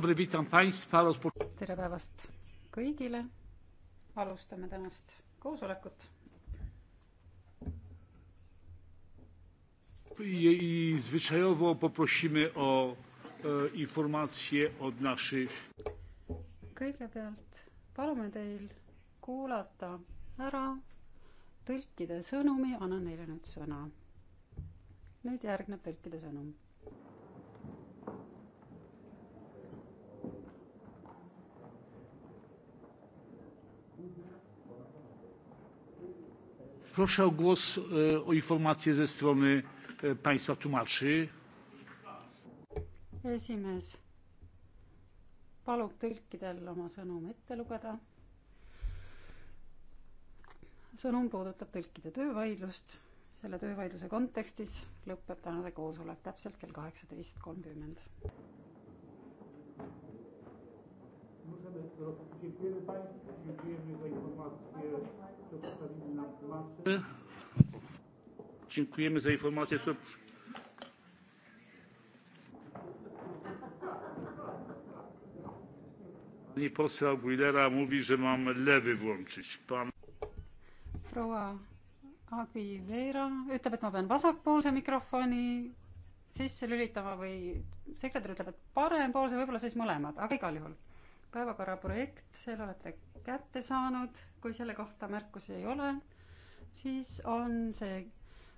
tere päevast kõigile. alustame tänast koosolekut. i zwyczajowo poprosimy o e, informacje od naszych. Kõigepealt palume teil kuulata ära tõlkide sõnumi, annan neile nüüd sõna. nüüd järgneb tõlkide sõnum Proszę e, o informację ze strony e, państwa tłumaczy. esimees palub tõlkidel oma sõnum ette lugeda. sõnum puudutab tõlkide töövaidlust. selle töövaidluse kontekstis lõpeb tänase koosolek täpselt kell kaheksateist kolmkümmend. Dziękujemy Państwu, dziękujemy za informację to postawili na planszy. Dziękujemy za informację. To... Pani poseł Aguilera mówi, że mam lewy włączyć. Pan... proua Aguilera ütleb, et ma pean vasakpoolse mikrofoni sisse lülitama või sekretär ütleb, et parempoolse, võib-olla siis mõlemad, aga igal juhul päevakorra projekt, selle olete kätte saanud, kui selle kohta märkusi ei ole, siis on see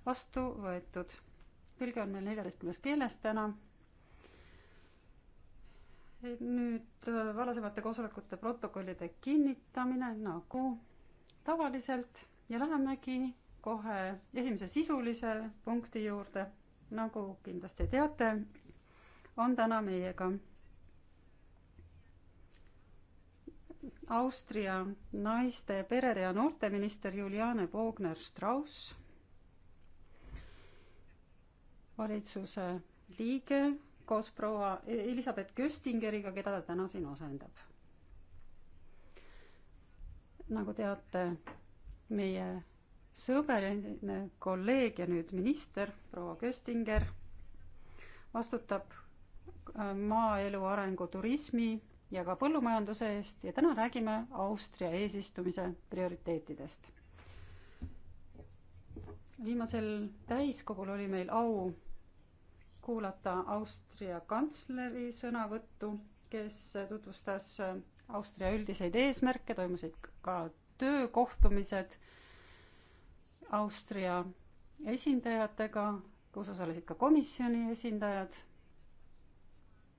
vastu võetud. tõlge on meil neljateistkümnes keeles täna. nüüd äh, varasemate koosolekute protokollide kinnitamine nagu tavaliselt ja lähemegi kohe esimese sisulise punkti juurde. nagu kindlasti teate, on täna meiega Austria naiste, perede ja noorteminister Juliane Bogner-Strauss, valitsuse liige koos proua Elizabeth Köstingeriga, keda ta täna siin asendab. nagu teate, meie sõber ja endine kolleeg ja nüüd minister proua Köstinger vastutab äh, maaelu arengu turismi ja ka põllumajanduse eest ja täna räägime Austria eesistumise prioriteetidest. viimasel täiskogul oli meil au kuulata Austria kantsleri sõnavõttu, kes tutvustas Austria üldiseid eesmärke, toimusid ka töökohtumised Austria esindajatega, kus osalesid ka komisjoni esindajad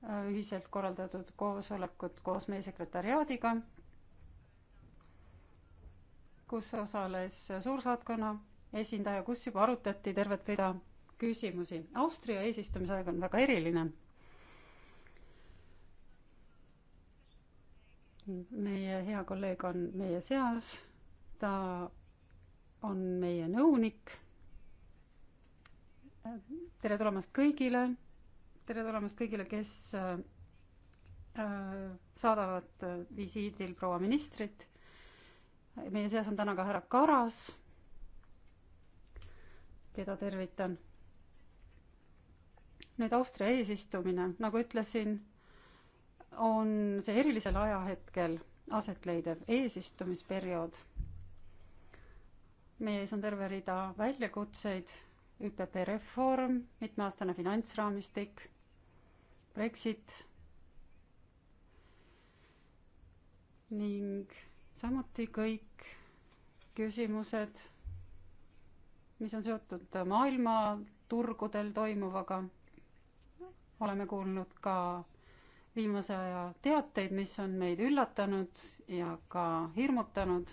ühiselt korraldatud koosolekut koos meie sekretariaadiga, kus osales suursaatkonna esindaja, kus juba arutati tervet rida küsimusi. Austria eesistumise aeg on väga eriline. meie hea kolleeg on meie seas, ta on meie nõunik. tere tulemast kõigile tere tulemast kõigile, kes äh, äh, saadavad äh, visiidil proua ministrit. meie seas on täna ka härra Karas, keda tervitan. nüüd Austria eesistumine, nagu ütlesin, on see erilisel ajahetkel aset leidev eesistumisperiood. meie ees on terve rida väljakutseid, ÜPP reform, mitmeaastane finantsraamistik Brexit ning samuti kõik küsimused, mis on seotud maailmaturgudel toimuvaga. oleme kuulnud ka viimase aja teateid, mis on meid üllatanud ja ka hirmutanud.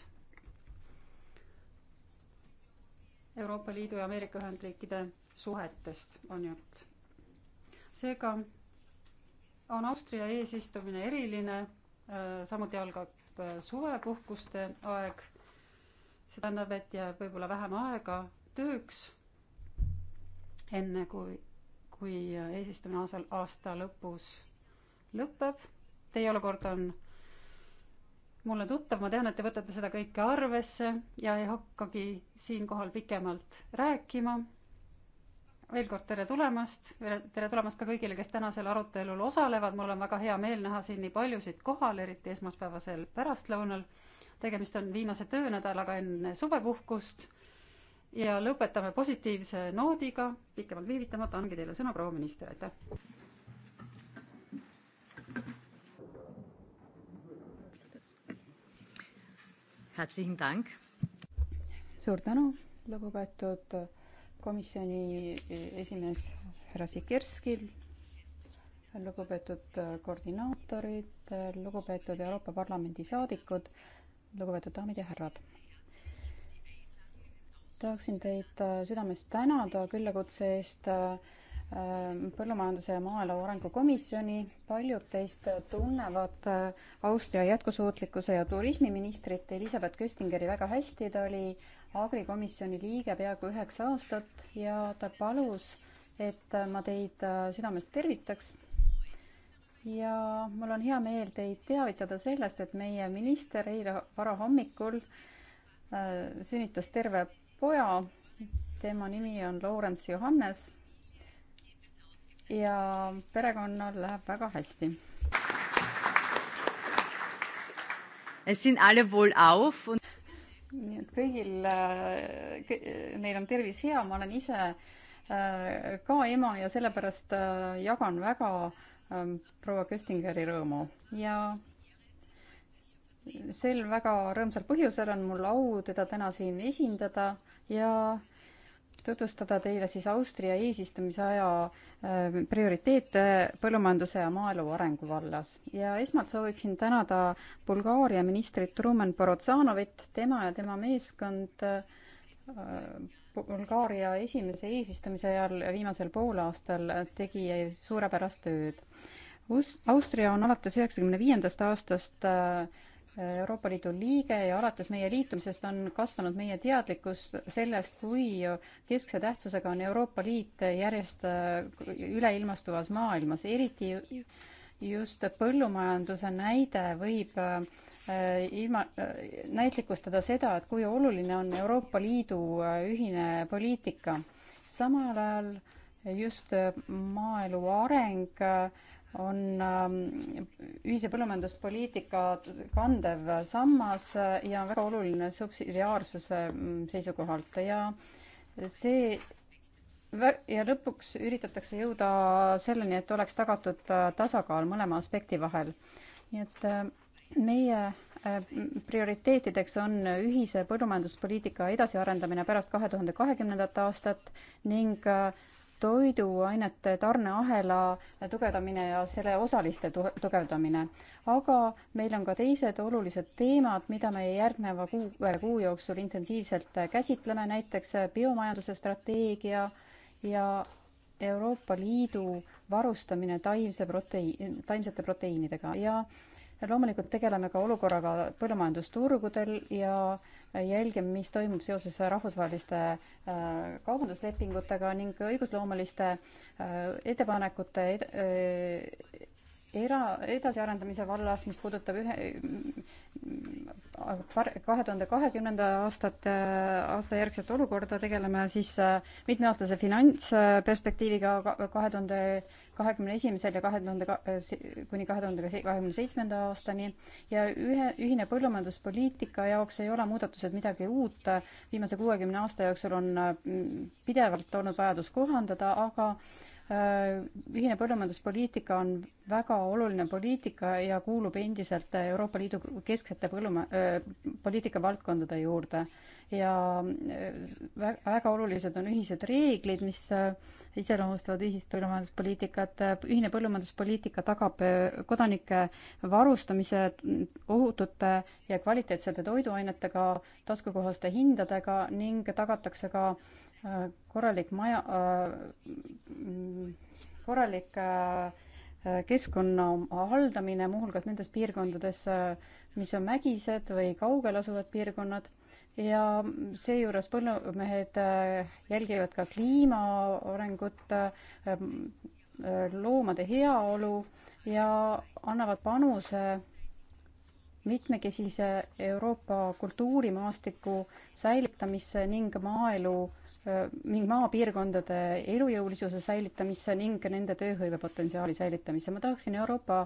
Euroopa Liidu ja Ameerika Ühendriikide suhetest on jutt. seega on Austria eesistumine eriline, äh, samuti algab äh, suvepuhkuste aeg. see tähendab, et jääb võib-olla vähem aega tööks, enne kui, kui äh, eesistumine aastal, aasta lõpus lõpeb. Teie olukord on mulle tuttav, ma tean, et te võtate seda kõike arvesse ja ei hakkagi siinkohal pikemalt rääkima veel kord tere tulemast, tere tulemast ka kõigile, kes tänasel arutelul osalevad, mul on väga hea meel näha siin nii paljusid kohal, eriti esmaspäevasel pärastlõunal. tegemist on viimase töönädalaga enne suvepuhkust ja lõpetame positiivse noodiga, pikemalt viivitamata ongi teile sõna, proua minister, aitäh! Herzlichen Dank. suur tänu, lugupeetud komisjoni esimees härra Sikerskil, lugupeetud koordinaatorid, lugupeetud Euroopa Parlamendi saadikud, lugupeetud daamid ja härrad. tahaksin teid südamest tänada küllakutse eest äh, põllumajanduse ja maaelu arengukomisjoni. paljud teist tunnevad äh, Austria jätkusuutlikkuse ja turismiministrit Elizabeth Köstingeri väga hästi, ta oli agrikomisjoni liige peaaegu üheksa aastat ja ta palus, et ma teid äh, südamest tervitaks. ja mul on hea meel teid teavitada sellest, et meie minister eile varahommikul äh, sünnitas terve poja. tema nimi on Lawrence Johannes. ja perekonnal läheb väga hästi Es sind alle wohl auf und nii et kõigil, äh, neil on tervis hea, ma olen ise äh, ka ema ja sellepärast äh, jagan väga ähm, proua Köstingeri rõõmu ja sel väga rõõmsal põhjusel on mul au teda täna siin esindada ja äh, tutvustada teile siis Austria eesistumise aja äh, prioriteete põllumajanduse ja maaelu arengu vallas. ja esmalt sooviksin tänada Bulgaaria ministrit Rumen Borotsanovit, tema ja tema meeskond äh, Bulgaaria esimese eesistumise ajal viimasel poolaastal tegi suurepärast tööd. Austria on alates üheksakümne viiendast aastast äh, Euroopa Liidu liige ja alates meie liitumisest on kasvanud meie teadlikkus sellest, kui keskse tähtsusega on Euroopa Liit järjest äh, üleilmastuvas maailmas, eriti just põllumajanduse näide võib äh, ilma, äh, näitlikustada seda, et kui oluline on Euroopa Liidu ühine poliitika. samal ajal just maaelu areng äh, on ähm, ühise põllumajanduspoliitika kandev sammas ja on väga oluline subsidiaarsuse mm, seisukohalt ja see ja lõpuks üritatakse jõuda selleni, et oleks tagatud äh, tasakaal mõlema aspekti vahel. nii et äh, meie äh, prioriteetideks on ühise põllumajanduspoliitika edasiarendamine pärast kahe tuhande kahekümnendat aastat ning toiduainete tarneahela tugevdamine ja selle osaliste tugevdamine. aga meil on ka teised olulised teemad, mida me järgneva kuu, kuu jooksul intensiivselt käsitleme, näiteks biomajanduse strateegia ja Euroopa Liidu varustamine taimse proteiin, taimsete proteiinidega ja loomulikult tegeleme ka olukorraga põllumajandusturgudel ja jälgime, mis toimub seoses rahvusvaheliste äh, kaubanduslepingutega ning õigusloomeliste äh, ettepanekute ed äh, era, edasiarendamise vallas, mis puudutab ühe, kahe tuhande kahekümnenda aastat, aastajärgset olukorda, tegeleme siis mitmeaastase finantsperspektiiviga kahe tuhande kahekümne esimesel ja kahe tuhande äh, kuni kahe tuhande kahekümne seitsmenda aastani ja ühe, ühine põllumajanduspoliitika jaoks ei ole muudatused midagi uut. viimase kuuekümne aasta jooksul on äh, pidevalt olnud vajadus kohandada, aga äh, ühine põllumajanduspoliitika on väga oluline poliitika ja kuulub endiselt Euroopa Liidu kesksete põlluma-, poliitikavaldkondade juurde. ja väga olulised on ühised reeglid, mis iseloomustavad ühist põllumajanduspoliitikat. ühine põllumajanduspoliitika tagab äh, kodanike varustamise ohutute ja kvaliteetsete toiduainetega, taskukohaste hindadega ning tagatakse ka äh, korralik maja, äh, korralik keskkonna haldamine, muuhulgas nendes piirkondades, mis on mägised või kaugel asuvad piirkonnad ja seejuures põllumehed äh, jälgivad ka kliima arengut, äh, äh, loomade heaolu ja annavad panuse mitmekesise Euroopa kultuurimaastiku säilitamisse ning maaelu ning maapiirkondade elujõulisuse säilitamisse ning nende tööhõivepotentsiaali säilitamisse. ma tahaksin Euroopa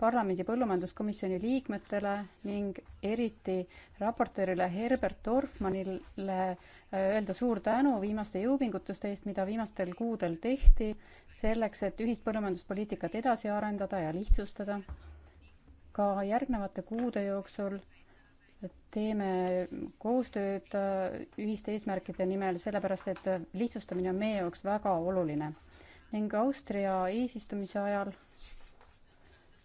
parlamendi põllumajanduskomisjoni liikmetele ning eriti raportöörile Herbert Dorfmannile äh, öelda suur tänu viimaste jõupingutuste eest, mida viimastel kuudel tehti selleks, et ühist põllumajanduspoliitikat edasi arendada ja lihtsustada. ka järgnevate kuude jooksul teeme koostööd äh, ühiste eesmärkide nimel, sellepärast et lihtsustamine on meie jaoks väga oluline. ning Austria eesistumise ajal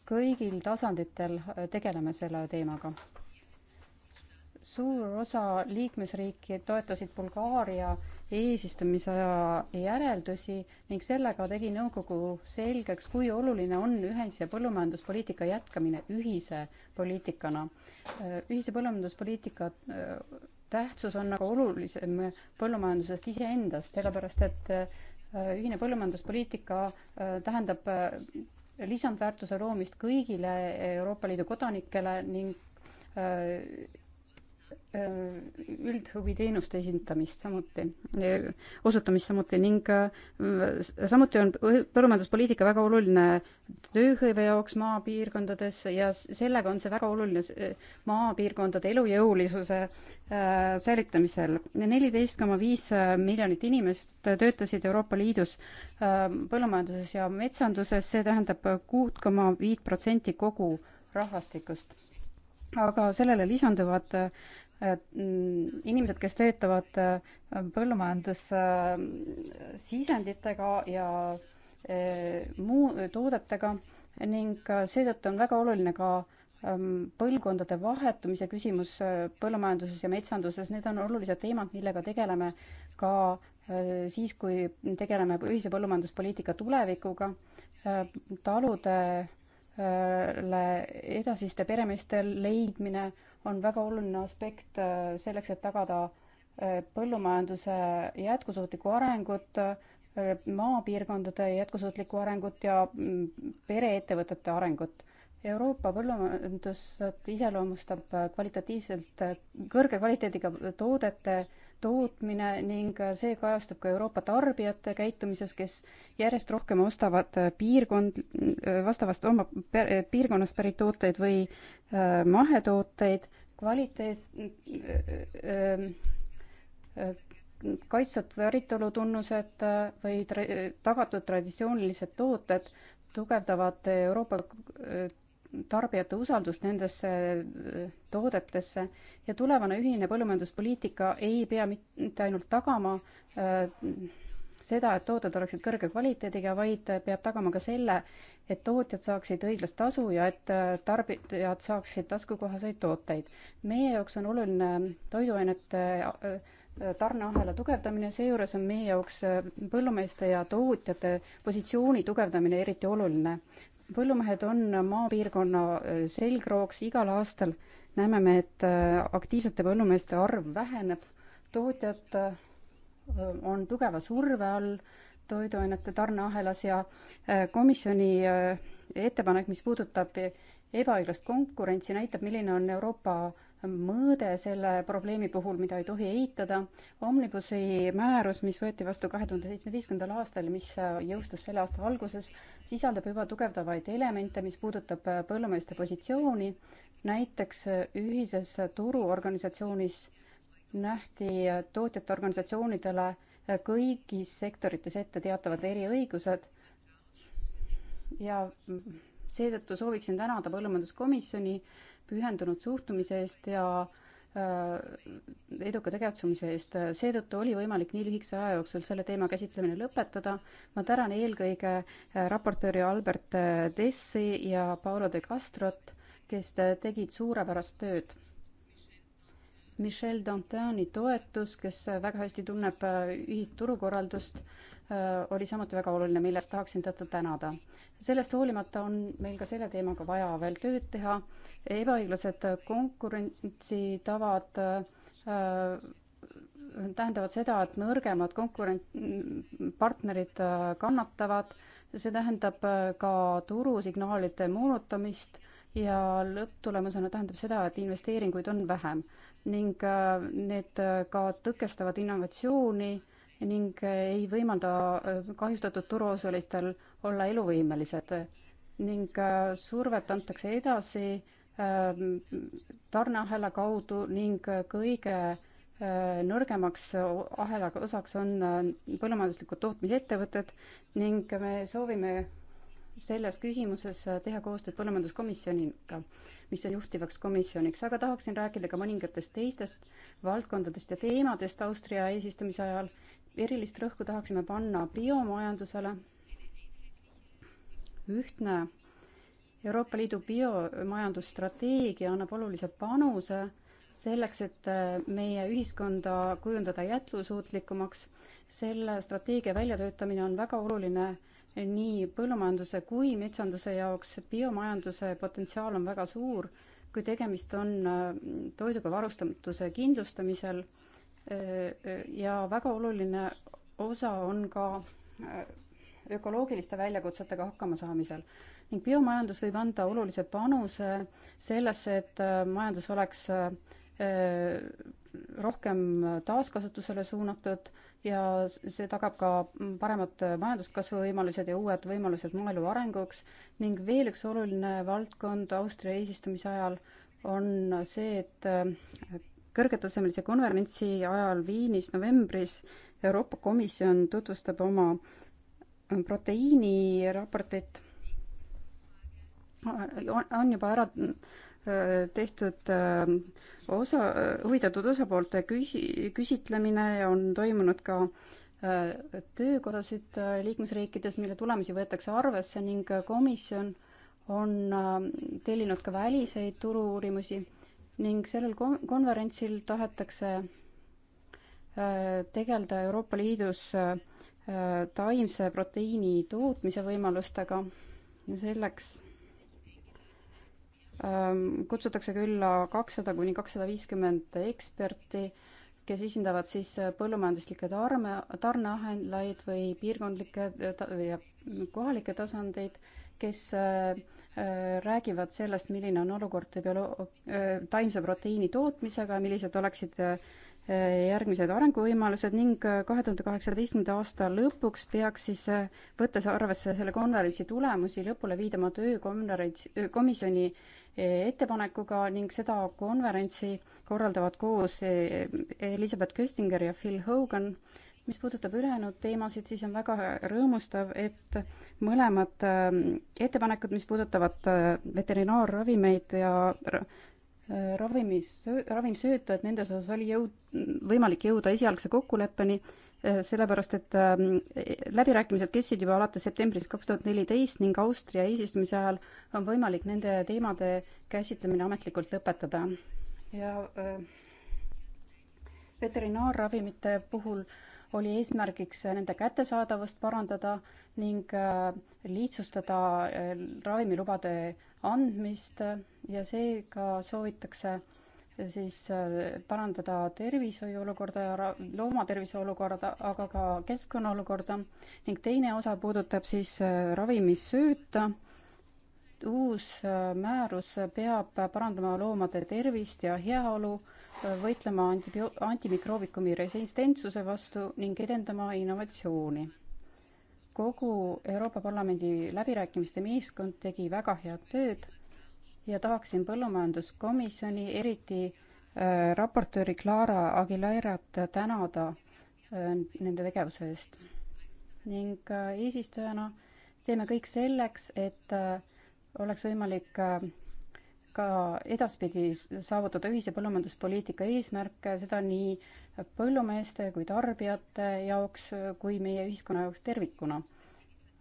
kõigil tasanditel äh, tegeleme selle teemaga. suur osa liikmesriiki toetasid Bulgaaria eesistumise aja järeldusi ning sellega tegi nõukogu selgeks, kui oluline on ühise põllumajanduspoliitika jätkamine ühise poliitikana. Äh, ühise põllumajanduspoliitika äh, tähtsus on aga nagu olulisem põllumajandusest iseendast, sellepärast et ühine põllumajanduspoliitika tähendab lisandväärtuse loomist kõigile Euroopa Liidu kodanikele ning äh, Äh, üldhuviteenuste esindamist samuti, äh, osutamist samuti ning äh, samuti on põllumajanduspoliitika väga oluline tööhõive jaoks maapiirkondades ja sellega on see väga oluline maapiirkondade elujõulisuse säilitamisel. neliteist koma viis miljonit inimest töötasid Euroopa Liidus põllumajanduses ja metsanduses, see tähendab kuut koma viit protsenti kogu rahvastikust aga sellele lisanduvad Mm, inimesed, kes töötavad äh, põllumajandussisenditega äh, ja äh, muu toodetega ning seetõttu on väga oluline ka ähm, põlvkondade vahetumise küsimus põllumajanduses ja metsanduses, need on olulised teemad, millega tegeleme ka siis, kui tegeleme ühise põllumajanduspoliitika tulevikuga, taludele edasiste peremeeste leidmine on väga oluline aspekt äh, selleks, et tagada äh, põllumajanduse jätkusuutlikku arengut, äh, maapiirkondade jätkusuutlikku arengut ja mm, pereettevõtete arengut. Euroopa põllumajandust iseloomustab kvalitatiivselt kõrge kvaliteediga toodete äh, tootmine ning see kajastub ka Euroopa tarbijate käitumises, kes järjest rohkem ostavad äh, piirkond, äh, vastavast oma äh, piirkonnast pärit tooteid või mahetooteid, kvaliteet äh,, kaitstud päritolutunnused või tra-, tagatud traditsioonilised tooted tugevdavad Euroopa tarbijate usaldust nendesse äh, toodetesse ja tulevane ühine põllumajanduspoliitika ei pea mitte ainult tagama äh, seda, et tooted oleksid kõrge kvaliteediga, vaid peab tagama ka selle, et tootjad saaksid õiglast tasu ja et äh, tarbijad saaksid taskukohaseid tooteid. meie jaoks on oluline toiduainete tarneahela tugevdamine, seejuures on meie jaoks põllumeeste ja tootjate positsiooni tugevdamine eriti oluline põllumehed on maapiirkonna selgrooks, igal aastal näeme me, et äh, aktiivsete põllumeeste arv väheneb, tootjad äh, on tugeva surve all toiduainete tarneahelas ja äh, komisjoni ettepanek, mis puudutab e-, ebaõiglast konkurentsi, näitab, milline on Euroopa mõõde selle probleemi puhul, mida ei tohi eitada. Omnibusi määrus, mis võeti vastu kahe tuhande seitsmeteistkümnendal aastal, mis jõustus selle aasta alguses, sisaldab juba tugevdavaid elemente, mis puudutab põllumeeste positsiooni. näiteks ühises turuorganisatsioonis nähti tootjate organisatsioonidele kõigis sektorites ette teatavad eriõigused ja seetõttu sooviksin tänada Põllumajanduskomisjoni pühendunud suhtumise eest ja äh, eduka tegutsemise eest. seetõttu oli võimalik nii lühikese aja jooksul selle teema käsitlemine lõpetada. ma tänan eelkõige äh, raportööri Albert äh, Dessi ja Paolo de Castrot, kes tegid suurepärast tööd. Michel Dantani toetus, kes väga hästi tunneb äh, ühist turukorraldust, äh, oli samuti väga oluline, mille eest tahaksin teda tänada. sellest hoolimata on meil ka selle teemaga vaja veel tööd teha, ebaõiglased konkurentsitavad äh, tähendavad seda, et nõrgemad konkurent-, partnerid kannatavad, see tähendab ka turusignaalide moonutamist ja lõpptulemusena tähendab seda, et investeeringuid on vähem ning äh, need äh, ka tõkestavad innovatsiooni ning äh, ei võimalda kahjustatud turuosalistel olla eluvõimelised ning survet antakse edasi ähm, tarneahela kaudu ning kõige nõrgemaks ahela osaks on põllumajanduslikud tootmisettevõtted ning me soovime selles küsimuses teha koostööd põllumajanduskomisjoniga mis on juhtivaks komisjoniks, aga tahaksin rääkida ka mõningatest teistest valdkondadest ja teemadest Austria eesistumise ajal. erilist rõhku tahaksime panna biomajandusele. ühtne Euroopa Liidu biomajandusstrateegia annab olulise panuse selleks, et meie ühiskonda kujundada jätkusuutlikumaks. selle strateegia väljatöötamine on väga oluline nii põllumajanduse kui metsanduse jaoks. biomajanduse potentsiaal on väga suur, kui tegemist on äh, toiduga varustatuse kindlustamisel äh, äh, ja väga oluline osa on ka ökoloogiliste väljakutsetega hakkama saamisel ning biomajandus võib anda olulise panuse sellesse, et majandus oleks rohkem taaskasutusele suunatud ja see tagab ka paremad majanduskasvu võimalused ja uued võimalused maaelu arenguks ning veel üks oluline valdkond Austria eesistumise ajal on see, et äh, kõrgetasemelise konverentsi ajal Viinis novembris Euroopa Komisjon tutvustab oma äh, proteiiniraportit on juba ära tehtud äh, osa, äh, huvitatud osapoolte küsi-, küsitlemine on toimunud ka äh, töökodasid liikmesriikides, mille tulemusi võetakse arvesse ning komisjon on tellinud ka väliseid turu-uurimusi ning sellel kon-, konverentsil tahetakse tegeleda Euroopa Liidus taimse proteiini tootmise võimalustega ja selleks kutsutakse külla kakssada kuni kakssada viiskümmend eksperti, kes esindavad siis põllumajanduslikke tarme, tarneahelaid või piirkondlikke ja kohalikke tasandeid, kes räägivad sellest, milline on olukord biolo-, taimse proteiini tootmisega, millised oleksid järgmised arenguvõimalused ning kahe tuhande kaheksateistkümnenda aasta lõpuks peaks siis, võttes arvesse selle konverentsi tulemusi, lõpule viidama töö konverents, komisjoni Eh, ettepanekuga ning seda konverentsi korraldavad koos eh, Elizabeth Köstinger ja Phil Hogan. mis puudutab ülejäänud teemasid, siis on väga rõõmustav, et mõlemad eh, ettepanekud, mis puudutavad veterinaarravimeid ja ravimis, ravimsööta, et nendes osas oli jõud, võimalik jõuda esialgse kokkuleppeni Äh, sellepärast et ähm, e-, läbirääkimised kestsid juba alates septembrist kaks tuhat neliteist ning Austria eesistumise ajal on võimalik nende teemade käsitlemine ametlikult lõpetada. ja äh, veterinaarravimite puhul oli eesmärgiks nende kättesaadavust parandada ning äh, lihtsustada ravimilubade andmist ja seega soovitakse siis äh, parandada tervishoiu olukorda ja loomatervise olukorda, aga ka keskkonna olukorda ning teine osa puudutab siis äh, ravimissööta. uus äh, määrus peab parandama loomade tervist ja heaolu, võitlema antibio-, antimikroobikumi resistentsuse vastu ning edendama innovatsiooni. kogu Euroopa Parlamendi läbirääkimiste meeskond tegi väga head tööd ja tahaksin põllumajanduskomisjoni, eriti äh, raportööri Clara Aguilerat tänada äh, nende tegevuse eest. ning äh, eesistujana teeme kõik selleks, et oleks võimalik ka edaspidi saavutada ühise põllumajanduspoliitika eesmärke, seda nii põllumeeste kui tarbijate jaoks kui meie ühiskonna jaoks tervikuna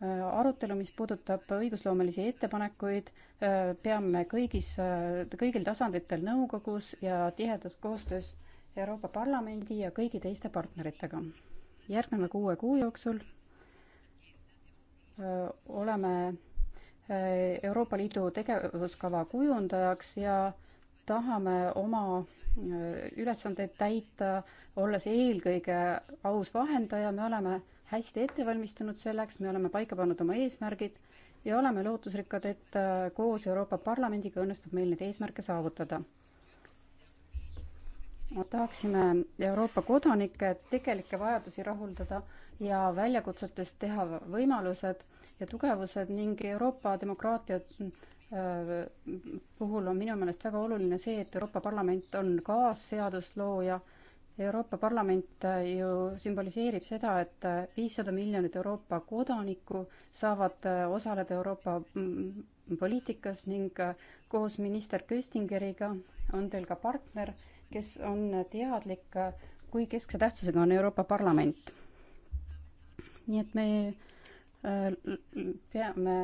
Äh, arutelu, mis puudutab õigusloomelisi ettepanekuid, äh, peame kõigis, äh, kõigil tasanditel nõukogus ja tihedas koostöös Euroopa Parlamendi ja kõigi teiste partneritega. järgneva kuue kuu jooksul oleme Euroopa Liidu tegevuskava kujundajaks ja tahame oma ülesandeid täita, olles eelkõige aus vahendaja, me oleme hästi ette valmistunud selleks, me oleme paika pannud oma eesmärgid ja oleme lootusrikkad, et äh, koos Euroopa Parlamendiga õnnestub meil neid eesmärke saavutada. tahaksime Euroopa kodanike tegelikke vajadusi rahuldada ja väljakutsetest teha võimalused ja tugevused ning Euroopa demokraatia äh, puhul on minu meelest väga oluline see, et Euroopa Parlament on kaasseaduslooja Euroopa Parlament äh, ju sümboliseerib seda, et äh, viissada miljonit Euroopa kodanikku saavad äh, osaleda Euroopa mm, mm, poliitikas ning koos minister Köstingeriga on teil ka partner, kes on teadlik, kui keskse tähtsusega on Euroopa Parlament. nii et me peame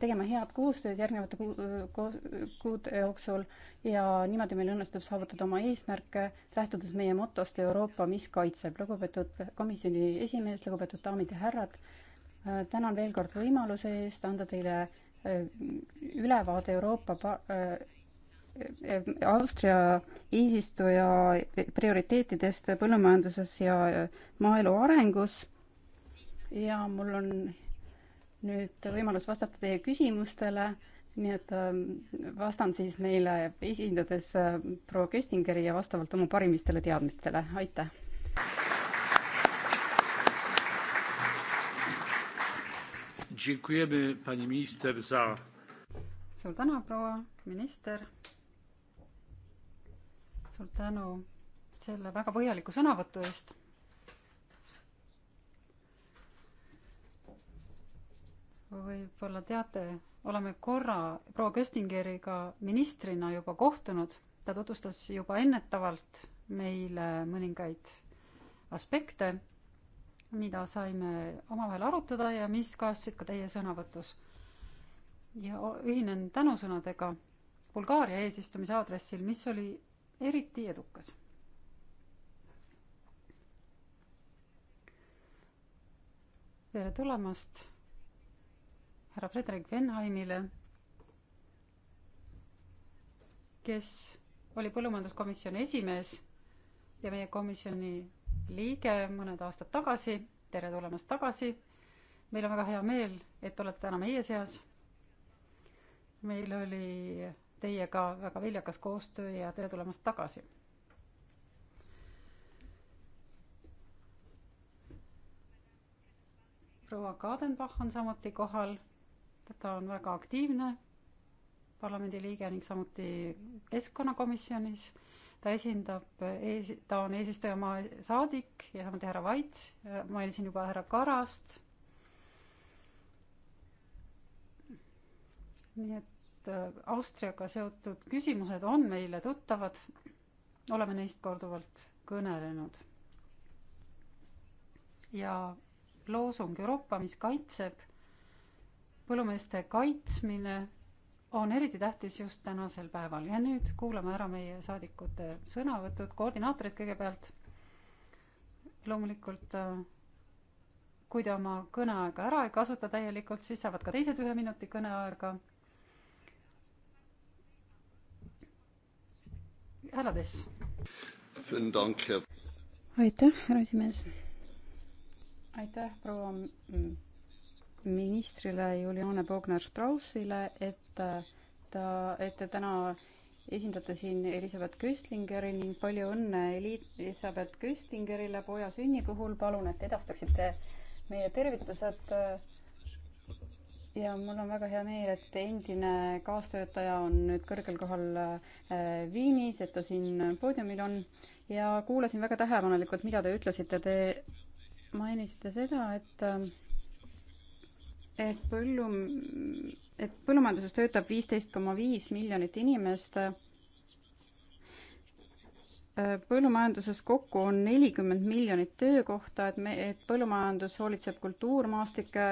tegema head koostööd järgnevate kuude jooksul ja niimoodi meil õnnestub saavutada oma eesmärke, lähtudes meie motost Euroopa, mis kaitseb. lugupeetud komisjoni esimees, lugupeetud daamid ja härrad, tänan veel kord võimaluse eest anda teile äh, ülevaade Euroopa äh, äh, Austria eesistuja prioriteetidest põllumajanduses ja maaelu arengus ja mul on nüüd võimalus vastata teie küsimustele, nii et ähm, vastan siis neile esindades äh, proua Köstingeri ja vastavalt oma parimistele teadmistele, aitäh! suur tänu, proua minister! suur tänu selle väga põhjaliku sõnavõtu eest võib-olla teate, oleme korra proua Köstingeriga ministrina juba kohtunud, ta tutvustas juba ennetavalt meile mõningaid aspekte, mida saime omavahel arutada ja mis kajastusid ka teie sõnavõtus. ja ühinen tänusõnadega Bulgaaria eesistumise aadressil, mis oli eriti edukas. tere tulemast härra Frederik Venheimile, kes oli põllumajanduskomisjoni esimees ja meie komisjoni liige mõned aastad tagasi. tere tulemast tagasi. meil on väga hea meel, et olete täna meie seas. meil oli teiega väga viljakas koostöö ja tere tulemast tagasi. proua Kadenbach on samuti kohal ta on väga aktiivne parlamendiliige ning samuti keskkonnakomisjonis. ta esindab ees, ta on eesistujamaa saadik ja samuti härra Vaits, mainisin juba härra Karast. nii et äh, Austriaga seotud küsimused on meile tuttavad, oleme neist korduvalt kõnelenud. ja loosung Euroopa, mis kaitseb põllumeeste kaitsmine on eriti tähtis just tänasel päeval ja nüüd kuulame ära meie saadikute sõnavõtud, koordinaatorid kõigepealt. loomulikult, äh, kui te oma kõneaega ära ei kasuta täielikult, siis saavad ka teised ühe minuti kõneaega. härra Tess. aitäh, härra esimees. aitäh, proua ministrile Juliane Bognar-Straussile, et äh, ta, et te täna esindate siin Elizabeth Köstlingeri ning palju õnne Elizabeth Köstlingerile poja sünni puhul. palun, et edastaksite meie tervitused. Äh, ja mul on väga hea meel, et endine kaastöötaja on nüüd kõrgel kohal äh, Viinis, et ta siin poodiumil on ja kuulasin väga tähelepanelikult, mida te ütlesite. Te mainisite seda, et et põllu, et põllumajanduses töötab viisteist koma viis miljonit inimest. Äh, põllumajanduses kokku on nelikümmend miljonit töökohta, et me, et põllumajandus hoolitseb kultuurmaastike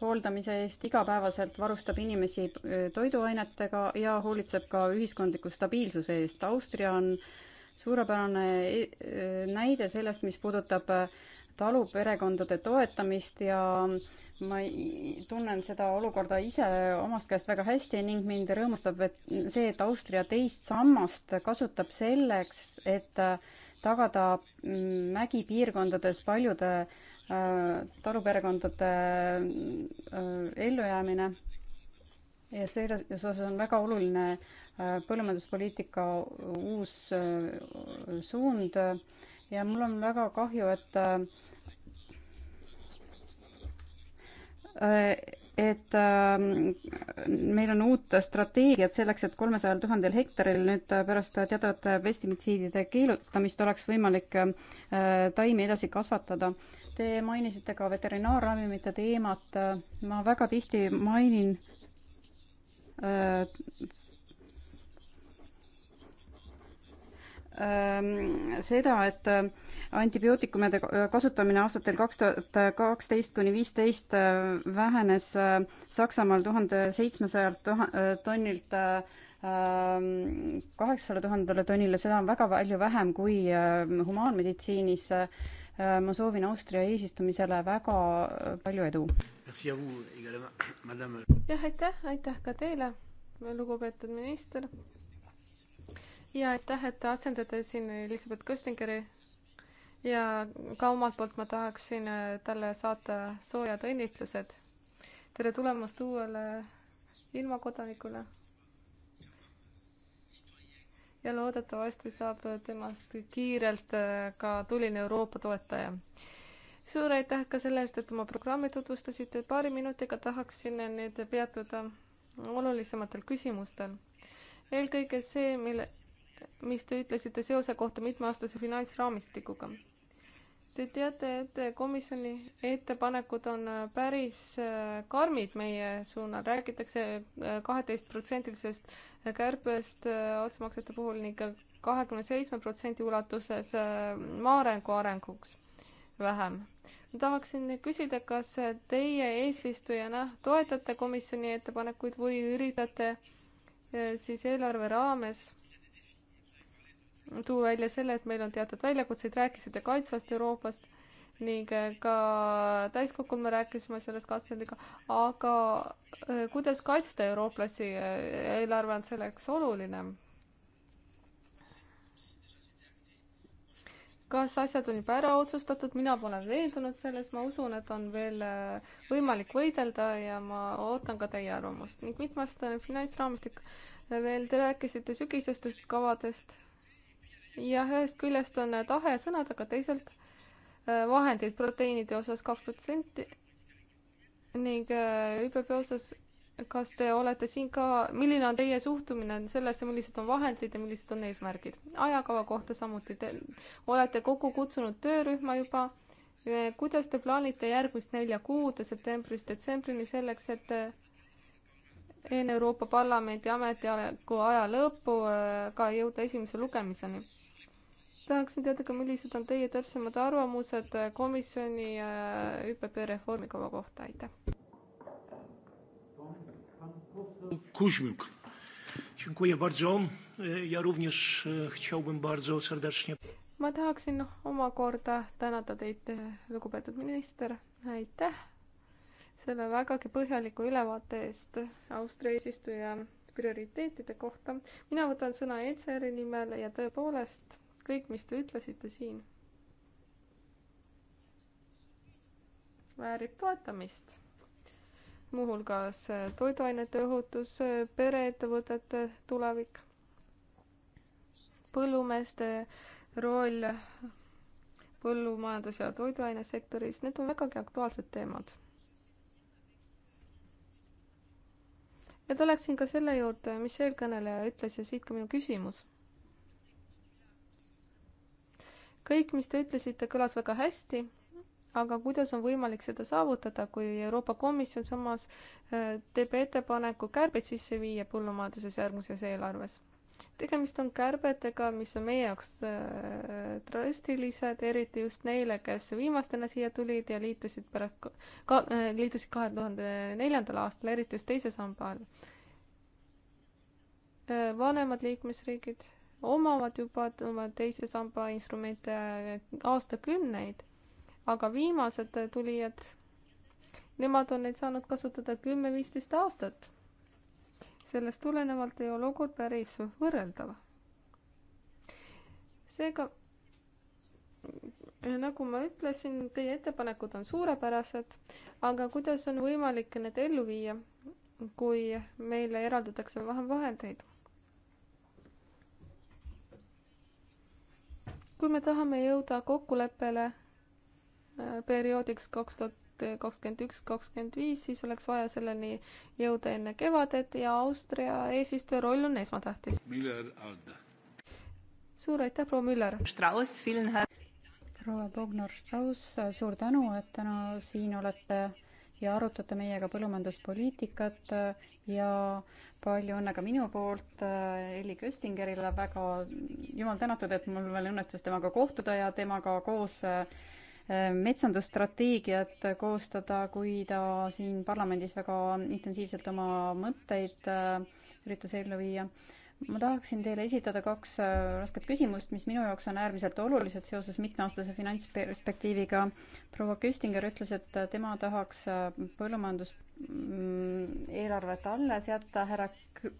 hooldamise eest, igapäevaselt varustab inimesi äh, toiduainetega ja hoolitseb ka ühiskondliku stabiilsuse eest. Austria on suurepärane äh, näide sellest, mis puudutab äh, taluperekondade toetamist ja ma tunnen seda olukorda ise omast käest väga hästi ning mind rõõmustab, et see, et Austria teist sammast kasutab selleks, et äh, tagada mm, mägipiirkondades paljude äh, taluperekondade äh, ellujäämine. ja selles osas on väga oluline põllumajanduspoliitika uus suund ja mul on väga kahju, et äh, et äh, meil on uut strateegiat selleks, et kolmesajal tuhandel hektaril nüüd pärast teatavate pestimitsiidide keelustamist oleks võimalik äh, taimi edasi kasvatada. Te mainisite ka veterinaarravimite teemat. ma väga tihti mainin äh, Ehm, seda, et äh, antibiootikumide kasutamine aastatel kaks tuhat kaksteist kuni viisteist äh, vähenes äh, Saksamaal tuhande seitsmesajalt tonnilt ehm, kaheksasada tuhandele tonnile, seda on väga palju vähem kui humaanmeditsiinis. ma soovin Austria eesistumisele väga palju edu. jah, aitäh, aitäh ka teile, lugupeetud minister ja aitäh, et te asendate siin Elizabeth Köstingeri ja ka omalt poolt ma tahaksin äh, talle saata soojad õnnitlused. tere tulemast uuele ilmakodanikule. ja loodetavasti saab temast kiirelt äh, ka tuline Euroopa toetaja. suur aitäh ka selle eest, et oma programmi tutvustasite. paari minutiga tahaksin nüüd peatuda olulisematel küsimustel. eelkõige see, mille mis te ütlesite seose kohta mitmeaastase finantsraamistikuga. Te teate, et komisjoni ettepanekud on äh, päris äh, karmid meie suunal, räägitakse äh, kaheteistprotsendilisest kärpest otsemaksete puhul ning kahekümne seitsme protsendi ulatuses maaarengu arenguks vähem. ma tahaksin küsida, kas teie eesistujana toetate komisjoni ettepanekuid või üritate siis eelarve raames tuua välja selle, et meil on teatud väljakutseid, rääkisite kaitsvast Euroopast ning äh, ka täiskogul me rääkisime sellest kantsleriga, aga äh, kuidas kaitsta eurooplasi, äh, eelarve on selleks oluline. kas asjad on juba ära otsustatud, mina pole veendunud selles, ma usun, et on veel võimalik võidelda ja ma ootan ka teie arvamust ning mitmest finantsraamistik veel te rääkisite sügisestest kavadest jah, ühest küljest on äh, tahe sõnad, aga teisalt äh, vahendid proteiinide osas kaks protsenti ning äh, ÜBB osas, kas te olete siin ka, milline on teie suhtumine sellesse, millised on vahendid ja millised on eesmärgid? ajakava kohta samuti, te olete kokku kutsunud töörühma juba. kuidas te plaanite järgmist nelja kuud septembrist detsembrini selleks, et enne Euroopa Parlamendi ametiaegu aja lõppu ka jõuda esimese lugemiseni tahaksin teada ka, millised on teie täpsemad arvamused äh, komisjoni äh, ÜPP reformikava kohta, aitäh. Kuźmiuk. Dziękuję bardzo. Ja również chciałbym bardzo serdecznie. ma tahaksin noh, omakorda tänada teid, äh, lugupeetud minister, aitäh selle vägagi põhjaliku ülevaate eest Austria eesistuja prioriteetide kohta. mina võtan sõna ECR-i nimel ja tõepoolest kõik, mis te ütlesite siin, väärib toetamist. muuhulgas eh, toiduainete ohutus, eh, pereettevõtete tulevik, põllumeeste roll põllumajandus- ja toiduainesektoris, need on vägagi aktuaalsed teemad. ja tuleksin ka selle juurde, mis eelkõneleja ütles ja siit ka minu küsimus kõik, mis te ütlesite, kõlas väga hästi, aga kuidas on võimalik seda saavutada, kui Euroopa Komisjon samas äh, teeb ettepaneku kärbeid sisse viia põllumajanduses järgmises eelarves? tegemist on kärbetega, mis on meie jaoks äh, drastilised, eriti just neile, kes viimastena siia tulid ja liitusid pärast, ka äh, liitusid kahe tuhande neljandal aastal, eriti just teise samba all. vanemad liikmesriigid omavad juba oma teise samba instrumente aastakümneid, aga viimased tulijad, nemad on neid saanud kasutada kümme-viisteist aastat. sellest tulenevalt ei ole olukord päris võrreldav. seega Ja nagu ma ütlesin, teie ettepanekud on suurepärased, aga kuidas on võimalik need ellu viia, kui meile eraldatakse vähem vahendeid? kui me tahame jõuda kokkuleppele äh, perioodiks kaks tuhat kakskümmend üks, kakskümmend viis, siis oleks vaja selleni jõuda enne kevadet ja Austria eesistuja roll on esmatähtis. suur aitäh, proua Müller! proua Bognar-Strauss, suur tänu, et täna siin olete ja arutate meiega põllumajanduspoliitikat äh, ja palju õnne ka minu poolt äh, Elli Köstingerile, väga jumal tänatud, et mul veel õnnestus temaga kohtuda ja temaga koos äh, metsandusstrateegiat koostada, kui ta siin parlamendis väga intensiivselt oma mõtteid üritas ellu viia ma tahaksin teile esitada kaks äh, rasket küsimust, mis minu jaoks on äärmiselt olulised seoses mitmeaastase finantsperspektiiviga. proua Köstinger ütles, et äh, tema tahaks äh, põllumajanduseelarvet mm, alles jätta, härra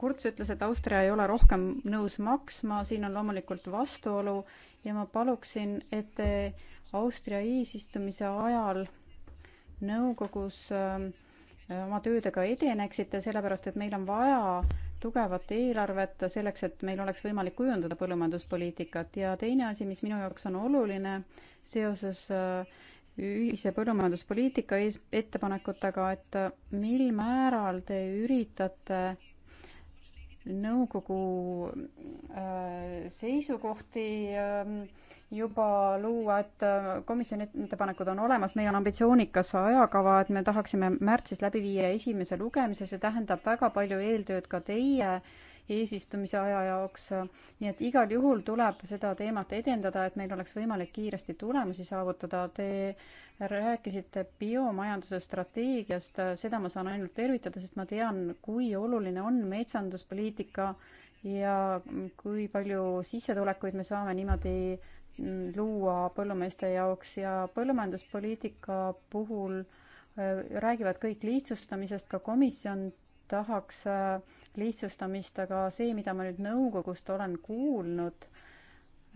Kurts ütles, et Austria ei ole rohkem nõus maksma, siin on loomulikult vastuolu ja ma paluksin, et te Austria eesistumise ajal nõukogus oma töödega edeneksite, sellepärast et meil on vaja tugevat eelarvet selleks, et meil oleks võimalik kujundada põllumajanduspoliitikat ja teine asi, mis minu jaoks on oluline seoses äh, ühise põllumajanduspoliitika ees, ettepanekutega, et äh, mil määral te üritate nõukogu äh, seisukohti ähm, juba luua, et äh, komisjoni ettepanekud on olemas, meil on ambitsioonikas ajakava, et me tahaksime märtsis läbi viia esimese lugemise, see tähendab väga palju eeltööd ka teie eesistumise aja jaoks. nii et igal juhul tuleb seda teemat edendada, et meil oleks võimalik kiiresti tulemusi saavutada. Te rääkisite biomajanduse strateegiast, seda ma saan ainult tervitada, sest ma tean, kui oluline on metsanduspoliitika ja kui palju sissetulekuid me saame niimoodi luua põllumeeste jaoks ja põllumajanduspoliitika puhul äh, räägivad kõik lihtsustamisest, ka komisjon tahaks äh, lihtsustamist, aga see, mida ma nüüd nõukogust olen kuulnud,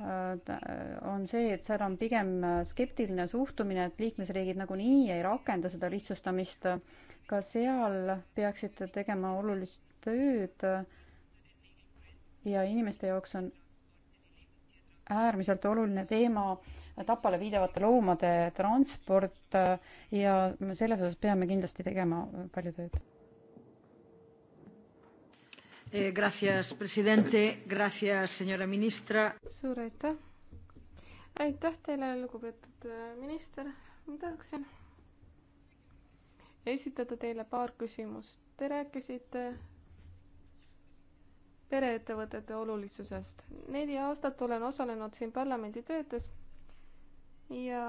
äh, on see, et seal on pigem skeptiline suhtumine, et liikmesriigid nagunii ei rakenda seda lihtsustamist. ka seal peaksite tegema olulist tööd. ja inimeste jaoks on äärmiselt oluline teema tapale viidavate loomade transport äh, ja selles osas peame kindlasti tegema palju tööd. Eh, gracias, presidente, gracias, senora ministra. suur aitäh. aitäh teile, lugupeetud äh, minister. ma tahaksin esitada teile paar küsimust. Te rääkisite pereettevõtete olulisusest. neli aastat olen osalenud siin parlamendi töödes ja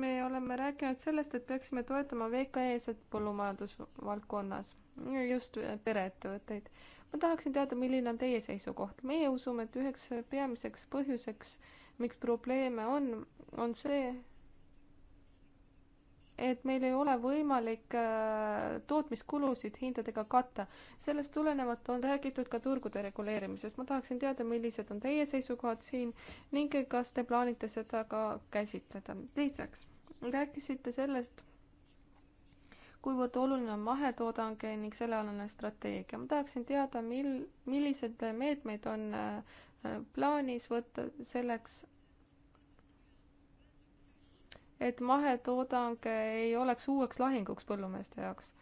me oleme rääkinud sellest, et peaksime toetama VKE-sid põllumajandusvaldkonnas, just pereettevõtteid. ma tahaksin teada, milline on teie seisukoht. meie usume, et üheks peamiseks põhjuseks, miks probleeme on, on see, et meil ei ole võimalik äh, tootmiskulusid hindadega katta. sellest tulenevalt on räägitud ka turgude reguleerimisest. ma tahaksin teada, millised on teie seisukohad siin ning kas te plaanite seda ka käsitleda. teiseks, rääkisite sellest, kuivõrd oluline on mahetoodang ning sellealane strateegia. ma tahaksin teada, mil, millised meetmeid on äh, plaanis võtta selleks, et mahetoodang ei oleks uueks lahinguks põllumeeste jaoks.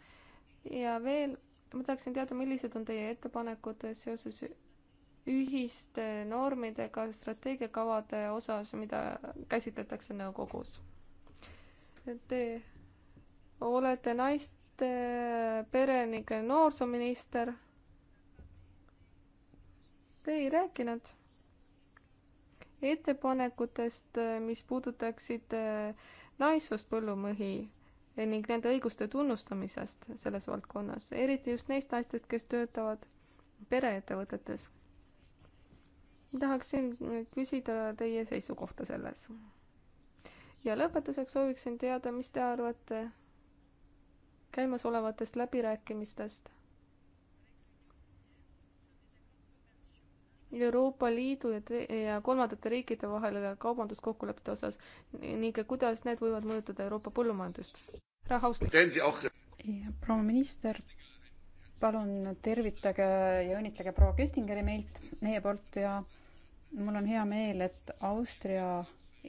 ja veel, ma tahaksin teada, millised on teie ettepanekud seoses ühiste normidega strateegiakavade osas, mida käsitletakse nõukogus? Te olete naiste, perenike, noorsoominister. Te ei rääkinud ettepanekutest, äh, mis puudutaksid äh, naissoost põllumõhi ning nende õiguste tunnustamisest selles valdkonnas, eriti just neist naistest, kes töötavad pereettevõtetes. tahaksin äh, küsida teie seisukohta selles. ja lõpetuseks sooviksin teada, mis te arvate käimasolevatest läbirääkimistest Euroopa Liidu ja, ja kolmandate riikide vahel kaubanduskokkulepete osas ning kuidas need võivad mõjutada Euroopa põllumajandust? raha austab. proua minister, palun tervitage ja õnnitlege proua Köstingeri meilt, meie poolt ja mul on hea meel, et Austria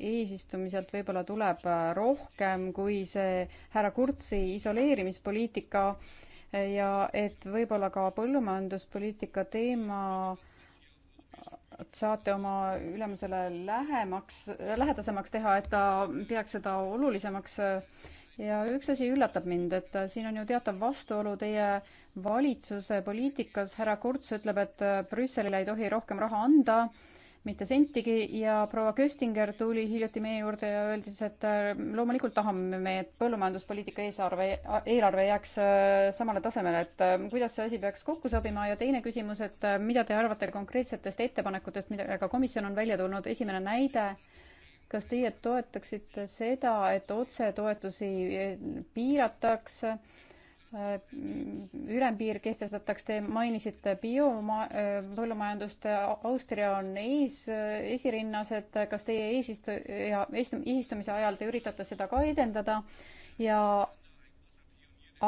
eesistumiselt võib-olla tuleb rohkem kui see härra Kurtsi isoleerimispoliitika ja et võib-olla ka põllumajanduspoliitika teema äh, saate oma ülemusele lähemaks, lähedasemaks teha, et ta peaks seda olulisemaks. ja üks asi üllatab mind, et siin on ju teatav vastuolu teie valitsuse poliitikas. härra Kurz ütleb, et Brüsselile ei tohi rohkem raha anda mitte sentigi ja proua Köstinger tuli hiljuti meie juurde ja öeldis, et äh, loomulikult tahame me, et põllumajanduspoliitika eelarve, eelarve jääks äh, samale tasemele, et äh, kuidas see asi peaks kokku sobima ja teine küsimus, et mida te arvate konkreetsetest ettepanekutest, millega komisjon on välja tulnud, esimene näide, kas teie toetaksite seda, et otsetoetusi piiratakse? Äh, ülempiir kehtestatakse, te mainisite bioma-, äh, põllumajandust, Austria on ees, äh, esirinnas, et kas teie eesistuja, eesistumise ajal te üritate seda ka edendada ja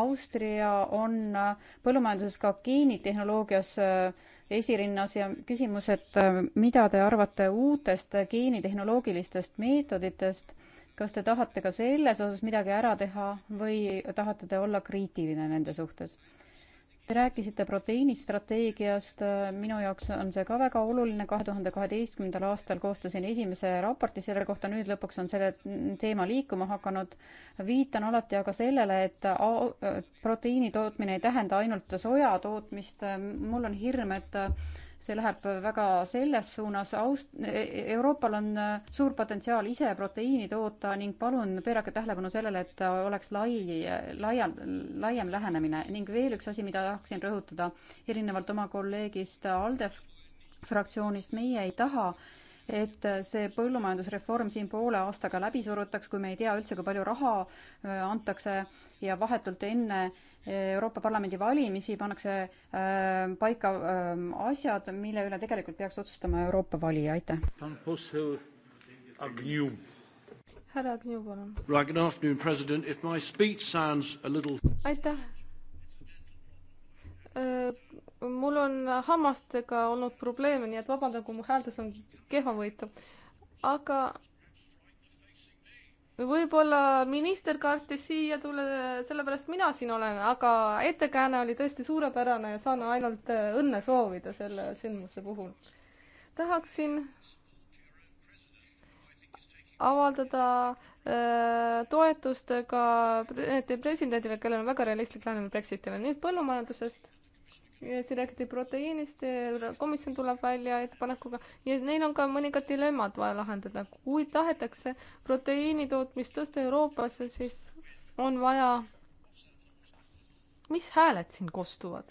Austria on põllumajanduses ka geenitehnoloogias esirinnas ja küsimus, et mida te arvate uutest geenitehnoloogilistest meetoditest kas te tahate ka selles osas midagi ära teha või tahate te olla kriitiline nende suhtes? Te rääkisite proteiinistrateegiast, minu jaoks on see ka väga oluline, kahe tuhande kaheteistkümnendal aastal koostasin esimese raporti selle kohta, nüüd lõpuks on selle teema liikuma hakanud. viitan alati aga sellele, et proteiini tootmine ei tähenda ainult soja tootmist, mul on hirm, et see läheb väga selles suunas, Aust-, e-, e-, Euroopal on äh, suur potentsiaal ise proteiini toota ning palun pöörake tähelepanu sellele, et oleks lai, laial, laiem lähenemine ning veel üks asi, mida tahaksin rõhutada, erinevalt oma kolleegist ALDE fraktsioonist, meie ei taha et see põllumajandusreform siin poole aastaga läbi surutaks, kui me ei tea üldse, kui palju raha äh, antakse ja vahetult enne äh, Euroopa Parlamendi valimisi pannakse äh, paika äh, asjad, mille üle tegelikult peaks otsustama Euroopa valija, aitäh. härra Agnew, palun. aitäh äh, mul on hammastega olnud probleeme, nii et vabandan, kui mu hääldus on kehvavõitu. aga võib-olla minister kartis siia tulla, sellepärast mina siin olen, aga ettekääne oli tõesti suurepärane ja saan ainult äh, õnne soovida selle sündmuse puhul. tahaksin avaldada öö, äh, toetust ka pre presidendile, kellel on väga realistlik lähenemine Brexitile. nüüd põllumajandusest siin räägiti proteiinist, komisjon tuleb välja ettepanekuga ja neil on ka mõningad dilemmad vaja lahendada. kui tahetakse proteiini tootmist tõsta Euroopasse, siis on vaja. mis hääled siin kostuvad?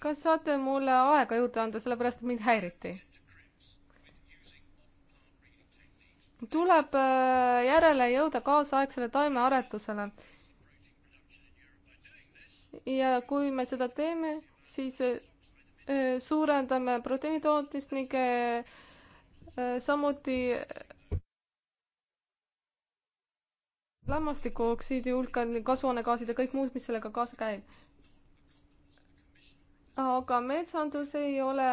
kas saate mulle aega juurde anda, sellepärast et mind häiriti? tuleb äh, järele jõuda kaasaegsele taimearetusele. ja kui me seda teeme, siis äh, suurendame proteiini tootmist ning äh, samuti lämmastikuoksiidi hulka, kasvuhoonegaaside, kõik muud, mis sellega kaasa käib aga metsandus ei ole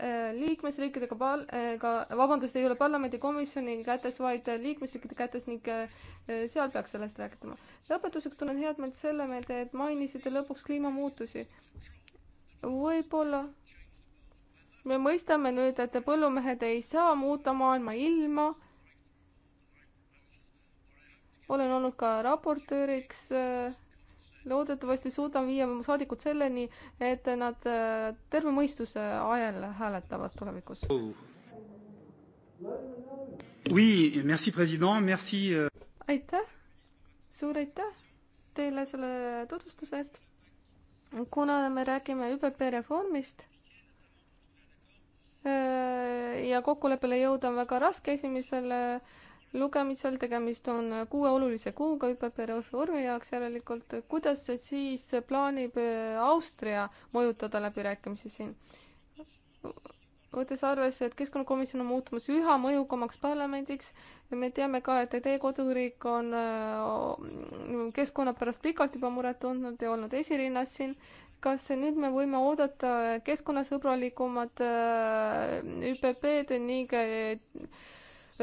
äh, liikmesriikidega pal-, ega äh, vabandust, ei ole parlamendikomisjoni kätes, vaid liikmesriikide kätes ning äh, seal peaks sellest rääkima. lõpetuseks tunnen head meelt selle meelt, et mainisite lõpuks kliimamuutusi. võib-olla me mõistame nüüd, et põllumehed ei saa muuta maailma ilma. olen olnud ka raportööriks äh, loodetavasti suudan viia oma saadikud selleni, et nad äh, terve mõistuse ajel hääletavad tulevikus. Oui, merci president, merci. Euh. aitäh, suur aitäh teile selle tutvustuse eest. kuna me räägime ÜPP reformist äh, ja kokkuleppele jõuda on väga raske esimesel lugemisel, tegemist on kuue olulise kuuga ÜPP reformi jaoks järelikult, kuidas siis plaanib äh, Austria mõjutada läbirääkimisi siin? võttes arvesse, et Keskkonnakomisjon on muutumas üha mõjukamaks parlamendiks, me teame ka, et teie koduriik on äh, keskkonna pärast pikalt juba muret tundnud ja olnud esirinnas siin. kas nüüd me võime oodata keskkonnasõbralikumat äh, ÜPP-d ning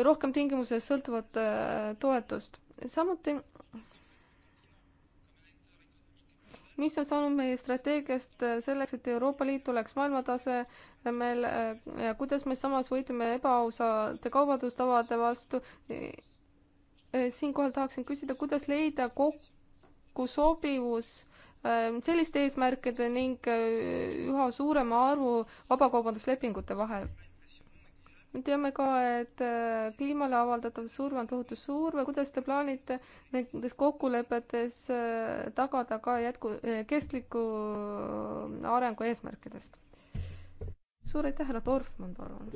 rohkem tingimusest sõltuvat äh, toetust. samuti, mis on saanud meie strateegiast äh, selleks, et Euroopa Liit oleks maailmatasemel äh, ja kuidas me samas võitleme ebaausate kaubandustavade vastu. siinkohal tahaksin küsida, kuidas leida kokku sobivus selliste eesmärkide ning üha suurema arvu vabakaubanduslepingute vahel me teame ka, et äh, kliimale avaldatav surve on tohutu surve, kuidas te plaanite nendes kokkulepetes äh, tagada ka jätku, äh, kestliku arengu eesmärkidest? suur aitäh, härra Dorfmann, palun!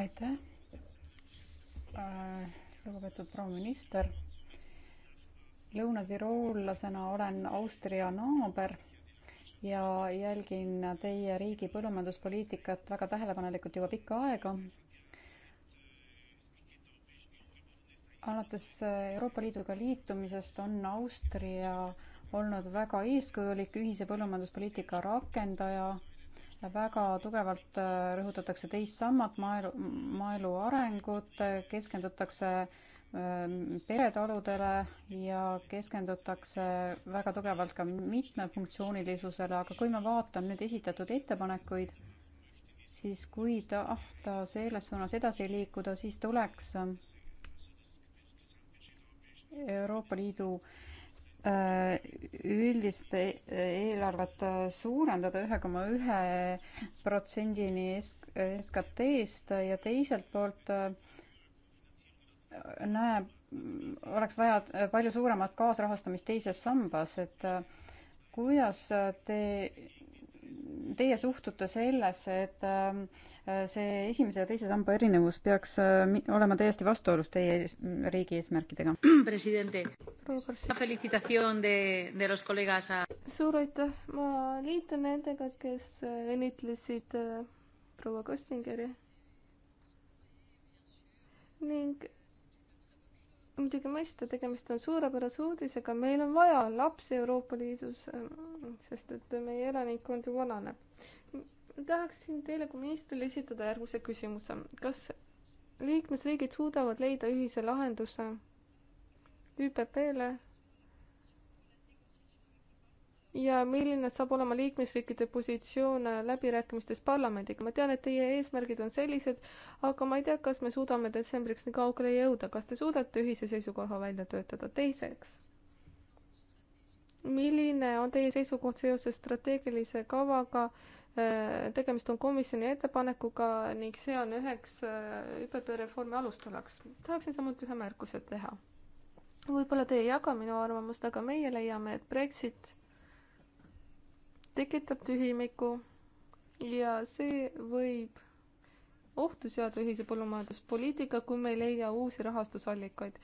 aitäh, lugupeetud proua minister! Lõuna-Tiroollasena olen Austria naaber ja jälgin teie riigi põllumajanduspoliitikat väga tähelepanelikult juba pikka aega. alates Euroopa Liiduga liitumisest on Austria olnud väga eeskujulik ühise põllumajanduspoliitika rakendaja. väga tugevalt rõhutatakse teist sammat, maaelu, maaelu arengut, keskendutakse äh, Ähm, peretaludele ja keskendutakse väga tugevalt ka mitmefunktsioonilisusele, aga kui ma vaatan nüüd esitatud ettepanekuid, siis kui tahta ah, selles suunas edasi liikuda, siis tuleks ähm, Euroopa Liidu äh, üldist e-, eelarvet äh, suurendada ühe koma ühe protsendini SKT-st ja teiselt poolt äh, näeb, oleks vaja äh, palju suuremat kaasrahastamist teises sambas, et äh, kuidas äh, te, teie suhtute sellesse, et see esimese ja teise samba erinevus peaks olema täiesti vastuolus teie riigi eesmärkidega? suur aitäh, ma liitun nendega, kes õnnitlesid proua Kostingeri ning muidugi mõista, tegemist on suurepärase uudisega, meil on vaja lapsi Euroopa Liidus, ähm, sest et meie elanikkond ju vananeb. tahaksin teile kui ministrile esitada järgmise küsimuse. kas liikmesriigid suudavad leida ühise lahenduse ÜPP-le ja milline saab olema liikmesriikide positsioon läbirääkimistes parlamendiga. ma tean, et teie eesmärgid on sellised, aga ma ei tea, kas me suudame detsembriks nii kaugele jõuda. kas te suudate ühise seisukoha välja töötada? teiseks, milline on teie seisukoht seoses strateegilise kavaga? Äh, tegemist on komisjoni ettepanekuga ning see on üheks äh, ÜPP reformi alustalaks. tahaksin samuti ühe märkuse teha võib-olla te ei jaga minu arvamust, aga meie leiame, et Brexit tekitab tühimikku ja see võib ohtu seada ühise põllumajanduspoliitika, kui me ei leia uusi rahastusallikaid.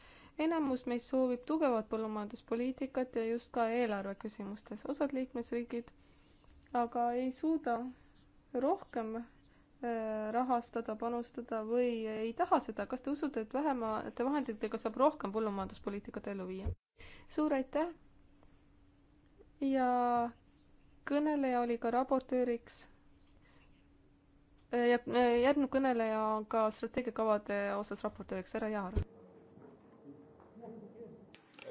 enamus meist soovib tugevat põllumajanduspoliitikat ja just ka eelarve küsimustes. osad liikmesriigid aga ei suuda rohkem äh, rahastada, panustada või ei taha seda. kas te usute, et vähemate vahenditega saab rohkem põllumajanduspoliitikat ellu viia? suur aitäh! ja kõneleja oli ka raportööriks. ja järgnev kõneleja on ka strateegiakavade osas raportööriks, härra Jaar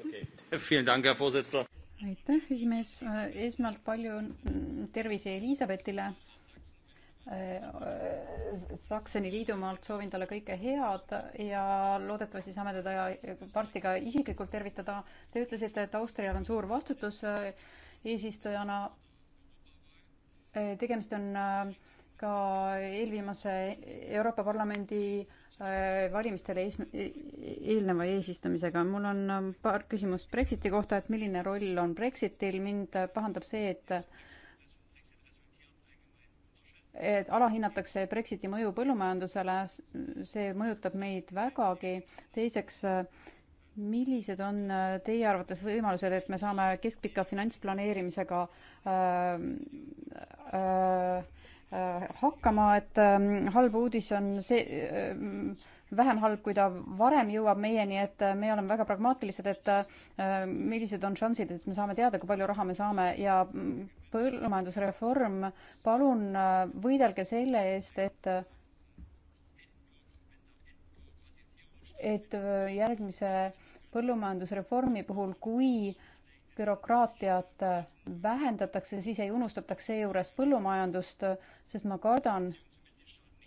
okay.. aitäh, esimees. esmalt palju tervise Elizabethile. Sakseni liidumaalt soovin talle kõike head ja loodetavasti saame teda varsti ka isiklikult tervitada. Te ütlesite, et Austrial on suur vastutus eesistujana Äh, tegemist on äh, ka eelviimase Euroopa Parlamendi äh, valimistele ees, e-, eelneva eesistumisega. mul on ähm, paar küsimust Brexiti kohta, et milline roll on Brexitil, mind pahandab see, et et alahinnatakse Brexiti mõju põllumajandusele, see mõjutab meid vägagi. teiseks äh, millised on äh, teie arvates võimalused, et me saame keskpika finantsplaneerimisega ähm, äh, äh, hakkama, et äh, halb uudis on see äh,, vähem halb, kui ta varem jõuab meieni, et äh, me oleme väga pragmaatilised, et äh, millised on šansid, et me saame teada, kui palju raha me saame ja mm, põllumajandusreform, palun äh, võidelge selle eest, et äh, et äh, järgmise põllumajandusreformi puhul, kui bürokraatiat äh, vähendatakse, siis ei unustataks seejuures põllumajandust, sest ma kardan,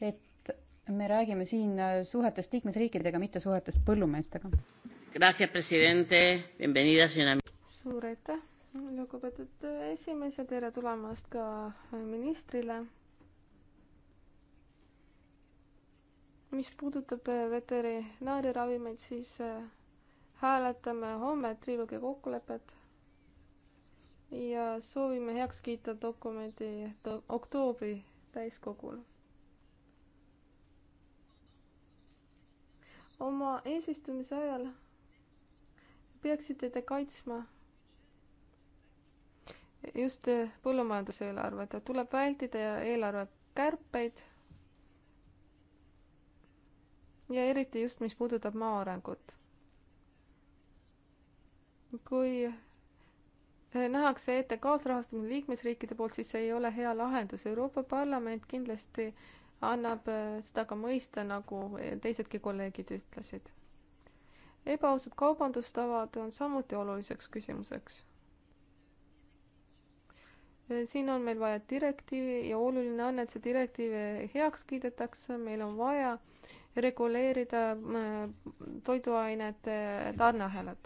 et me räägime siin äh, suhetest liikmesriikidega, mitte suhetest põllumeestega. suur aitäh, lugupeetud esimees ja tere tulemast ka ministrile mis puudutab äh, veterinaariravimeid, siis äh, hääletame homme trilogi kokkulepet ja soovime heaks kiita dokumendi oktoobri täiskogul. oma eesistumise ajal peaksite te kaitsma just äh, põllumajanduse eelarvet, tuleb vältida eelarve kärpeid ja eriti just, mis puudutab maa arengut. kui eh, nähakse ette kaasrahastamine liikmesriikide poolt, siis see ei ole hea lahendus. Euroopa Parlament kindlasti annab eh, seda ka mõista, nagu eh, teisedki kolleegid ütlesid. ebaausad kaubandustavad on samuti oluliseks küsimuseks. siin on meil vaja direktiivi ja oluline on, et see direktiiv heaks kiidetakse, meil on vaja äh, reguleerida äh, toiduainete tarneahelad.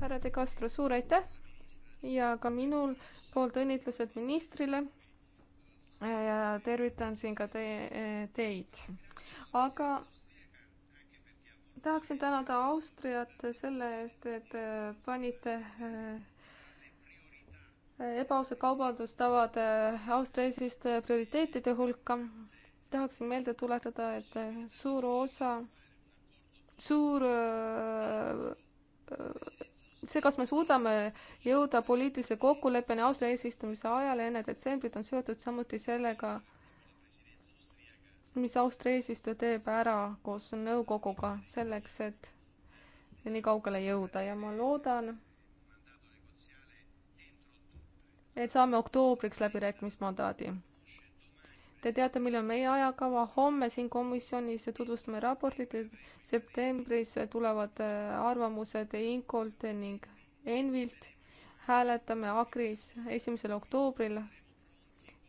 härra De Castro, suur aitäh ja ka minul poolt õnnitlused ministrile ja tervitan siin ka te, teid. aga tahaksin tänada Austriat selle eest, et äh, panite äh, ebaausad kaubandustavade Austria eesistuja prioriteetide hulka tahaksin meelde tuletada, et äh, suur osa, suur äh, see, kas me suudame jõuda poliitilise kokkuleppeni Austria eesistumise ajal enne detsembrit, on seotud samuti sellega, mis Austria eesistuja teeb ära koos nõukoguga selleks, et nii kaugele jõuda ja ma loodan, et saame oktoobriks läbirääkimismandaadi Te teate, milline on meie ajakava, homme siin komisjonis tutvustame raportit, septembris tulevad äh, arvamused Inkolt ning Envilt, hääletame Agris esimesel oktoobril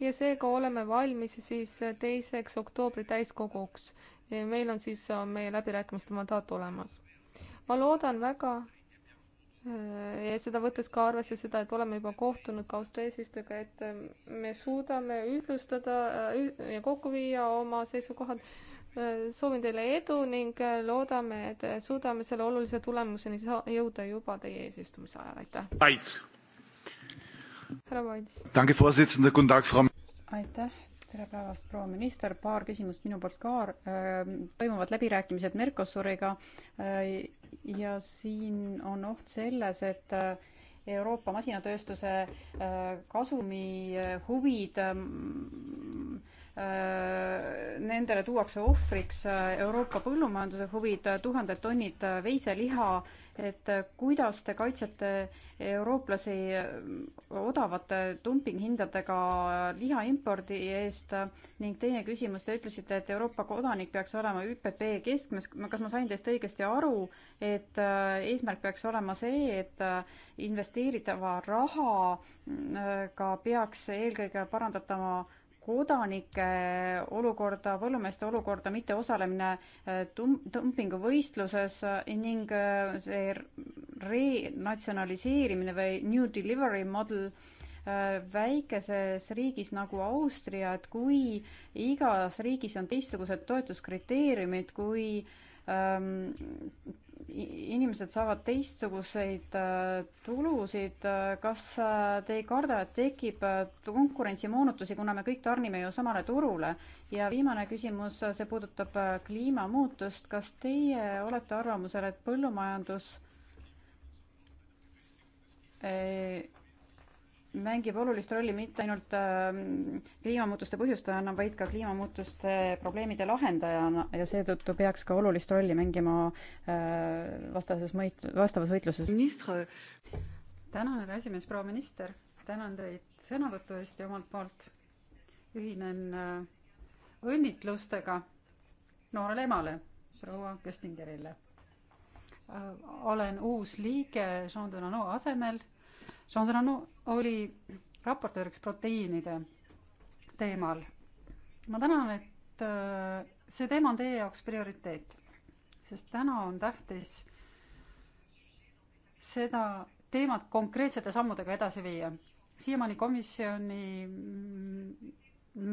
ja seega oleme valmis siis äh, teiseks oktoobri täiskoguks. meil on siis äh, meie läbirääkimiste mandaat olemas. ma loodan väga, Äh, ja seda võttes ka arvesse seda, et oleme juba kohtunud ka Austria eesistujaga, et ähm, me suudame ühtlustada äh, ja kokku viia oma seisukohad. Äh, soovin teile edu ning loodame, et suudame selle olulise tulemuseni jõuda juba teie eesistumise ajal, aitäh. härra Vaits. aitäh, tere päevast, proua minister, paar küsimust minu poolt ka. toimuvad läbirääkimised Mercosuriga ja siin on oht selles, et äh, Euroopa masinatööstuse äh, kasumi äh, huvid, nendele tuuakse ohvriks Euroopa põllumajanduse huvid, tuhanded tonnid veiseliha et äh, kuidas te kaitsete eurooplasi äh, odavate dumpinghindadega liha impordi eest ning teine küsimus, te ütlesite, et Euroopa kodanik peaks olema ÜPP keskmes. kas ma sain teist õigesti aru, et äh, eesmärk peaks olema see, et investeeritava rahaga peaks eelkõige parandatama kodanike olukorda, põllumeeste olukorda, mitteosalemine äh, tum-, dumpinguvõistluses äh, ning äh, see renatsionaliseerimine või New Delivery Model väikeses riigis nagu Austria, et kui igas riigis on teistsugused toetuskriteeriumid, kui ähm, inimesed saavad teistsuguseid äh, tulusid, äh, kas äh, te ei karda, et tekib konkurentsimoonutusi, kuna me kõik tarnime ju samale turule? ja viimane küsimus, see puudutab kliimamuutust, kas teie olete arvamusel, et põllumajandus mängib olulist rolli mitte ainult ähm, kliimamuutuste põhjustajana, vaid ka kliimamuutuste probleemide lahendajana ja seetõttu peaks ka olulist rolli mängima äh, vastases mõist-, vastavas võitluses. tänan, härra esimees, proua minister, tänan teid sõnavõtu eest ja omalt poolt ühinen äh, õnnitlustega noorele emale, proua Köstingerile äh, olen uus liige Jean Donano asemel Jean Tõnu oli raportööriks proteiinide teemal. ma tänan, et äh, see teema on teie jaoks prioriteet, sest täna on tähtis seda teemat konkreetsete sammudega edasi viia. siiamaani komisjoni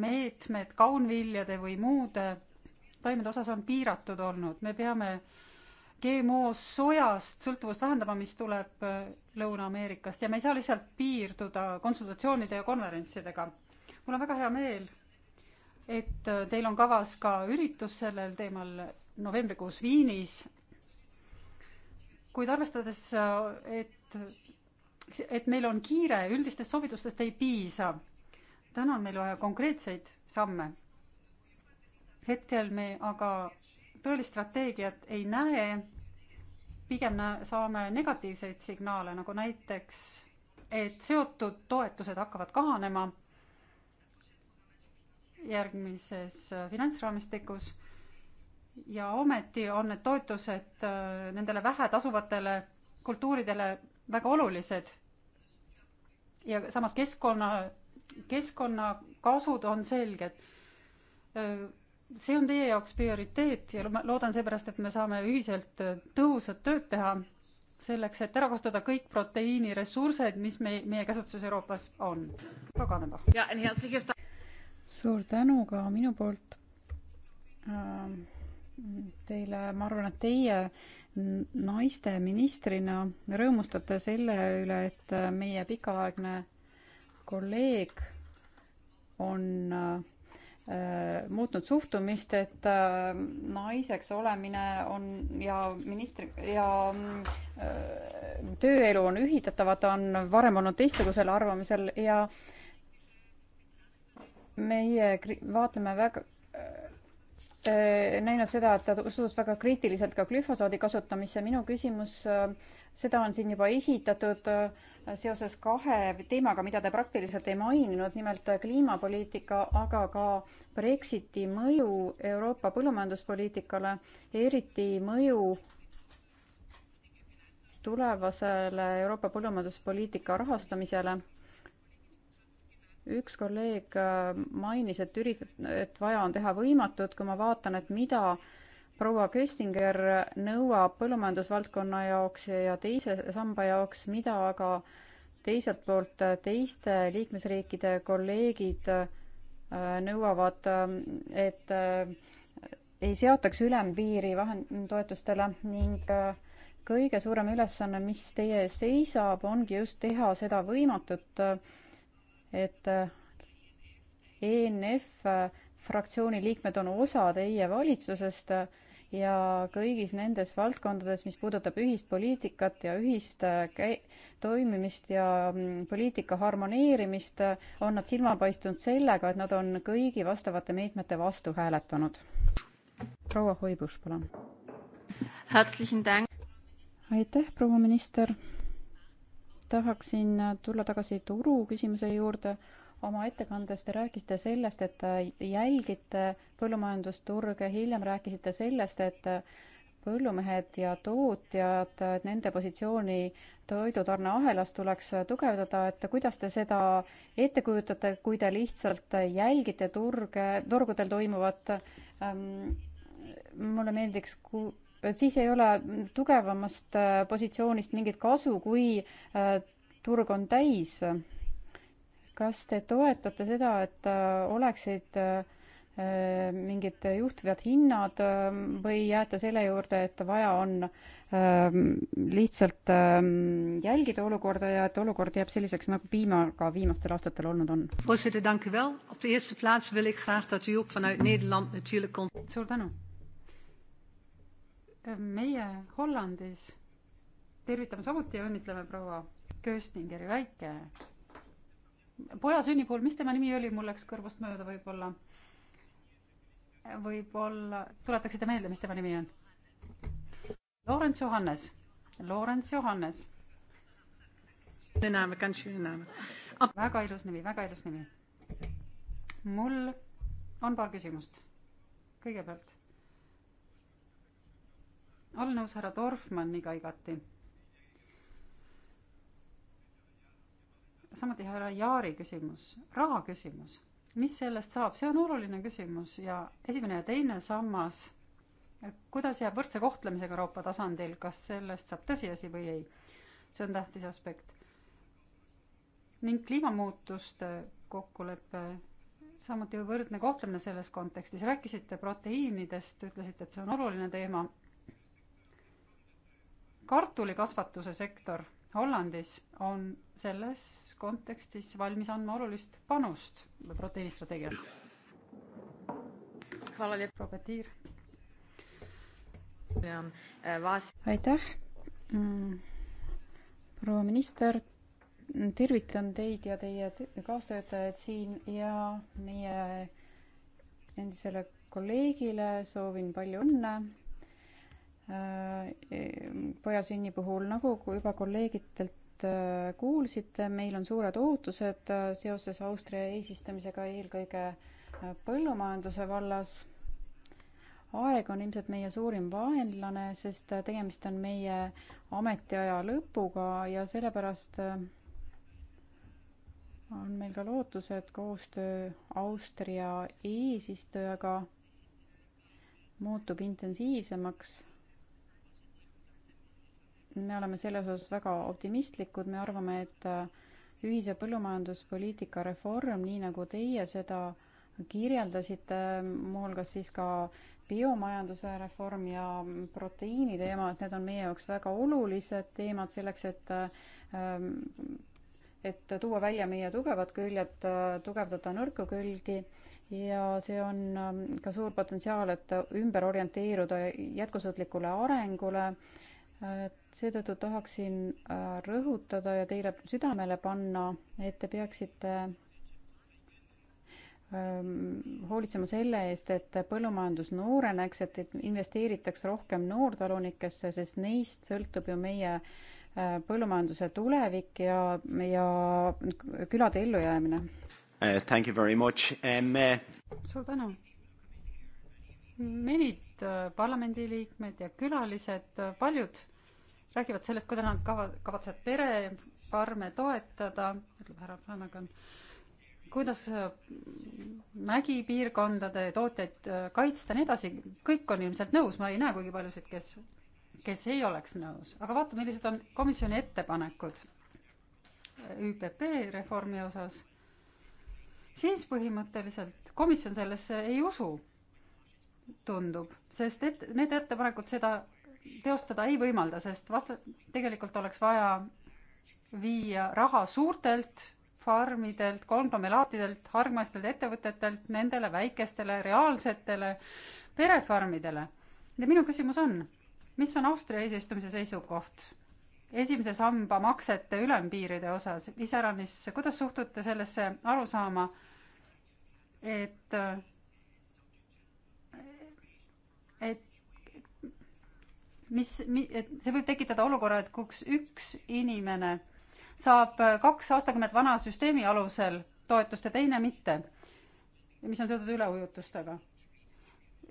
meetmed kaunviljade või muude taimede osas on piiratud olnud, me peame äh, GMO sojast sõltuvust vähendama, mis tuleb äh, Lõuna-Ameerikast ja me ei saa lihtsalt piirduda konsultatsioonide ja konverentsidega. mul on väga hea meel, et äh, teil on kavas ka üritus sellel teemal novembrikuus Viinis. kuid arvestades, äh, et, et meil on kiire, üldistest soovitustest ei piisa. täna on meil vaja konkreetseid samme. hetkel me aga tõelist strateegiat ei näe, pigem näe, saame negatiivseid signaale, nagu näiteks, et seotud toetused hakkavad kahanema järgmises äh, finantsraamistikus ja ometi on need toetused äh, nendele vähetasuvatele kultuuridele väga olulised. ja samas keskkonna, keskkonnakasud on selged äh, see on teie jaoks prioriteet ja ma loodan seepärast, et me saame ühiselt äh, tõhusat tööd teha selleks, et ära kasutada kõik proteiiniressursid, mis meie, meie käsutuses Euroopas on. proua Kadenbach. suur tänu ka minu poolt ähm, teile, ma arvan, et teie naiste ministrina rõõmustate selle üle, et äh, meie pikaaegne kolleeg on äh, Äh, muutnud suhtumist, et äh, naiseks olemine on ja ministri ja äh, tööelu on ühitatavad, on varem olnud teistsugusel arvamisel ja meie vaatame väga näinud seda, et ta suhtus väga kriitiliselt ka glüfosaadi kasutamisse. minu küsimus, äh, seda on siin juba esitatud äh, seoses kahe teemaga, mida te praktiliselt ei maininud, nimelt äh, kliimapoliitika, aga ka Brexiti mõju Euroopa põllumajanduspoliitikale, eriti mõju tulevasele Euroopa põllumajanduspoliitika rahastamisele üks kolleeg äh, mainis, et üritat-, et vaja on teha võimatut, kui ma vaatan, et mida proua Köstinger nõuab põllumajandusvaldkonna jaoks ja teise samba jaoks, mida aga teiselt poolt teiste liikmesriikide kolleegid äh, nõuavad, äh, et ei seataks ülempiiri vahentoetustele ning kõige suurem ülesanne, mis teie ees seisab, ongi just teha seda võimatut äh, et äh, ENF äh, fraktsiooni liikmed on osa teie valitsusest äh, ja kõigis nendes valdkondades, mis puudutab ühist poliitikat ja ühist toimimist ja mm, poliitika harmoneerimist, on nad silma paistnud sellega, et nad on kõigi vastavate meetmete vastu hääletanud. proua Hoibus, palun. aitäh, proua minister tahaksin tulla tagasi turu küsimuse juurde. oma ettekandes te rääkisite sellest, et jälgite põllumajandusturge, hiljem rääkisite sellest, et põllumehed ja tootjad, et nende positsiooni toidutarneahelas tuleks tugevdada, et kuidas te seda ette kujutate, kui te lihtsalt jälgite turge, turgudel toimuvat ähm,? mulle meeldiks ku-, siis ei ole tugevamast äh, positsioonist mingit kasu, kui äh, turg on täis. kas te toetate seda, et äh, oleksid mingid juhtivad hinnad või jääte selle juurde, et vaja on ähm, lihtsalt ähm, jälgida olukorda ja et olukord jääb selliseks, nagu piimaga viimastel aastatel olnud on? suur tänu meie Hollandis tervitame samuti ja õnnitleme proua Köstingeri väike poja sünni puhul, mis tema nimi oli, mul läks kõrvust mööda võib-olla. võib-olla tuletaksite meelde, mis tema nimi on? Lorents Johannes, Lorents Johannes. väga ilus nimi, väga ilus nimi. mul on paar küsimust. kõigepealt olen nõus härra Dorfmanniga igati. samuti härra Jaari küsimus, raha küsimus, mis sellest saab, see on oluline küsimus ja esimene ja teine sammas, kuidas jääb võrdse kohtlemisega Euroopa tasandil, kas sellest saab tõsiasi või ei? see on tähtis aspekt. ning kliimamuutuste kokkulepe samuti võrdne kohtlemine selles kontekstis, rääkisite proteiinidest, ütlesite, et see on oluline teema kartulikasvatuse sektor Hollandis on selles kontekstis valmis andma olulist panust proteiinistrateegiat. Eh, aitäh, mm. proua minister, tervitan teid ja teie kaastöötajaid siin ja meie endisele kolleegile soovin palju õnne Äh, e, poja sünni puhul, nagu juba kolleegidelt äh, kuulsite, meil on suured ootused äh, seoses Austria eesistumisega eelkõige põllumajanduse vallas. aeg on ilmselt meie suurim vaenlane, sest tegemist on meie ametiaja lõpuga ja sellepärast on meil ka lootused koostöö Austria eesistujaga muutub intensiivsemaks me oleme selle osas väga optimistlikud, me arvame, et äh, ühise põllumajanduspoliitika reform, nii nagu teie seda kirjeldasite, muuhulgas siis ka biomajanduse reform ja proteiini teema, et need on meie jaoks väga olulised teemad selleks, et äh, et tuua välja meie tugevad küljed, äh, tugevdada nõrku külgi ja see on ka suur potentsiaal, et ümber orienteeruda jätkusuutlikule arengule seetõttu tahaksin äh, rõhutada ja teile südamele panna, et te peaksite ähm, hoolitsema selle eest, et põllumajandus nooreneks, et, et investeeritaks rohkem noortalunikesse, sest neist sõltub ju meie äh, põllumajanduse tulevik ja, ja külade ellujäämine uh,. Thank you very much um,. Uh... suur tänu. meid kolleegid, äh, parlamendiliikmed ja külalised, äh, paljud räägivad sellest, kuidas nad kava, kavatsevad perefarme toetada, ütleb härra Flanagan, kuidas äh, mägipiirkondade tootjaid kaitsta, nii edasi, kõik on ilmselt nõus, ma ei näe kuigi paljusid, kes, kes ei oleks nõus, aga vaata, millised on komisjoni ettepanekud ÜPP reformi osas, siis põhimõtteliselt komisjon sellesse ei usu tundub, sest et need ettepanekud seda teostada ei võimalda, sest vastu, tegelikult oleks vaja viia raha suurtelt farmidelt, konglomeraatidelt, hargmaistelt ettevõtetelt nendele väikestele reaalsetele perefarmidele. ja minu küsimus on, mis on Austria eesistumise seisukoht esimese samba maksete ülempiiride osas, iseäranis, kuidas suhtute sellesse arusaama, et et mis, et see võib tekitada olukorra, et kus üks inimene saab kaks aastakümmet vana süsteemi alusel toetust ja teine mitte, mis on seotud üleujutustega.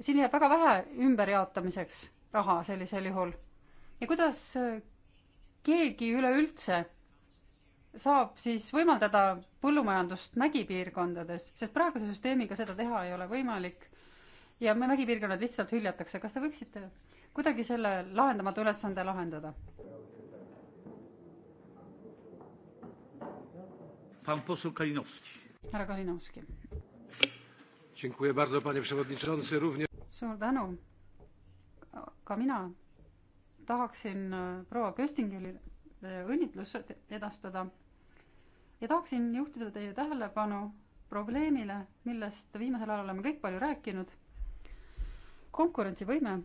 siin jääb väga vähe ümberjaotamiseks raha sellisel juhul. ja kuidas keegi üleüldse saab siis võimaldada põllumajandust mägipiirkondades, sest praeguse süsteemiga seda teha ei ole võimalik ja mägipiirkonnad lihtsalt hüljatakse. kas te võiksite kuidagi selle lahendamatu ülesande lahendada? härra Kalinovski. suur tänu. ka mina tahaksin e, proua Köstingerile õnnitlused edastada ja tahaksin juhtida teie tähelepanu probleemile, millest viimasel ajal oleme kõik palju rääkinud konkurentsivõime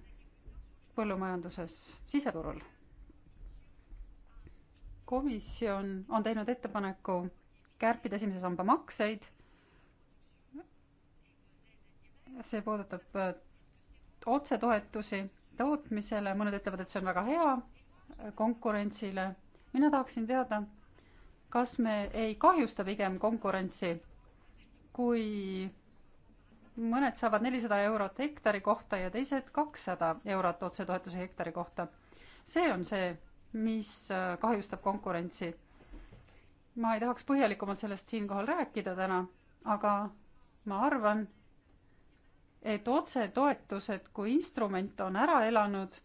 põllumajanduses siseturul. komisjon on teinud ettepaneku kärpida esimese samba makseid. see puudutab äh, otsetoetusi tootmisele, mõned ütlevad, et see on väga hea äh, konkurentsile. mina tahaksin teada, kas me ei kahjusta pigem konkurentsi, kui mõned saavad nelisada eurot hektari kohta ja teised kakssada eurot otsetoetusi hektari kohta. see on see, mis äh, kahjustab konkurentsi. ma ei tahaks põhjalikumalt sellest siinkohal rääkida täna, aga ma arvan, et otsetoetused kui instrument on ära elanud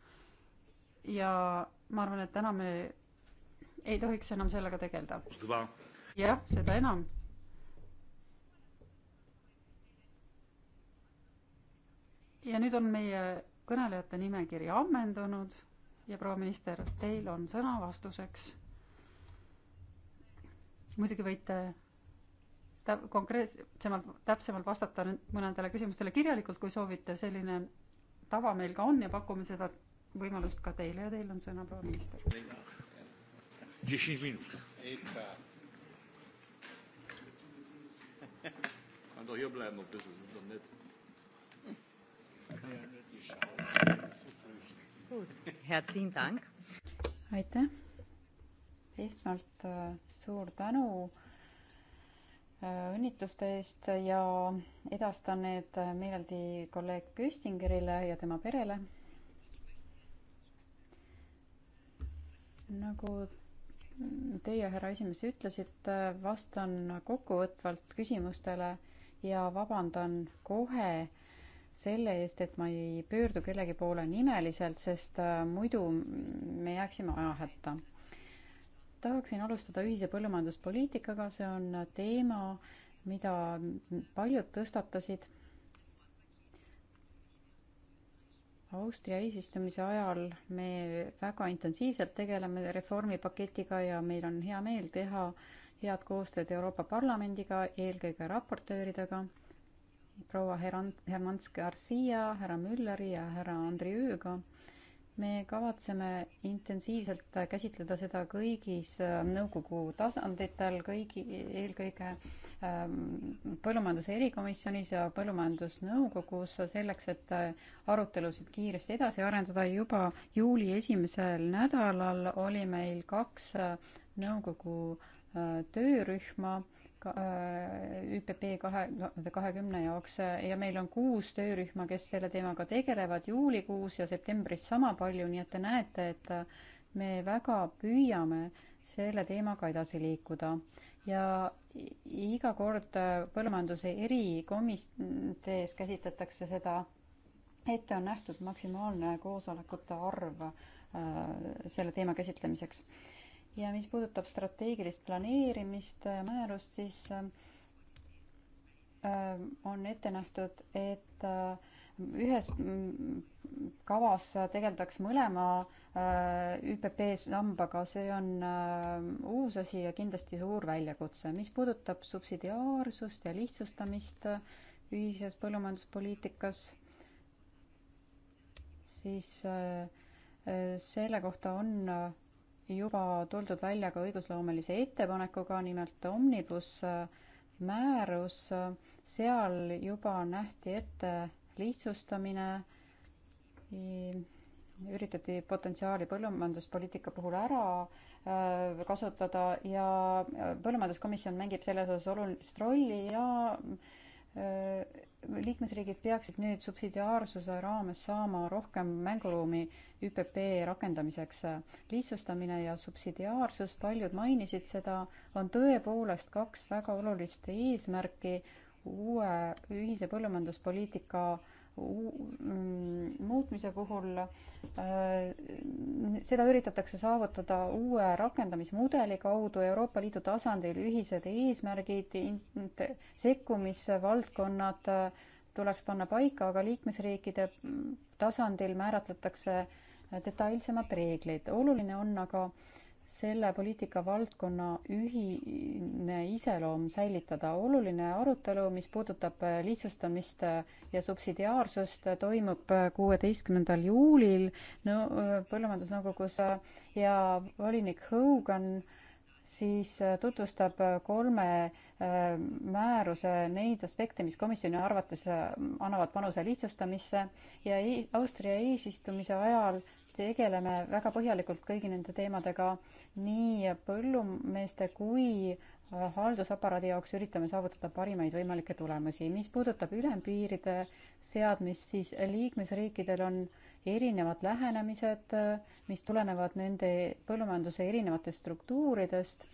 ja ma arvan, et täna me ei tohiks enam sellega tegeleda. jah, seda enam ja nüüd on meie kõnelejate nimekiri ammendunud ja proua minister, teil on sõna vastuseks. muidugi võite täp-, konkreetsemalt, täpsemalt vastata nüüd mõnedele küsimustele kirjalikult, kui soovite, selline tava meil ka on ja pakume seda võimalust ka teile ja teil on sõna, proua minister. Cuando yo hablamos, pues, donde aitäh. esmalt äh, suur tänu äh, õnnitluste eest ja edastan need äh, meeleldi kolleeg Köstingerile ja tema perele. nagu teie, härra esimees, ütlesite, vastan kokkuvõtvalt küsimustele ja vabandan kohe selle eest, et ma ei pöördu kellegi poole nimeliselt, sest äh, muidu me jääksime ajahätta. tahaksin alustada ühise põllumajanduspoliitikaga, see on teema, mida paljud tõstatasid. Austria eesistumise ajal me väga intensiivselt tegeleme reformipaketiga ja meil on hea meel teha head koostööd Euroopa Parlamendiga, eelkõige raportööridega proua Hermanski-Arcia, härra Mülleri ja härra Andriööga. me kavatseme intensiivselt käsitleda seda kõigis äh, nõukogu tasanditel, kõigi, eelkõige ähm, põllumajanduse erikomisjonis ja põllumajandusnõukogus selleks, et äh, arutelusid kiiresti edasi arendada. juba juuli esimesel nädalal oli meil kaks äh, nõukogu töörühma Äh, ÜPP kahe, tuhande kahekümne jaoks äh, ja meil on kuus töörühma, kes selle teemaga tegelevad juulikuus ja septembris sama palju, nii et te näete, et äh, me väga püüame selle teemaga edasi liikuda. ja iga kord põllumajanduse erikomisjonis käsitletakse seda, ette on nähtud maksimaalne koosolekute arv äh, selle teema käsitlemiseks ja mis puudutab strateegilist planeerimist äh, määrust, siis äh, äh, on ette nähtud, et ühes mm, kavas tegeldaks mõlema ÜPP sambaga, see on uus asi ja kindlasti suur väljakutse. mis puudutab subsidiaarsust ja lihtsustamist ühises põllumajanduspoliitikas, siis selle kohta on juba tuldud välja ka õigusloomelise ettepanekuga, nimelt Omnibus äh, määrus, äh, seal juba nähti ette lihtsustamine, üritati potentsiaali põllumajanduspoliitika puhul ära äh, kasutada ja põllumajanduskomisjon mängib selles osas olulist rolli ja liikmesriigid peaksid nüüd subsidiaarsuse raames saama rohkem mänguruumi ÜPP rakendamiseks. lihtsustamine ja subsidiaarsus, paljud mainisid seda, on tõepoolest kaks väga olulist eesmärki uue ühise põllumajanduspoliitika äh, muutmise puhul äh, seda üritatakse saavutada uue rakendamismudeli kaudu Euroopa Liidu tasandil ühised eesmärgid, sekkumisvaldkonnad äh, tuleks panna paika, aga liikmesriikide tasandil määratletakse detailsemad reeglid. oluline on aga äh, selle poliitikavaldkonna ühine iseloom säilitada. oluline arutelu, mis puudutab lihtsustamist ja subsidiaarsust, toimub kuueteistkümnendal juulil no, Põllumajandusnõukogus ja volinik Hogan siis tutvustab kolme äh, määruse neid aspekte, mis komisjoni arvates äh, annavad panuse lihtsustamisse ja Austria eesistumise ajal äh, tegeleme väga põhjalikult kõigi nende teemadega nii põllumeeste kui haldusaparaadi jaoks üritame saavutada parimaid võimalikke tulemusi. mis puudutab ülempiiride seadmist, siis liikmesriikidel on erinevad lähenemised, mis tulenevad nende põllumajanduse erinevatest struktuuridest.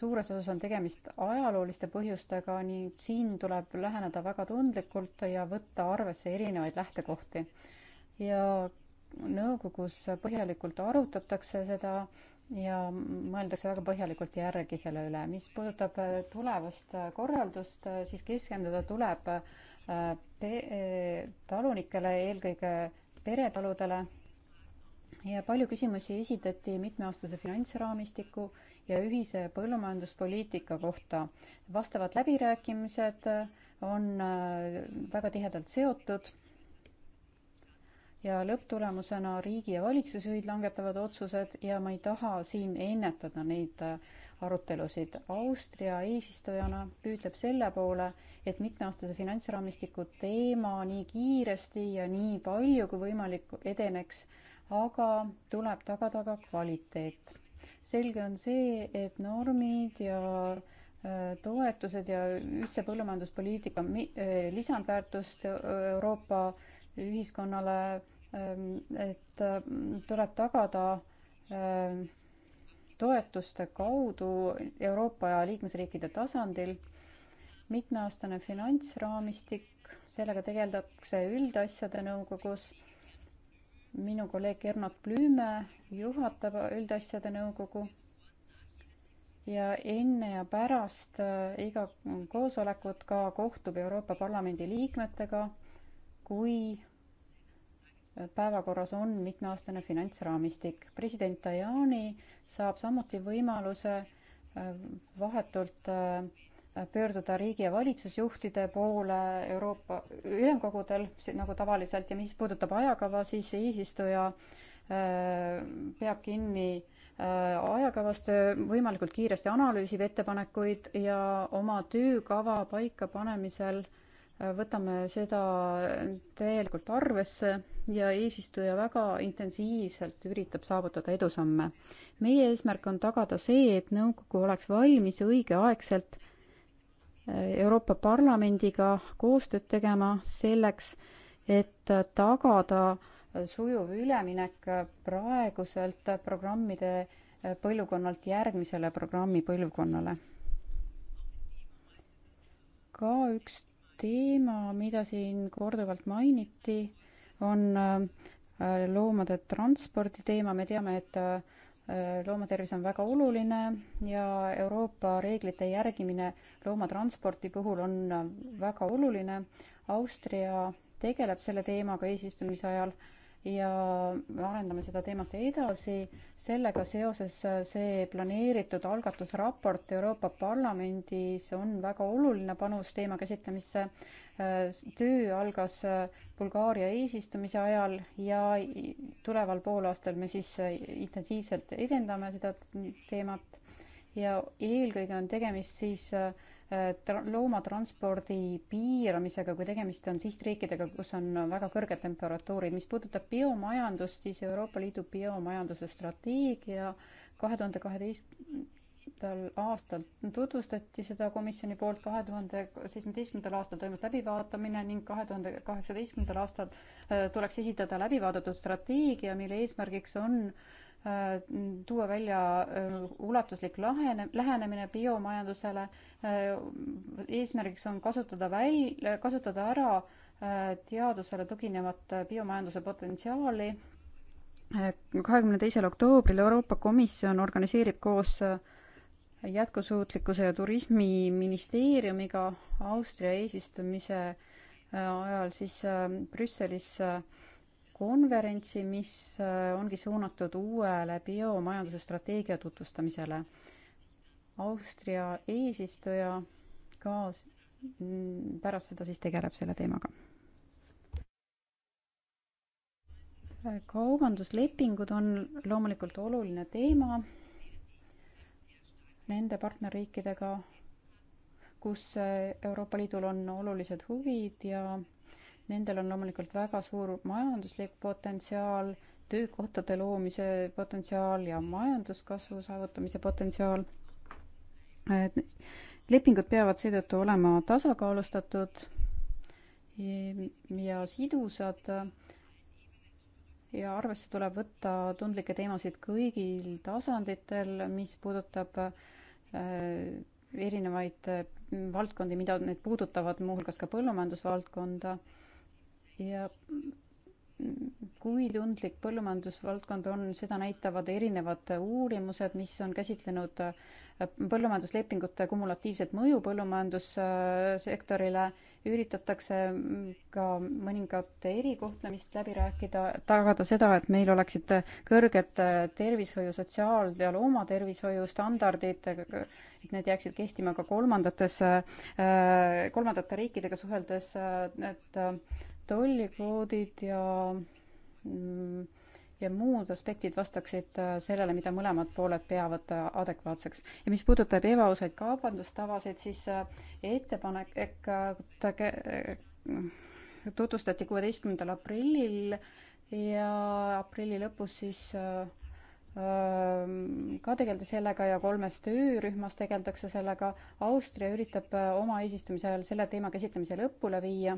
suures osas on tegemist ajalooliste põhjustega ning siin tuleb läheneda väga tundlikult ja võtta arvesse erinevaid lähtekohti. ja nõukogus põhjalikult arutatakse seda ja mõeldakse väga põhjalikult järgi selle üle. mis puudutab äh, tulevast äh, korraldust, äh, siis keskenduda tuleb talunikele, eelkõige peretaludele ja palju küsimusi esitati mitmeaastase finantsraamistiku ja ühise põllumajanduspoliitika kohta. vastavad läbirääkimised on väga tihedalt seotud ja lõpptulemusena riigi ja valitsusjuhid langetavad otsused ja ma ei taha siin ennetada neid äh, arutelusid. Austria eesistujana püüdleb selle poole, et mitmeaastase finantsraamistiku teema nii kiiresti ja nii palju kui võimalik edeneks, aga tuleb tagada ka kvaliteet. selge on see, et normid ja äh, toetused ja ühtse põllumajanduspoliitika äh, lisandväärtust Euroopa ühiskonnale Ähm, et ähm, tuleb tagada ähm, toetuste kaudu Euroopa ja liikmesriikide tasandil mitmeaastane finantsraamistik, sellega tegeldakse üldasjade nõukogus. minu kolleeg Gernot Blüüme juhatab üldasjade nõukogu ja enne ja pärast äh, iga koosolekut ka kohtub Euroopa Parlamendi liikmetega, kui päevakorras on mitmeaastane finantsraamistik. president Tajani saab samuti võimaluse äh, vahetult äh, pöörduda riigi- ja valitsusjuhtide poole Euroopa ülemkogudel, nagu tavaliselt, ja mis puudutab ajakava, siis eesistuja äh, peab kinni ajakavast, võimalikult kiiresti analüüsib ettepanekuid ja oma töökava paikapanemisel võtame seda täielikult arvesse ja eesistuja väga intensiivselt üritab saavutada edusamme. meie eesmärk on tagada see, et nõukogu oleks valmis õigeaegselt äh, Euroopa Parlamendiga koostööd tegema selleks, et tagada äh, sujuv üleminek äh, praeguselt programmide põlvkonnalt järgmisele programmi põlvkonnale. ka üks teema, mida siin korduvalt mainiti, on äh, loomade transpordi teema, me teame, et äh, loomatervis on väga oluline ja Euroopa reeglite järgimine loomatransporti puhul on äh, väga oluline. Austria tegeleb selle teemaga eesistumise ajal ja arendame seda teemat edasi. sellega seoses see planeeritud algatusraport Euroopa Parlamendis on väga oluline panus teema käsitlemisse. töö algas Bulgaaria eesistumise ajal ja tuleval poolaastal me siis intensiivselt edendame seda teemat ja eelkõige on tegemist siis äh, Äh, loomatranspordi piiramisega, kui tegemist on sihtriikidega, kus on väga kõrged temperatuurid. mis puudutab biomajandust, siis Euroopa Liidu biomajanduse strateegia kahe tuhande kaheteistkümnendal aastal tutvustati seda komisjoni poolt, kahe tuhande seitsmeteistkümnendal aastal toimus läbivaatamine ning kahe tuhande kaheksateistkümnendal aastal äh, tuleks esitada läbivaadatud strateegia, mille eesmärgiks on äh, tuua välja äh, ulatuslik lahene, lähenemine biomajandusele. Äh, eesmärgiks on kasutada väl-, kasutada ära äh, teadusele tuginevat biomajanduse potentsiaali. kahekümne teisel oktoobril Euroopa Komisjon organiseerib koos jätkusuutlikkuse ja turismiministeeriumiga Austria eesistumise ajal siis Brüsselis konverentsi, mis äh, ongi suunatud uuele biomajanduse strateegia tutvustamisele. Austria eesistuja ka mm, pärast seda siis tegeleb selle teemaga. kaubanduslepingud on loomulikult oluline teema nende partnerriikidega, kus äh, Euroopa Liidul on olulised huvid ja Nendel on loomulikult väga suur majanduslik potentsiaal, töökohtade loomise potentsiaal ja majanduskasvu saavutamise potentsiaal. lepingud peavad seetõttu olema tasakaalustatud ja sidusad ja arvesse tuleb võtta tundlikke teemasid kõigil tasanditel, mis puudutab äh, erinevaid äh, valdkondi, mida need puudutavad, muuhulgas ka põllumajandusvaldkonda ja kui tundlik põllumajandusvaldkond on, seda näitavad erinevad uurimused, mis on käsitlenud põllumajanduslepingute kumulatiivset mõju põllumajandussektorile, üritatakse ka mõningat erikohtlemist läbi rääkida, tagada seda, et meil oleksid kõrged tervishoiu, sotsiaal- ja loomatervishoiu standardid, et need jääksid kehtima ka kolmandates, kolmandate riikidega suheldes, et tollikvoodid ja mm, ja muud aspektid vastaksid äh, sellele, mida mõlemad pooled peavad äh, adekvaatseks. ja mis puudutab ebaausaid kaubandustavasid, siis äh, ettepanek ta tutvustati kuueteistkümnendal aprillil ja aprilli lõpus siis ähm, ka tegeldi sellega ja kolmes töörühmas tegeldakse sellega. Austria üritab oma eesistumise ajal selle teema käsitlemise lõpule viia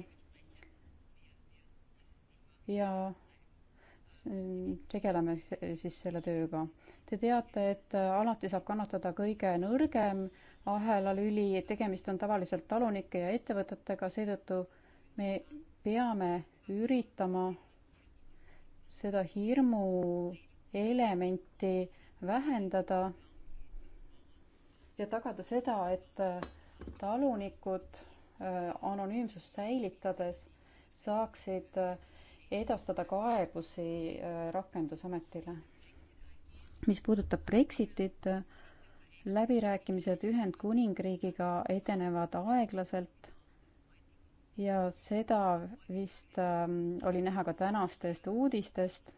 ja tegeleme siis selle tööga. Te teate, et alati saab kannatada kõige nõrgem ahelalüli, tegemist on tavaliselt talunike ja ettevõtetega, seetõttu me peame üritama seda hirmu elementi vähendada ja tagada seda, et talunikud äh, anonüümsust säilitades saaksid äh, edastada kaebusi äh, Rakendusametile. mis puudutab Brexitit, äh, läbirääkimised Ühendkuningriigiga edenevad aeglaselt ja seda vist ähm, oli näha ka tänastest uudistest,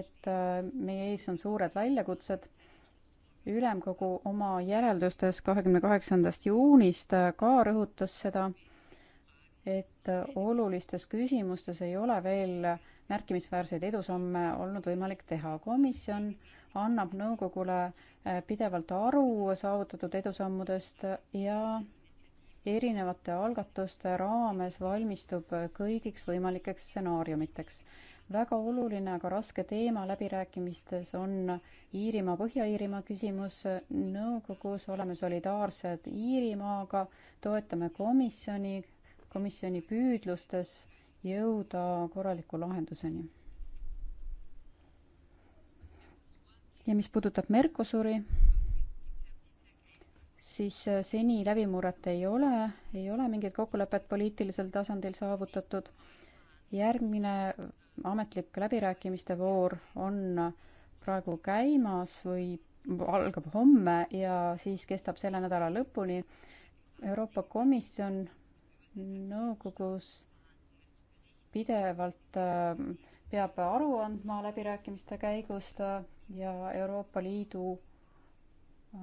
et äh, meie ees on suured väljakutsed ülemkogu oma järeldustes kahekümne kaheksandast juunist ka rõhutas seda et olulistes küsimustes ei ole veel märkimisväärseid edusamme olnud võimalik teha. komisjon annab nõukogule eh, pidevalt aru saavutatud edusammudest ja erinevate algatuste raames valmistub kõigiks võimalikeks stsenaariumiteks. väga oluline, aga raske teema läbirääkimistes on Iirimaa, Põhja-Iirimaa küsimus. nõukogus oleme solidaarsed Iirimaaga, toetame komisjoni komisjoni püüdlustes jõuda korraliku lahenduseni. ja mis puudutab Mercosuri, siis äh, seni läbimurret ei ole, ei ole mingit kokkulepet poliitilisel tasandil saavutatud. järgmine ametlik läbirääkimiste voor on äh, praegu käimas või algab homme ja siis kestab selle nädala lõpuni. Euroopa Komisjon nõukogus pidevalt äh, peab aru andma läbirääkimiste käigust äh, ja Euroopa Liidu äh,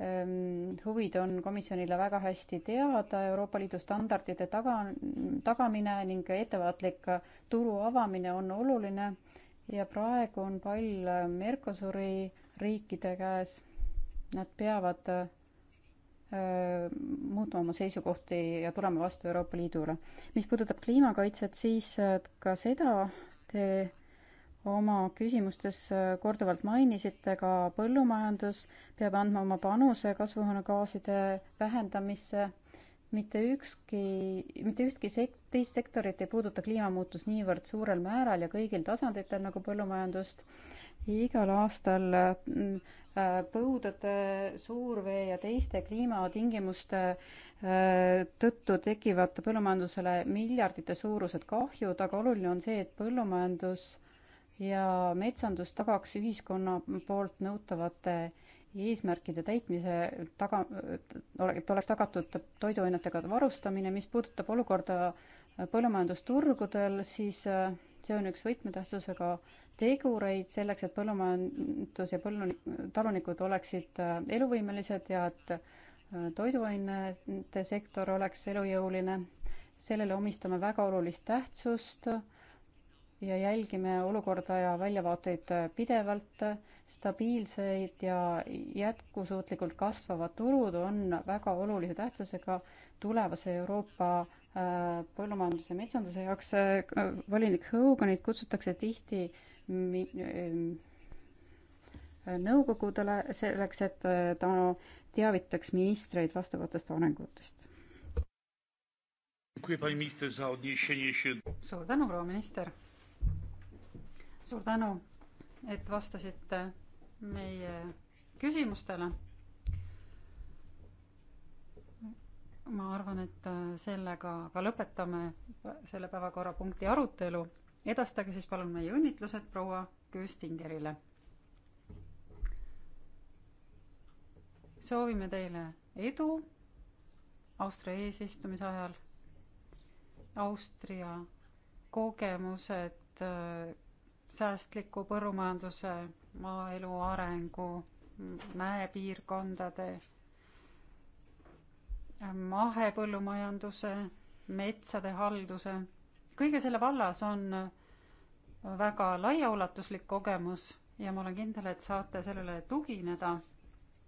ähm, huvid on komisjonile väga hästi teada, Euroopa Liidu standardite taga, tagamine ning ettevaatlik turu avamine on oluline ja praegu on pall Mercosuri riikide käes. Nad peavad muutma oma seisukohti ja tulema vastu Euroopa Liidule. mis puudutab kliimakaitset, siis ka seda te oma küsimustes korduvalt mainisite, ka põllumajandus peab andma oma panuse kasvuhoonegaaside vähendamisse. mitte ükski, mitte ühtki sekt-, teist sektorit ei puuduta kliimamuutus niivõrd suurel määral ja kõigil tasanditel nagu põllumajandust. igal aastal mm, äh, põudade, suurvee ja teiste kliimatingimuste äh, tõttu tekivad põllumajandusele miljardite suurused kahjud, aga oluline on see, et põllumajandus ja metsandus tagaks ühiskonna poolt nõutavate eesmärkide täitmise taga, et oleks tagatud toiduainetega varustamine, mis puudutab olukorda põllumajandusturgudel, siis äh, see on üks võtmetähtsusega tegureid selleks, et põllumajandus ja põllu-, talunikud oleksid äh, eluvõimelised ja et äh, toiduainete sektor oleks elujõuline. sellele omistame väga olulist tähtsust ja jälgime olukorda ja väljavaateid pidevalt. stabiilseid ja jätkusuutlikult kasvavad turud on väga olulise tähtsusega tulevase Euroopa põllumajanduse ja metsanduse jaoks. Äh, volinik Hoganit kutsutakse tihti ähm, nõukogudele selleks, et äh, ta teavitaks ministreid vastavatest arengutest. suur tänu, proua minister. suur tänu, et vastasite meie küsimustele ma arvan, et äh, sellega ka lõpetame selle päevakorrapunkti arutelu. edastage siis palun meie õnnitlused proua Köstingerile. soovime teile edu Austria eesistumise ajal. Austria kogemused äh, säästliku põllumajanduse, maaelu arengu, mäepiirkondade mahepõllumajanduse, metsade halduse, kõige selle vallas on väga laiaulatuslik kogemus ja ma olen kindel, et saate sellele tugineda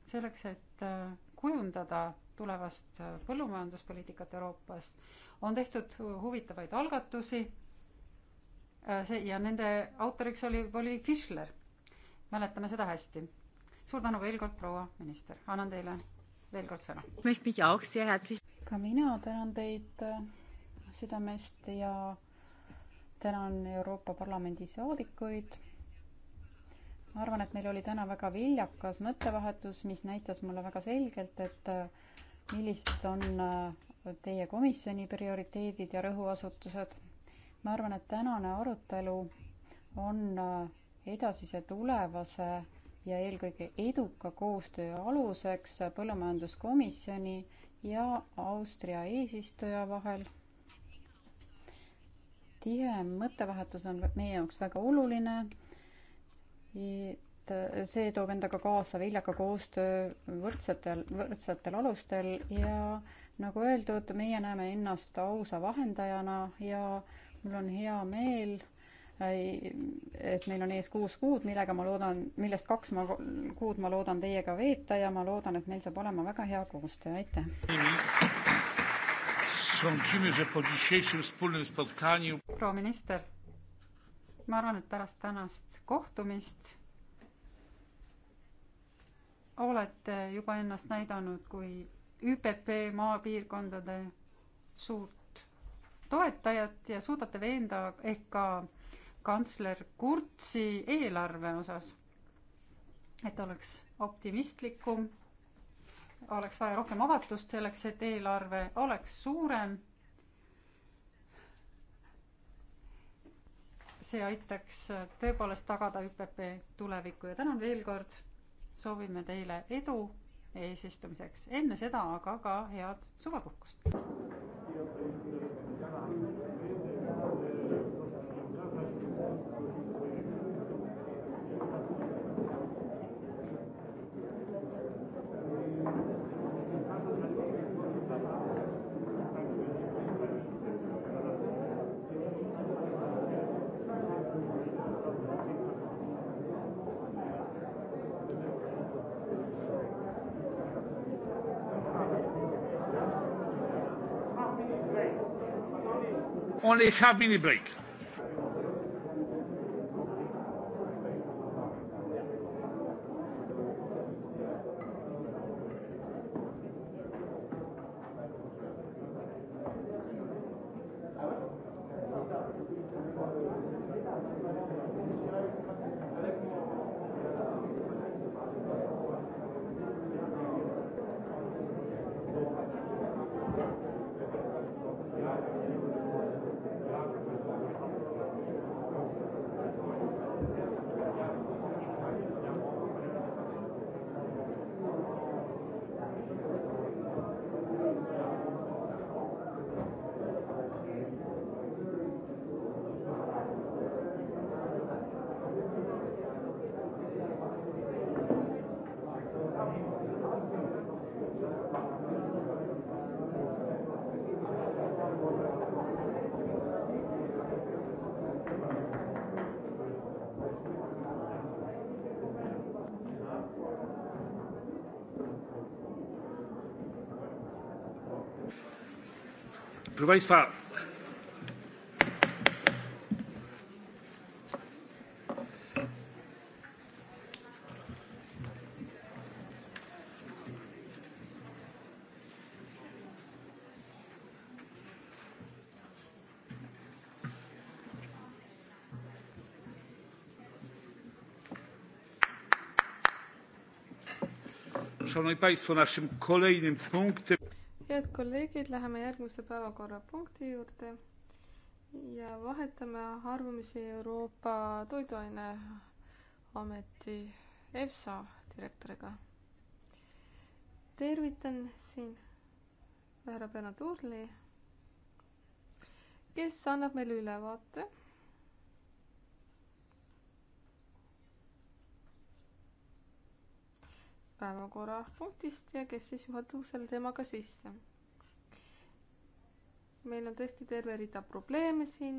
selleks, et äh, kujundada tulevast äh, põllumajanduspoliitikat Euroopas. on tehtud huvitavaid algatusi. Äh, see ja nende autoriks oli, oli Fischler. mäletame seda hästi. suur tänu veel kord, proua minister, annan teile veel kord sõna. ka mina tänan teid äh, südamest ja tänan Euroopa Parlamendi saadikuid. ma arvan, et meil oli täna väga viljakas mõttevahetus, mis näitas mulle väga selgelt, et äh, millised on äh, teie komisjoni prioriteedid ja rõhuasutused. ma arvan, et tänane arutelu on edasise tulevase ja eelkõige eduka koostöö aluseks põllumajanduskomisjoni ja Austria eesistuja vahel. tihe mõttevahetus on meie jaoks väga oluline. et see toob endaga kaasa viljaka koostöö võrdsetel, võrdsetel alustel ja nagu öeldud, meie näeme ennast ausa vahendajana ja mul on hea meel et meil on ees kuus kuud, millega ma loodan, millest kaks ma, kuud ma loodan teiega veeta ja ma loodan, et meil saab olema väga hea koostöö, aitäh! proua minister, ma arvan, et pärast tänast kohtumist olete juba ennast näidanud kui ÜPP maapiirkondade suurt toetajat ja suudate veenda ehk ka kantsler Kurtsi eelarve osas. et oleks optimistlikum, oleks vaja rohkem avatust selleks, et eelarve oleks suurem. see aitaks tõepoolest tagada ÜPP tulevikku ja tänan veel kord. soovime teile edu eesistumiseks, enne seda aga ka head suvepuhkust. one and a half minute break. Proszę państwa, szanowni państwo, naszym kolejnym punktem head kolleegid, läheme järgmise päevakorrapunkti juurde ja vahetame arvamusi Euroopa Toiduaineameti EFSA direktoriga. tervitan siin härra Bernard Uurli, kes annab meile ülevaate päevakorrapunktist ja kes siis juhatab selle teemaga sisse. meil on tõesti terve rida probleeme siin.